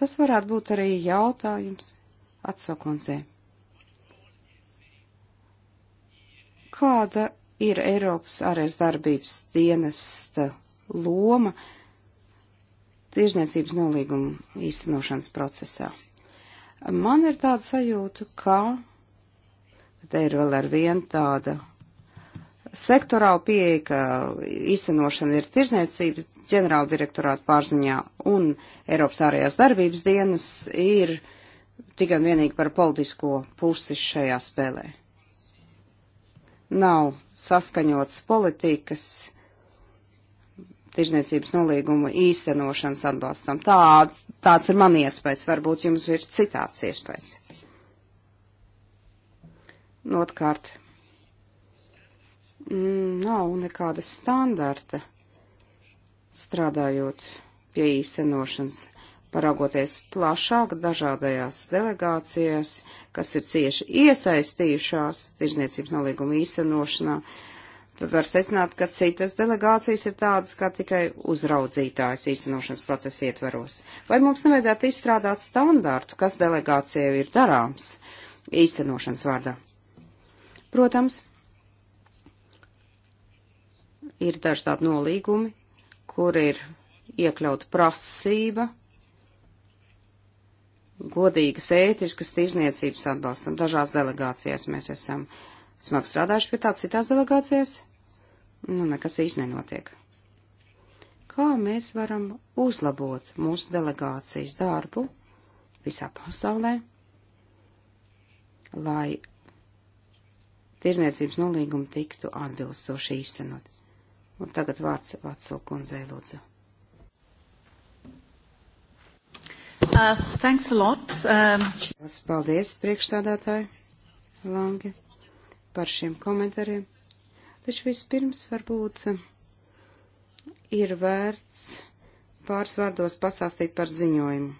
Tas varētu būt arī jautājums atsakonzē. Kāda ir Eiropas ārējas darbības dienesta loma tirzniecības nolīguma īstenošanas procesā. Man ir tāda sajūta, ka te ir vēl ar vienu tāda sektorāla pieeja, ka īstenošana ir tirzniecības ģenerāla direktorāta pārziņā un Eiropas ārējās darbības dienas ir tikai un vienīgi par politisko pusi šajā spēlē nav saskaņots politikas tirzniecības nolīgumu īstenošanas atbalstam. Tā, tāds ir man iespējas, varbūt jums ir citāds iespējas. Notkārt, mm, nav nekāda standarta strādājot pie īstenošanas paraugoties plašāk dažādajās delegācijās, kas ir cieši iesaistījušās tirzniecības nolīguma īstenošanā, tad var secināt, ka citas delegācijas ir tādas, kā tikai uzraudzītājs īstenošanas procesa ietveros. Vai mums nevajadzētu izstrādāt standārtu, kas delegācijai ir darāms īstenošanas vārdā? Protams, ir daži tādi nolīgumi, kur ir iekļauta prasība godīgas, ētiskas tirzniecības atbalstam. Dažās delegācijās mēs esam smag strādājuši pie tā, citās delegācijās nu, nekas īsti nenotiek. Kā mēs varam uzlabot mūsu delegācijas darbu visā pasaulē, lai tirzniecības nolīgumi tiktu atbilstoši īstenot? Un tagad vārds Vatsulkundzei lūdzu. Uh, thanks a lot. Um... Paldies, priekšstādātāji Langi, par šiem komentāriem. Taču vispirms varbūt ir vērts pāris vārdos pastāstīt par ziņojumu.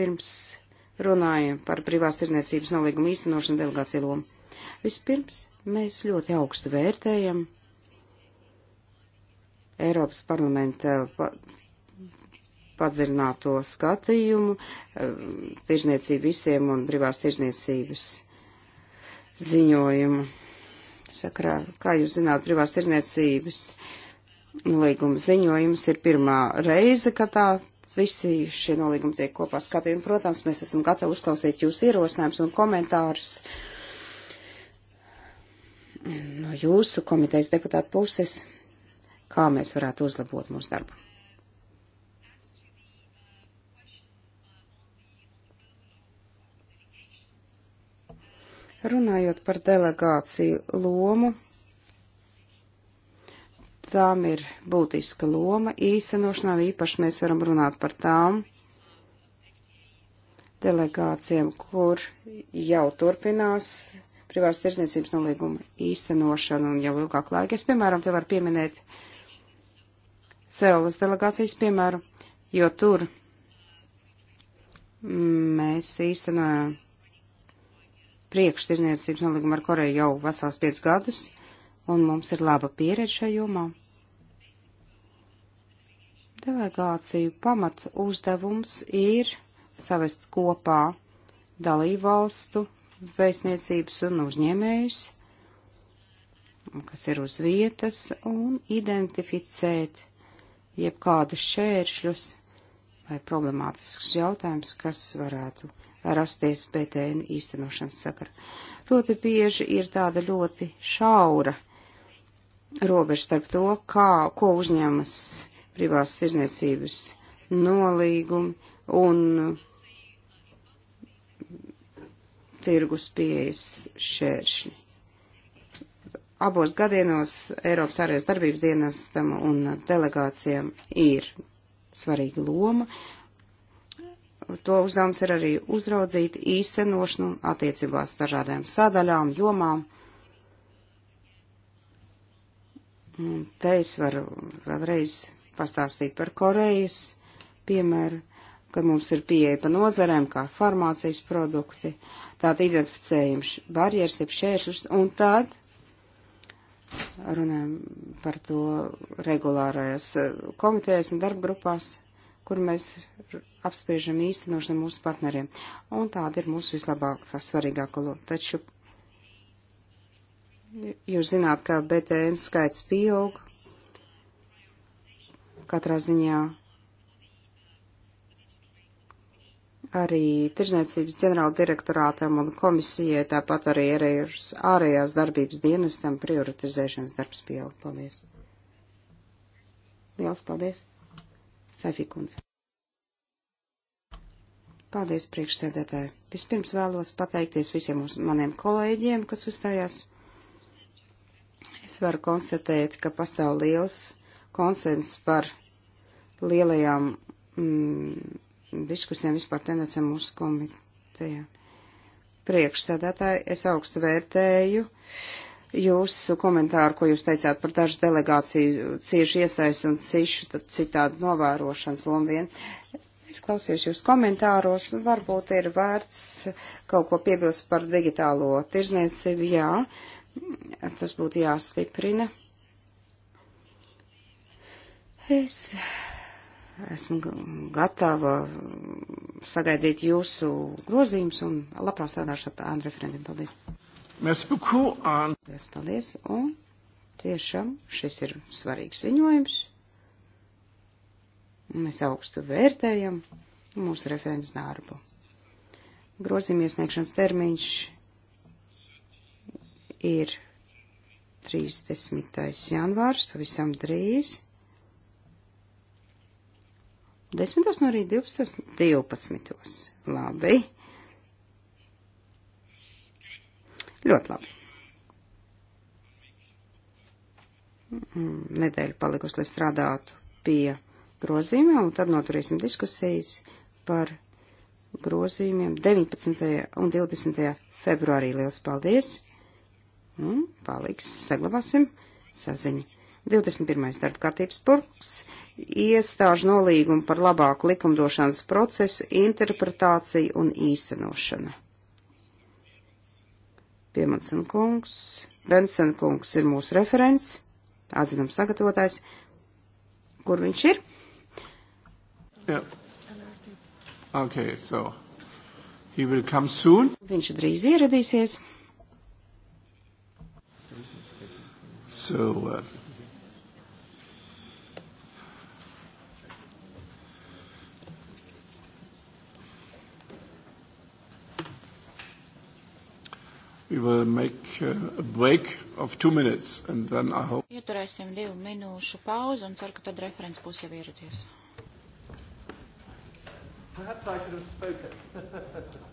Pirms runājam par privās tirniecības nolīgumu īstenošanu delegāciju lomu. Vispirms mēs ļoti augstu vērtējam Eiropas parlamenta padziļināto skatījumu, eh, tirzniecību visiem un brīvās tirzniecības ziņojumu. Sakrā, kā jūs zināt, brīvās tirzniecības nolīguma ziņojums ir pirmā reize, kad tā visi šie nolīgumi tiek kopā skatīti. Un, protams, mēs esam gatavi uzklausīt jūsu ierosinājumus un komentārus no jūsu komitejas deputātu puses, kā mēs varētu uzlabot mūsu darbu. Runājot par delegāciju lomu, tām ir būtiska loma īstenošanā, īpaši mēs varam runāt par tām delegācijām, kur jau turpinās privās tirzniecības nolīguma īstenošana un jau ilgāk laika. Es, piemēram, te varu pieminēt Seulas delegācijas piemēru, jo tur mēs īstenojam priekštirniecības nolīgumu ar Koreju jau vesels 5 gadus, un mums ir laba pieredze šajā jomā. Delegāciju pamat uzdevums ir savest kopā dalībvalstu, vēstniecības un uzņēmējus, kas ir uz vietas, un identificēt jebkādas šēršļus vai problemātisks jautājums, kas varētu rasties BTN īstenošanas sakara. Ļoti bieži ir tāda ļoti šaura robeža starp to, kā, ko uzņemas privās tirzniecības nolīgumi un tirgus pieejas šēršļi. Abos gadienos Eiropas ārējās darbības dienestam un delegācijām ir svarīga loma, to uzdevums ir arī uzraudzīt īstenošanu attiecībās dažādām sadaļām, jomām. Un te es varu vēlreiz pastāstīt par Korejas piemēru, kad mums ir pieeja pa nozarēm, kā farmācijas produkti, tāda identificējums barjeras, jeb šēršus, un tad runājam par to regulārajās komitejas un darba grupās, kur mēs apspriežam īstenošanu mūsu partneriem. Un tāda ir mūsu vislabākā, svarīgākā loma. Taču jūs zināt, ka BTN skaits pieaug. Katrā ziņā arī Tirzniecības ģenerāla direktorātam un komisijai, tāpat arī ārējās, ārējās darbības dienestam prioritizēšanas darbs pieaug. Paldies! Liels paldies! Saifī kundze! Paldies, priekšsēdētāji. Vispirms vēlos pateikties visiem maniem kolēģiem, kas uzstājās. Es varu konstatēt, ka pastāv liels konsens par lielajām mm, diskusijām vispār tendencēm mūsu komitejā. Priekšsēdētāji, es augstu vērtēju jūsu komentāru, ko jūs teicāt par dažu delegāciju cieši iesaistu un cišu citādu novērošanas lomu vien. Es klausījos jūs komentāros, un varbūt ir vērts kaut ko piebilst par digitālo tirzniecību. Jā, tas būtu jāstiprina. Es esmu gatava sagaidīt jūsu grozījumus un labprāt strādāšu ar Andrei Frendiem. Paldies! Mēs beaucoup, Andrei! Paldies, paldies! Un tiešām šis ir svarīgs ziņojums. Mēs augstu vērtējam mūsu referents darbu. Grozījuma iesniegšanas termiņš ir 30. janvārs, pavisam drīz. 10. no rīta 12. 12. Labi. Ļoti labi. Mm, Nedēļa palikusi, lai strādātu pie grozījumiem, un tad noturēsim diskusijas par grozījumiem 19. un 20. februārī. Liels paldies! Un paliks, saglabāsim saziņu. 21. darba kārtības punkts - iestāžu nolīgumu par labāku likumdošanas procesu, interpretāciju un īstenošanu. Piemansen kungs, Bensen kungs ir mūsu referents, atzinums sagatavotājs. Kur viņš ir? Yeah. Okay, so he will come soon. Viņš drīz ieradīsies. So, uh, We will make uh, a break of two minutes and then I hope. Ieturēsim divu minūšu pauzu un ceru, ka tad referents būs jau ieradies. Perhaps I should have spoken.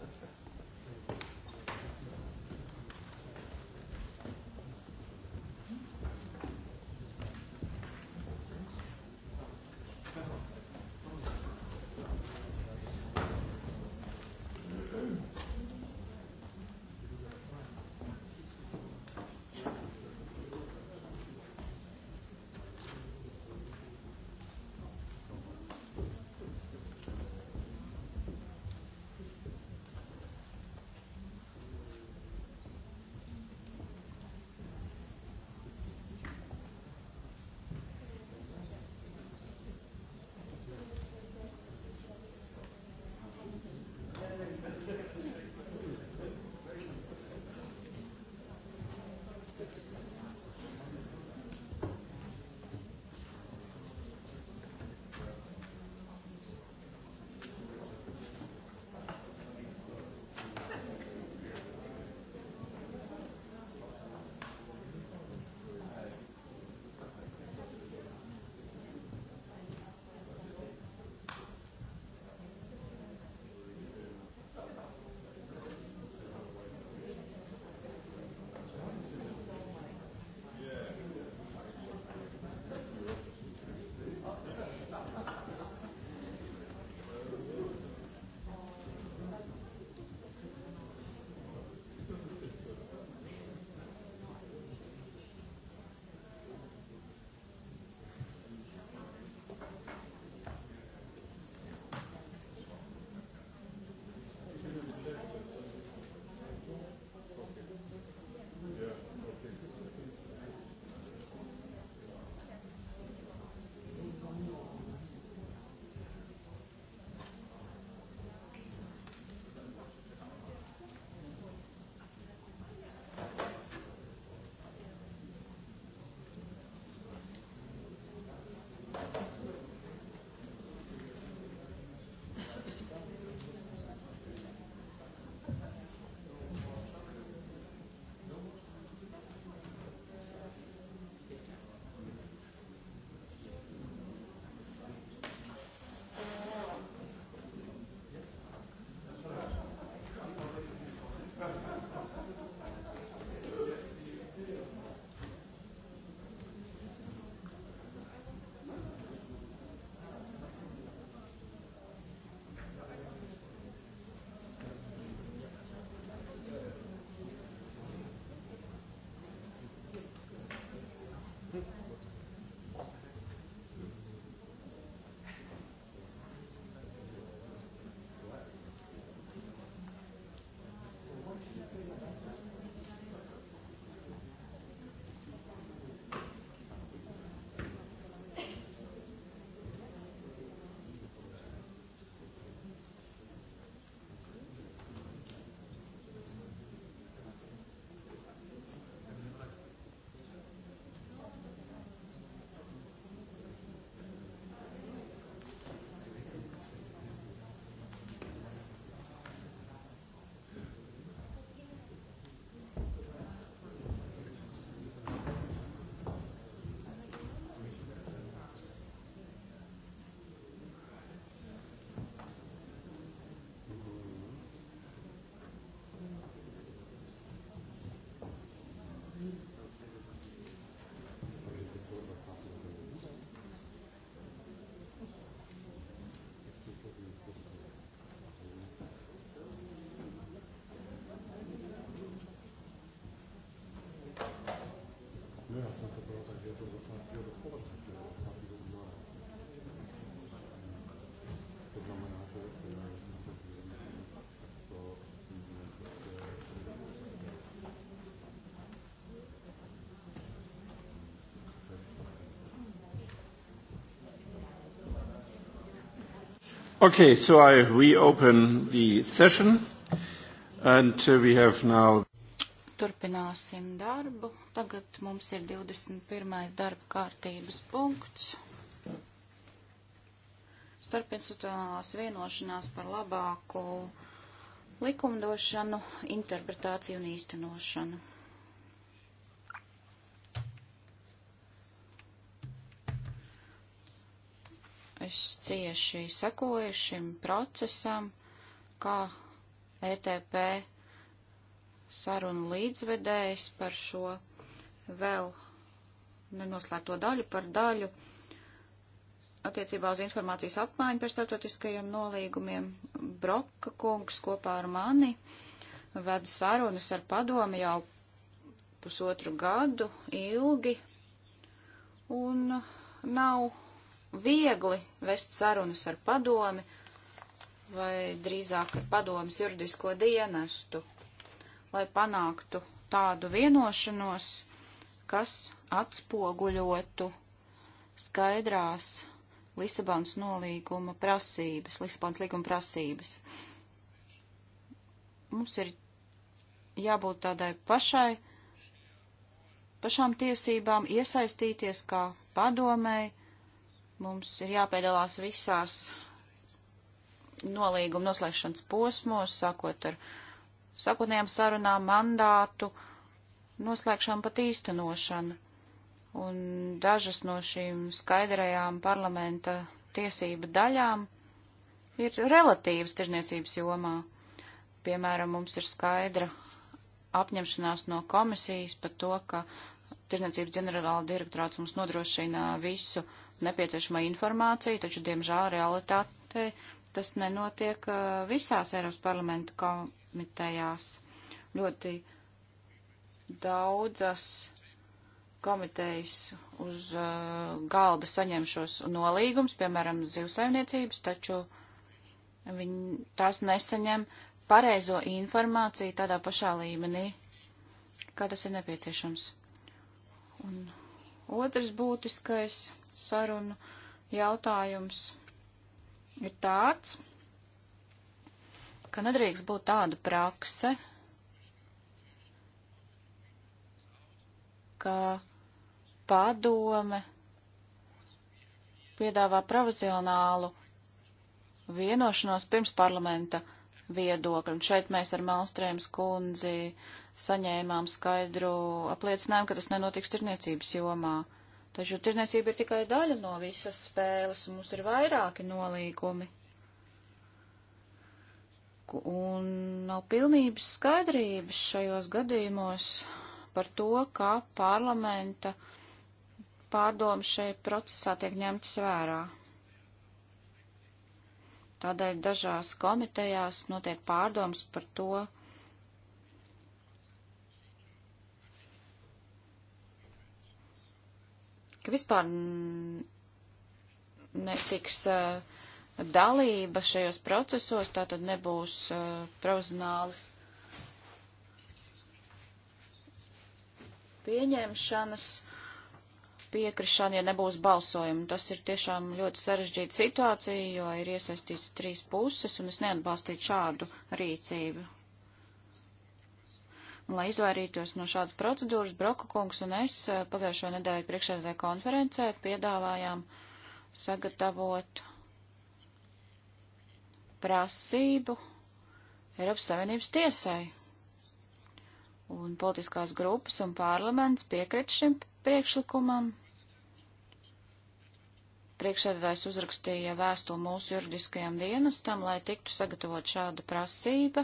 Okay, so I reopen the session, and uh, we have now. Turpināsim darbu. Tagad mums ir 21. darba kārtības punkts. Starpinstitucionālās vienošanās par labāku likumdošanu, interpretāciju un īstenošanu. Es cieši sekoju šim procesam, kā ETP sarunu līdzvedējs par šo vēl nenoslēgto daļu par daļu attiecībā uz informācijas apmaiņu par starptautiskajiem nolīgumiem. Broka kungs kopā ar mani ved sarunas ar padomi jau pusotru gadu ilgi, un nav viegli vest sarunas ar padomi, vai drīzāk ar padomas juridisko dienestu, lai panāktu tādu vienošanos, kas atspoguļotu skaidrās Lisabonas nolīguma prasības, Lisabonas līguma prasības. Mums ir jābūt tādai pašai, pašām tiesībām iesaistīties kā padomēji, mums ir jāpiedalās visās nolīguma noslēgšanas posmos, sākot ar sākotnējām sarunām, mandātu, uh, noslēgšanu pat īstenošanu. Un dažas no šīm skaidrajām parlamenta tiesība daļām ir relatīvas tirzniecības jomā. Piemēram, mums ir skaidra apņemšanās no komisijas par to, ka Tirniecības ģenerāla direktorāts mums nodrošina visu nepieciešamo informāciju, taču, diemžēl, realitātei tas nenotiek eh, visās Eiropas parlamenta komitejās. Ļoti uh, daudzas komitejas uz uh, galda saņem šos nolīgums, piemēram, zivsaimniecības, taču viņi tās nesaņem pareizo informāciju tādā pašā līmenī, kā tas ir nepieciešams. Un otrs būtiskais sarunu jautājums ir tāds, ka nedrīkst būt tāda prakse, ka padome piedāvā provizionālu vienošanos pirms parlamenta viedokļa. Un šeit mēs ar Malstrēmas kundzi saņēmām skaidru apliecinājumu, ka tas nenotiks tirniecības jomā. Taču tirniecība ir tikai daļa no visas spēles, un mums ir vairāki nolīgumi. Un nav pilnības skaidrības šajos gadījumos par to, kā parlamenta pārdomas šeit procesā tiek ņemtas vērā. Tādēļ dažās komitejās notiek pārdomas par to, ka vispār netiks uh, dalība šajos procesos, tātad nebūs uh, profesionāls pieņemšanas piekrišana, ja nebūs balsojuma. Tas ir tiešām ļoti sarežģīta situācija, jo ir iesaistīts trīs puses, un es neatbalstītu šādu rīcību. Un, lai izvairītos no šādas procedūras, Broka kungs un es eh, pagājušo nedēļu priekšsēdētāju konferencē piedāvājām sagatavot prasību Eiropas Savienības tiesai un politiskās grupas un parlaments piekrit šim priekšlikumam. Priekšsēdētājs uzrakstīja vēstuli mūsu juridiskajam dienestam, lai tiktu sagatavot šāda prasība.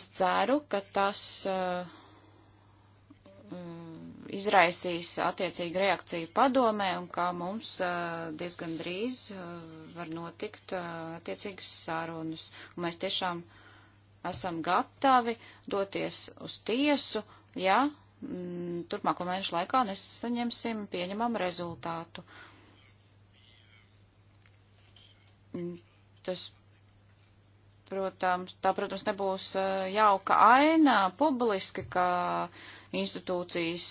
Es ceru, ka tas uh, uh izraisīs attiecīgu reakciju padomē un kā mums uh, diezgan drīz uh, var notikt attiecīgas sārunas. Un mēs tiešām esam gatavi doties uz tiesu, ja mm, turpmāko mēnešu laikā nesaņemsim pieņemam rezultātu. Mm, tas, protams, tā, protams, nebūs jauka aina publiski, ka uh, institūcijas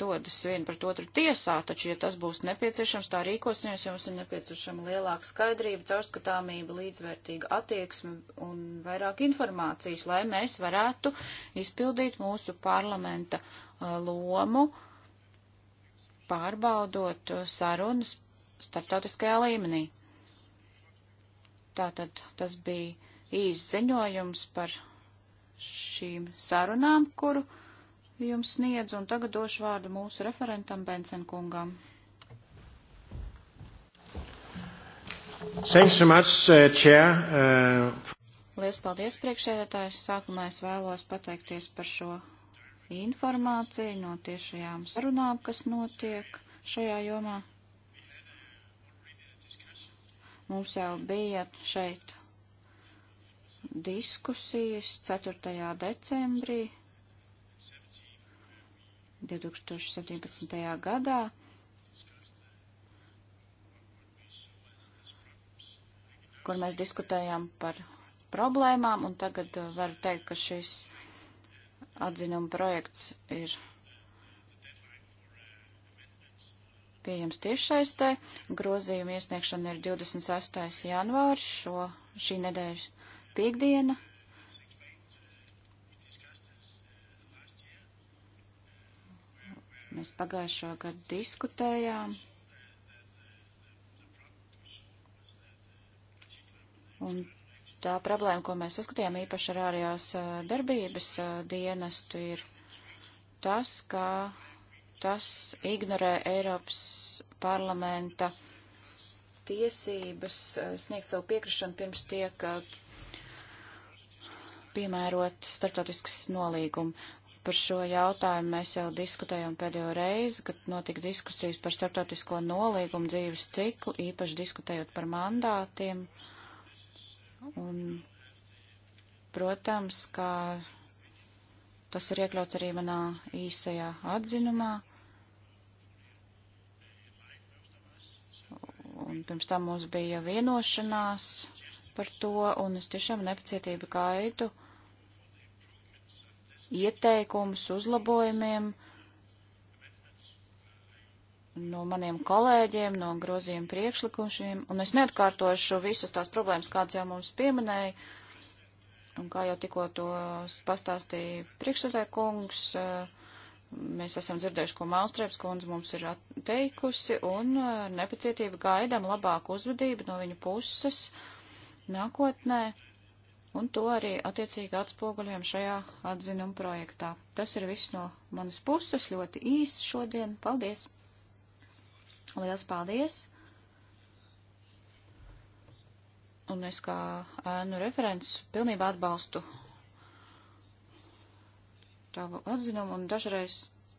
dodas viena pret otru tiesā, taču, ja tas būs nepieciešams, tā rīkosimies, ja mums ir nepieciešama lielāka skaidrība, caurskatāmība, līdzvērtīga attieksme un vairāk informācijas, lai mēs varētu izpildīt mūsu parlamenta lomu, pārbaudot sarunas starptautiskajā līmenī. Tātad tas bija īsts ziņojums par šīm sarunām, kuru jums sniedz, un tagad došu vārdu mūsu referentam Bensenkungam. Thanks so much, uh, Chair. Uh... Lielas paldies priekšsēdētājs. Sākumā es vēlos pateikties par šo informāciju no tiešajām sarunām, kas notiek šajā jomā. Mums jau bija šeit diskusijas 4. decembrī 2017. gadā. kur mēs diskutējām par problēmām, un tagad uh, varu teikt, ka šis atzinuma projekts ir pieejams tiešsaistē. Grozījuma iesniegšana ir 26. janvārs, šo, šī nedēļas piekdiena. Mēs pagājušā gada diskutējām. Un tā problēma, ko mēs saskatījām īpaši ar ārējās darbības dienestu, ir tas, ka tas ignorē Eiropas parlamenta tiesības sniegt savu piekrišanu pirms tiek piemērot startautiskas nolīgumi. Par šo jautājumu mēs jau diskutējām pēdējo reizi, kad notika diskusijas par starptautisko nolīgumu dzīves ciklu, īpaši diskutējot par mandātiem. Un, protams, kā tas ir iekļauts arī manā īsajā atzinumā. Un pirms tam mums bija vienošanās par to, un es tiešām nepacietību gaidu, ieteikumus uzlabojumiem no maniem kolēģiem, no grozījuma priekšlikumiem, un es neatkārtošu visas tās problēmas, kādas jau mums pieminēja, un kā jau tikko to pastāstīja priekšsēdēkungs, eh, mēs esam dzirdējuši, ko Mālstrēps kundze mums ir teikusi, un eh, nepacietība gaidām labāku uzvedību no viņa puses nākotnē un to arī attiecīgi atspoguļojam šajā atzinuma projektā. Tas ir viss no manas puses, ļoti īsi šodien. Paldies! Liels paldies! Un es kā ēnu referents pilnībā atbalstu tavu atzinumu un dažreiz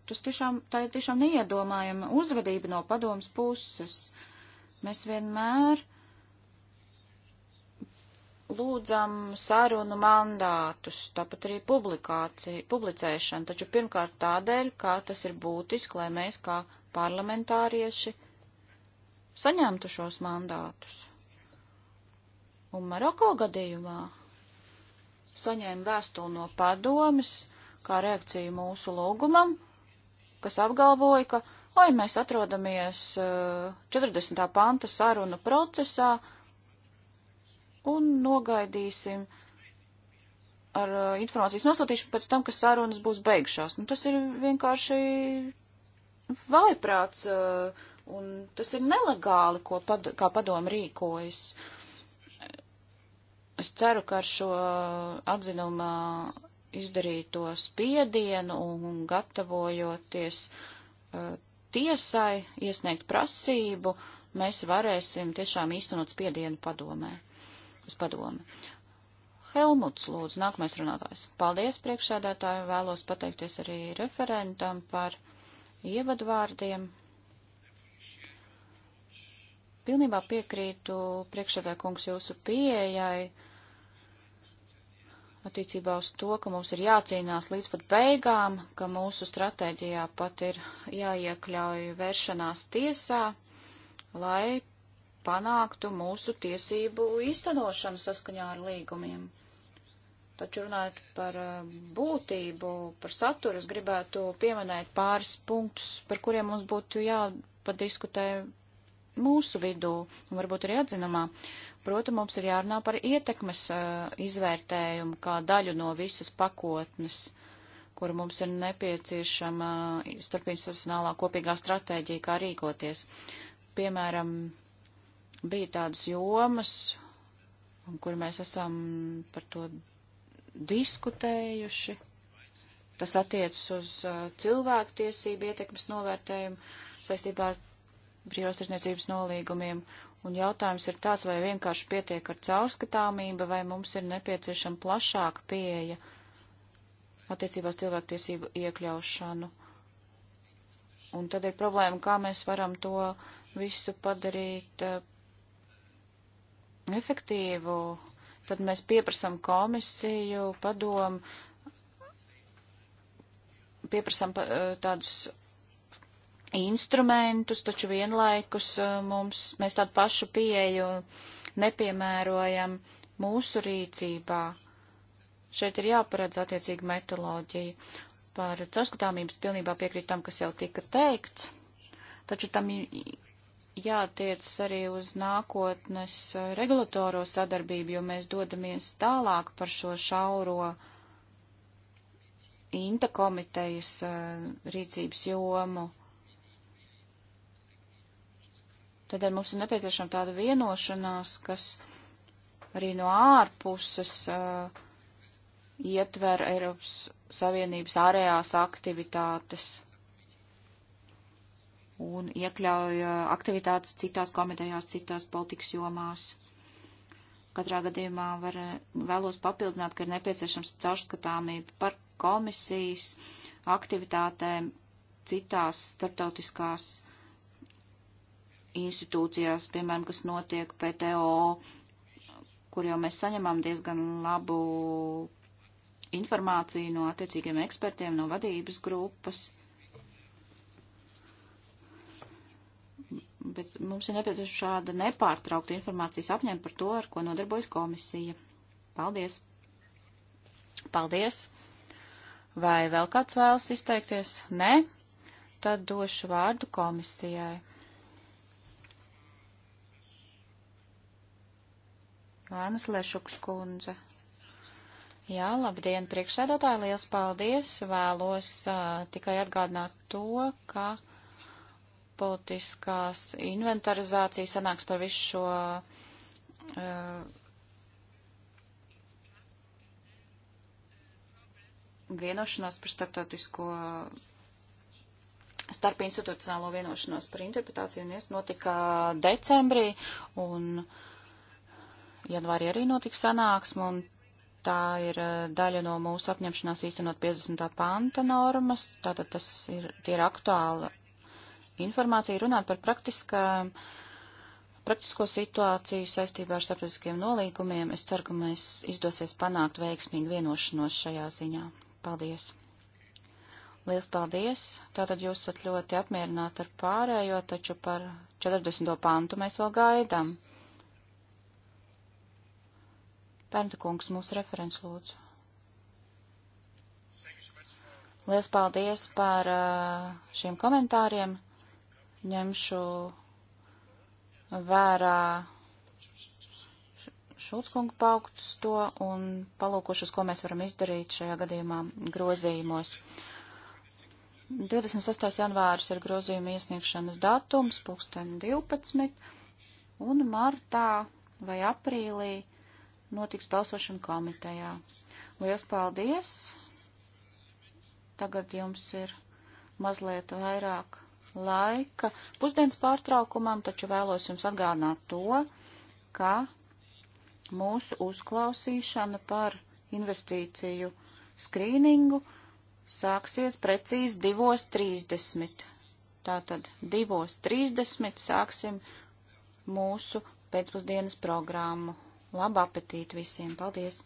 tas tiešām, tā ir tiešām neiedomājama uzvedība no padomas puses. Mēs vienmēr lūdzam sarunu mandātus, tāpat arī publicēšanu, taču pirmkārt tādēļ, kā tas ir būtiski, lai mēs kā parlamentārieši saņemtu šos mandātus. Un Maroko gadījumā saņēma vēstuli no padomis, kā reakcija mūsu lūgumam, kas apgalvoja, ka, oi, mēs atrodamies uh, eh, 40. panta sarunu procesā, uh, un nogaidīsim ar uh, informācijas nosūtīšanu pēc tam, ka sarunas būs beigšās. Nu, tas ir vienkārši vaiprāts, uh, un tas ir nelegāli, ko pad kā padomu rīkojas. Es ceru, ka ar šo uh, atzinumā izdarīto spiedienu un gatavojoties uh, tiesai iesniegt prasību, mēs varēsim tiešām īstenot spiedienu padomē uz padomi. Helmuts, lūdzu, nākamais runātājs. Paldies priekšsēdētāju, vēlos pateikties arī referentam par ievadvārdiem. Pilnībā piekrītu priekšsēdētāju kungs jūsu pieejai attiecībā uz to, ka mums ir jācīnās līdz pat beigām, ka mūsu stratēģijā pat ir jāiekļauj vēršanās tiesā, lai panāktu mūsu tiesību īstenošanu saskaņā ar līgumiem. Taču runājot par eh, būtību, par saturu, es gribētu pieminēt pāris punktus, par kuriem mums būtu jāpadiskutē mūsu vidū un varbūt arī atzinumā. Protams, mums ir jārunā par ietekmes eh, izvērtējumu kā daļu no visas pakotnes, kur mums ir nepieciešama eh, starpinstitucionālā kopīgā stratēģija, kā rīkoties. Piemēram, Bija tādas jomas, kur mēs esam par to diskutējuši. Tas attiecas uz uh, cilvēku tiesību ietekmes novērtējumu saistībā ar brīvās tirsniecības nolīgumiem. Un jautājums ir tāds, vai vienkārši pietiek ar caurskatāmību, vai mums ir nepieciešama plašāka pieeja attiecībās cilvēktiesību iekļaušanu. Un tad ir problēma, kā mēs varam to visu padarīt uh, efektīvu, tad mēs pieprasam komisiju, padomu, pieprasam eh, tādus instrumentus, taču vienlaikus eh, mums, mēs tādu pašu pieeju nepiemērojam mūsu rīcībā. Šeit ir jāparedz attiecīgi metoloģija. Par caurskatāmības pilnībā piekrītam, kas jau tika teikts, taču tam jātiec arī uz nākotnes eh, regulatoro sadarbību, jo mēs dodamies tālāk par šo šauro Inta komitejas eh, rīcības jomu. Tādēļ mums ir nepieciešama tāda vienošanās, kas arī no ārpuses uh, ietver Eiropas Savienības ārējās aktivitātes un iekļauj uh, aktivitātes citās komitejās, citās politikas jomās. Katrā gadījumā var, vēlos papildināt, ka ir nepieciešams caurskatāmība par komisijas aktivitātēm citās starptautiskās institūcijās, piemēram, kas notiek PTO, kur jau mēs saņemam diezgan labu informāciju no attiecīgiem ekspertiem, no vadības grupas. bet mums ir nepieciešama šāda nepārtraukta informācijas apņēma par to, ar ko nodarbojas komisija. Paldies! Paldies! Vai vēl kāds vēlas izteikties? Nē? Tad došu vārdu komisijai. Vainas Lešuks kundze. Jā, labdien, priekšsēdētāji, liels paldies. Vēlos uh, tikai atgādināt to, ka. Uh, politiskās inventarizācijas sanāks par visu šo uh, vienošanos par starptautisko starp institucionālo vienošanos par interpretāciju un es notika decembrī un janvārī arī notika sanāksme un tā ir uh, daļa no mūsu apņemšanās īstenot 50. panta normas, tātad tas ir, tie ir aktuāli informāciju, runāt par praktiskām, praktisko situāciju saistībā ar starptautiskiem nolīgumiem. Es ceru, ka mēs izdosies panākt veiksmīgu vienošanos šajā ziņā. Paldies! Liels paldies! Tātad jūs esat ļoti apmierināti ar pārējo, taču par 40. pantu mēs vēl gaidām. Pērnta kungs, mūsu referents lūdzu. Liels paldies par šiem komentāriem ņemšu vērā Šulckunga pauktus to un palūkošus, ko mēs varam izdarīt šajā gadījumā grozījumos. 28. janvāris ir grozījuma iesniegšanas datums, pulksten 12, un martā vai aprīlī notiks balsošana komitejā. Lielas paldies! Tagad jums ir mazliet vairāk laika pusdienas pārtraukumam, taču vēlos jums atgādināt to, ka mūsu uzklausīšana par investīciju skrīningu sāksies precīzi 2.30. Tātad 2.30 sāksim mūsu pēcpusdienas programmu. Labu apetīti visiem! Paldies!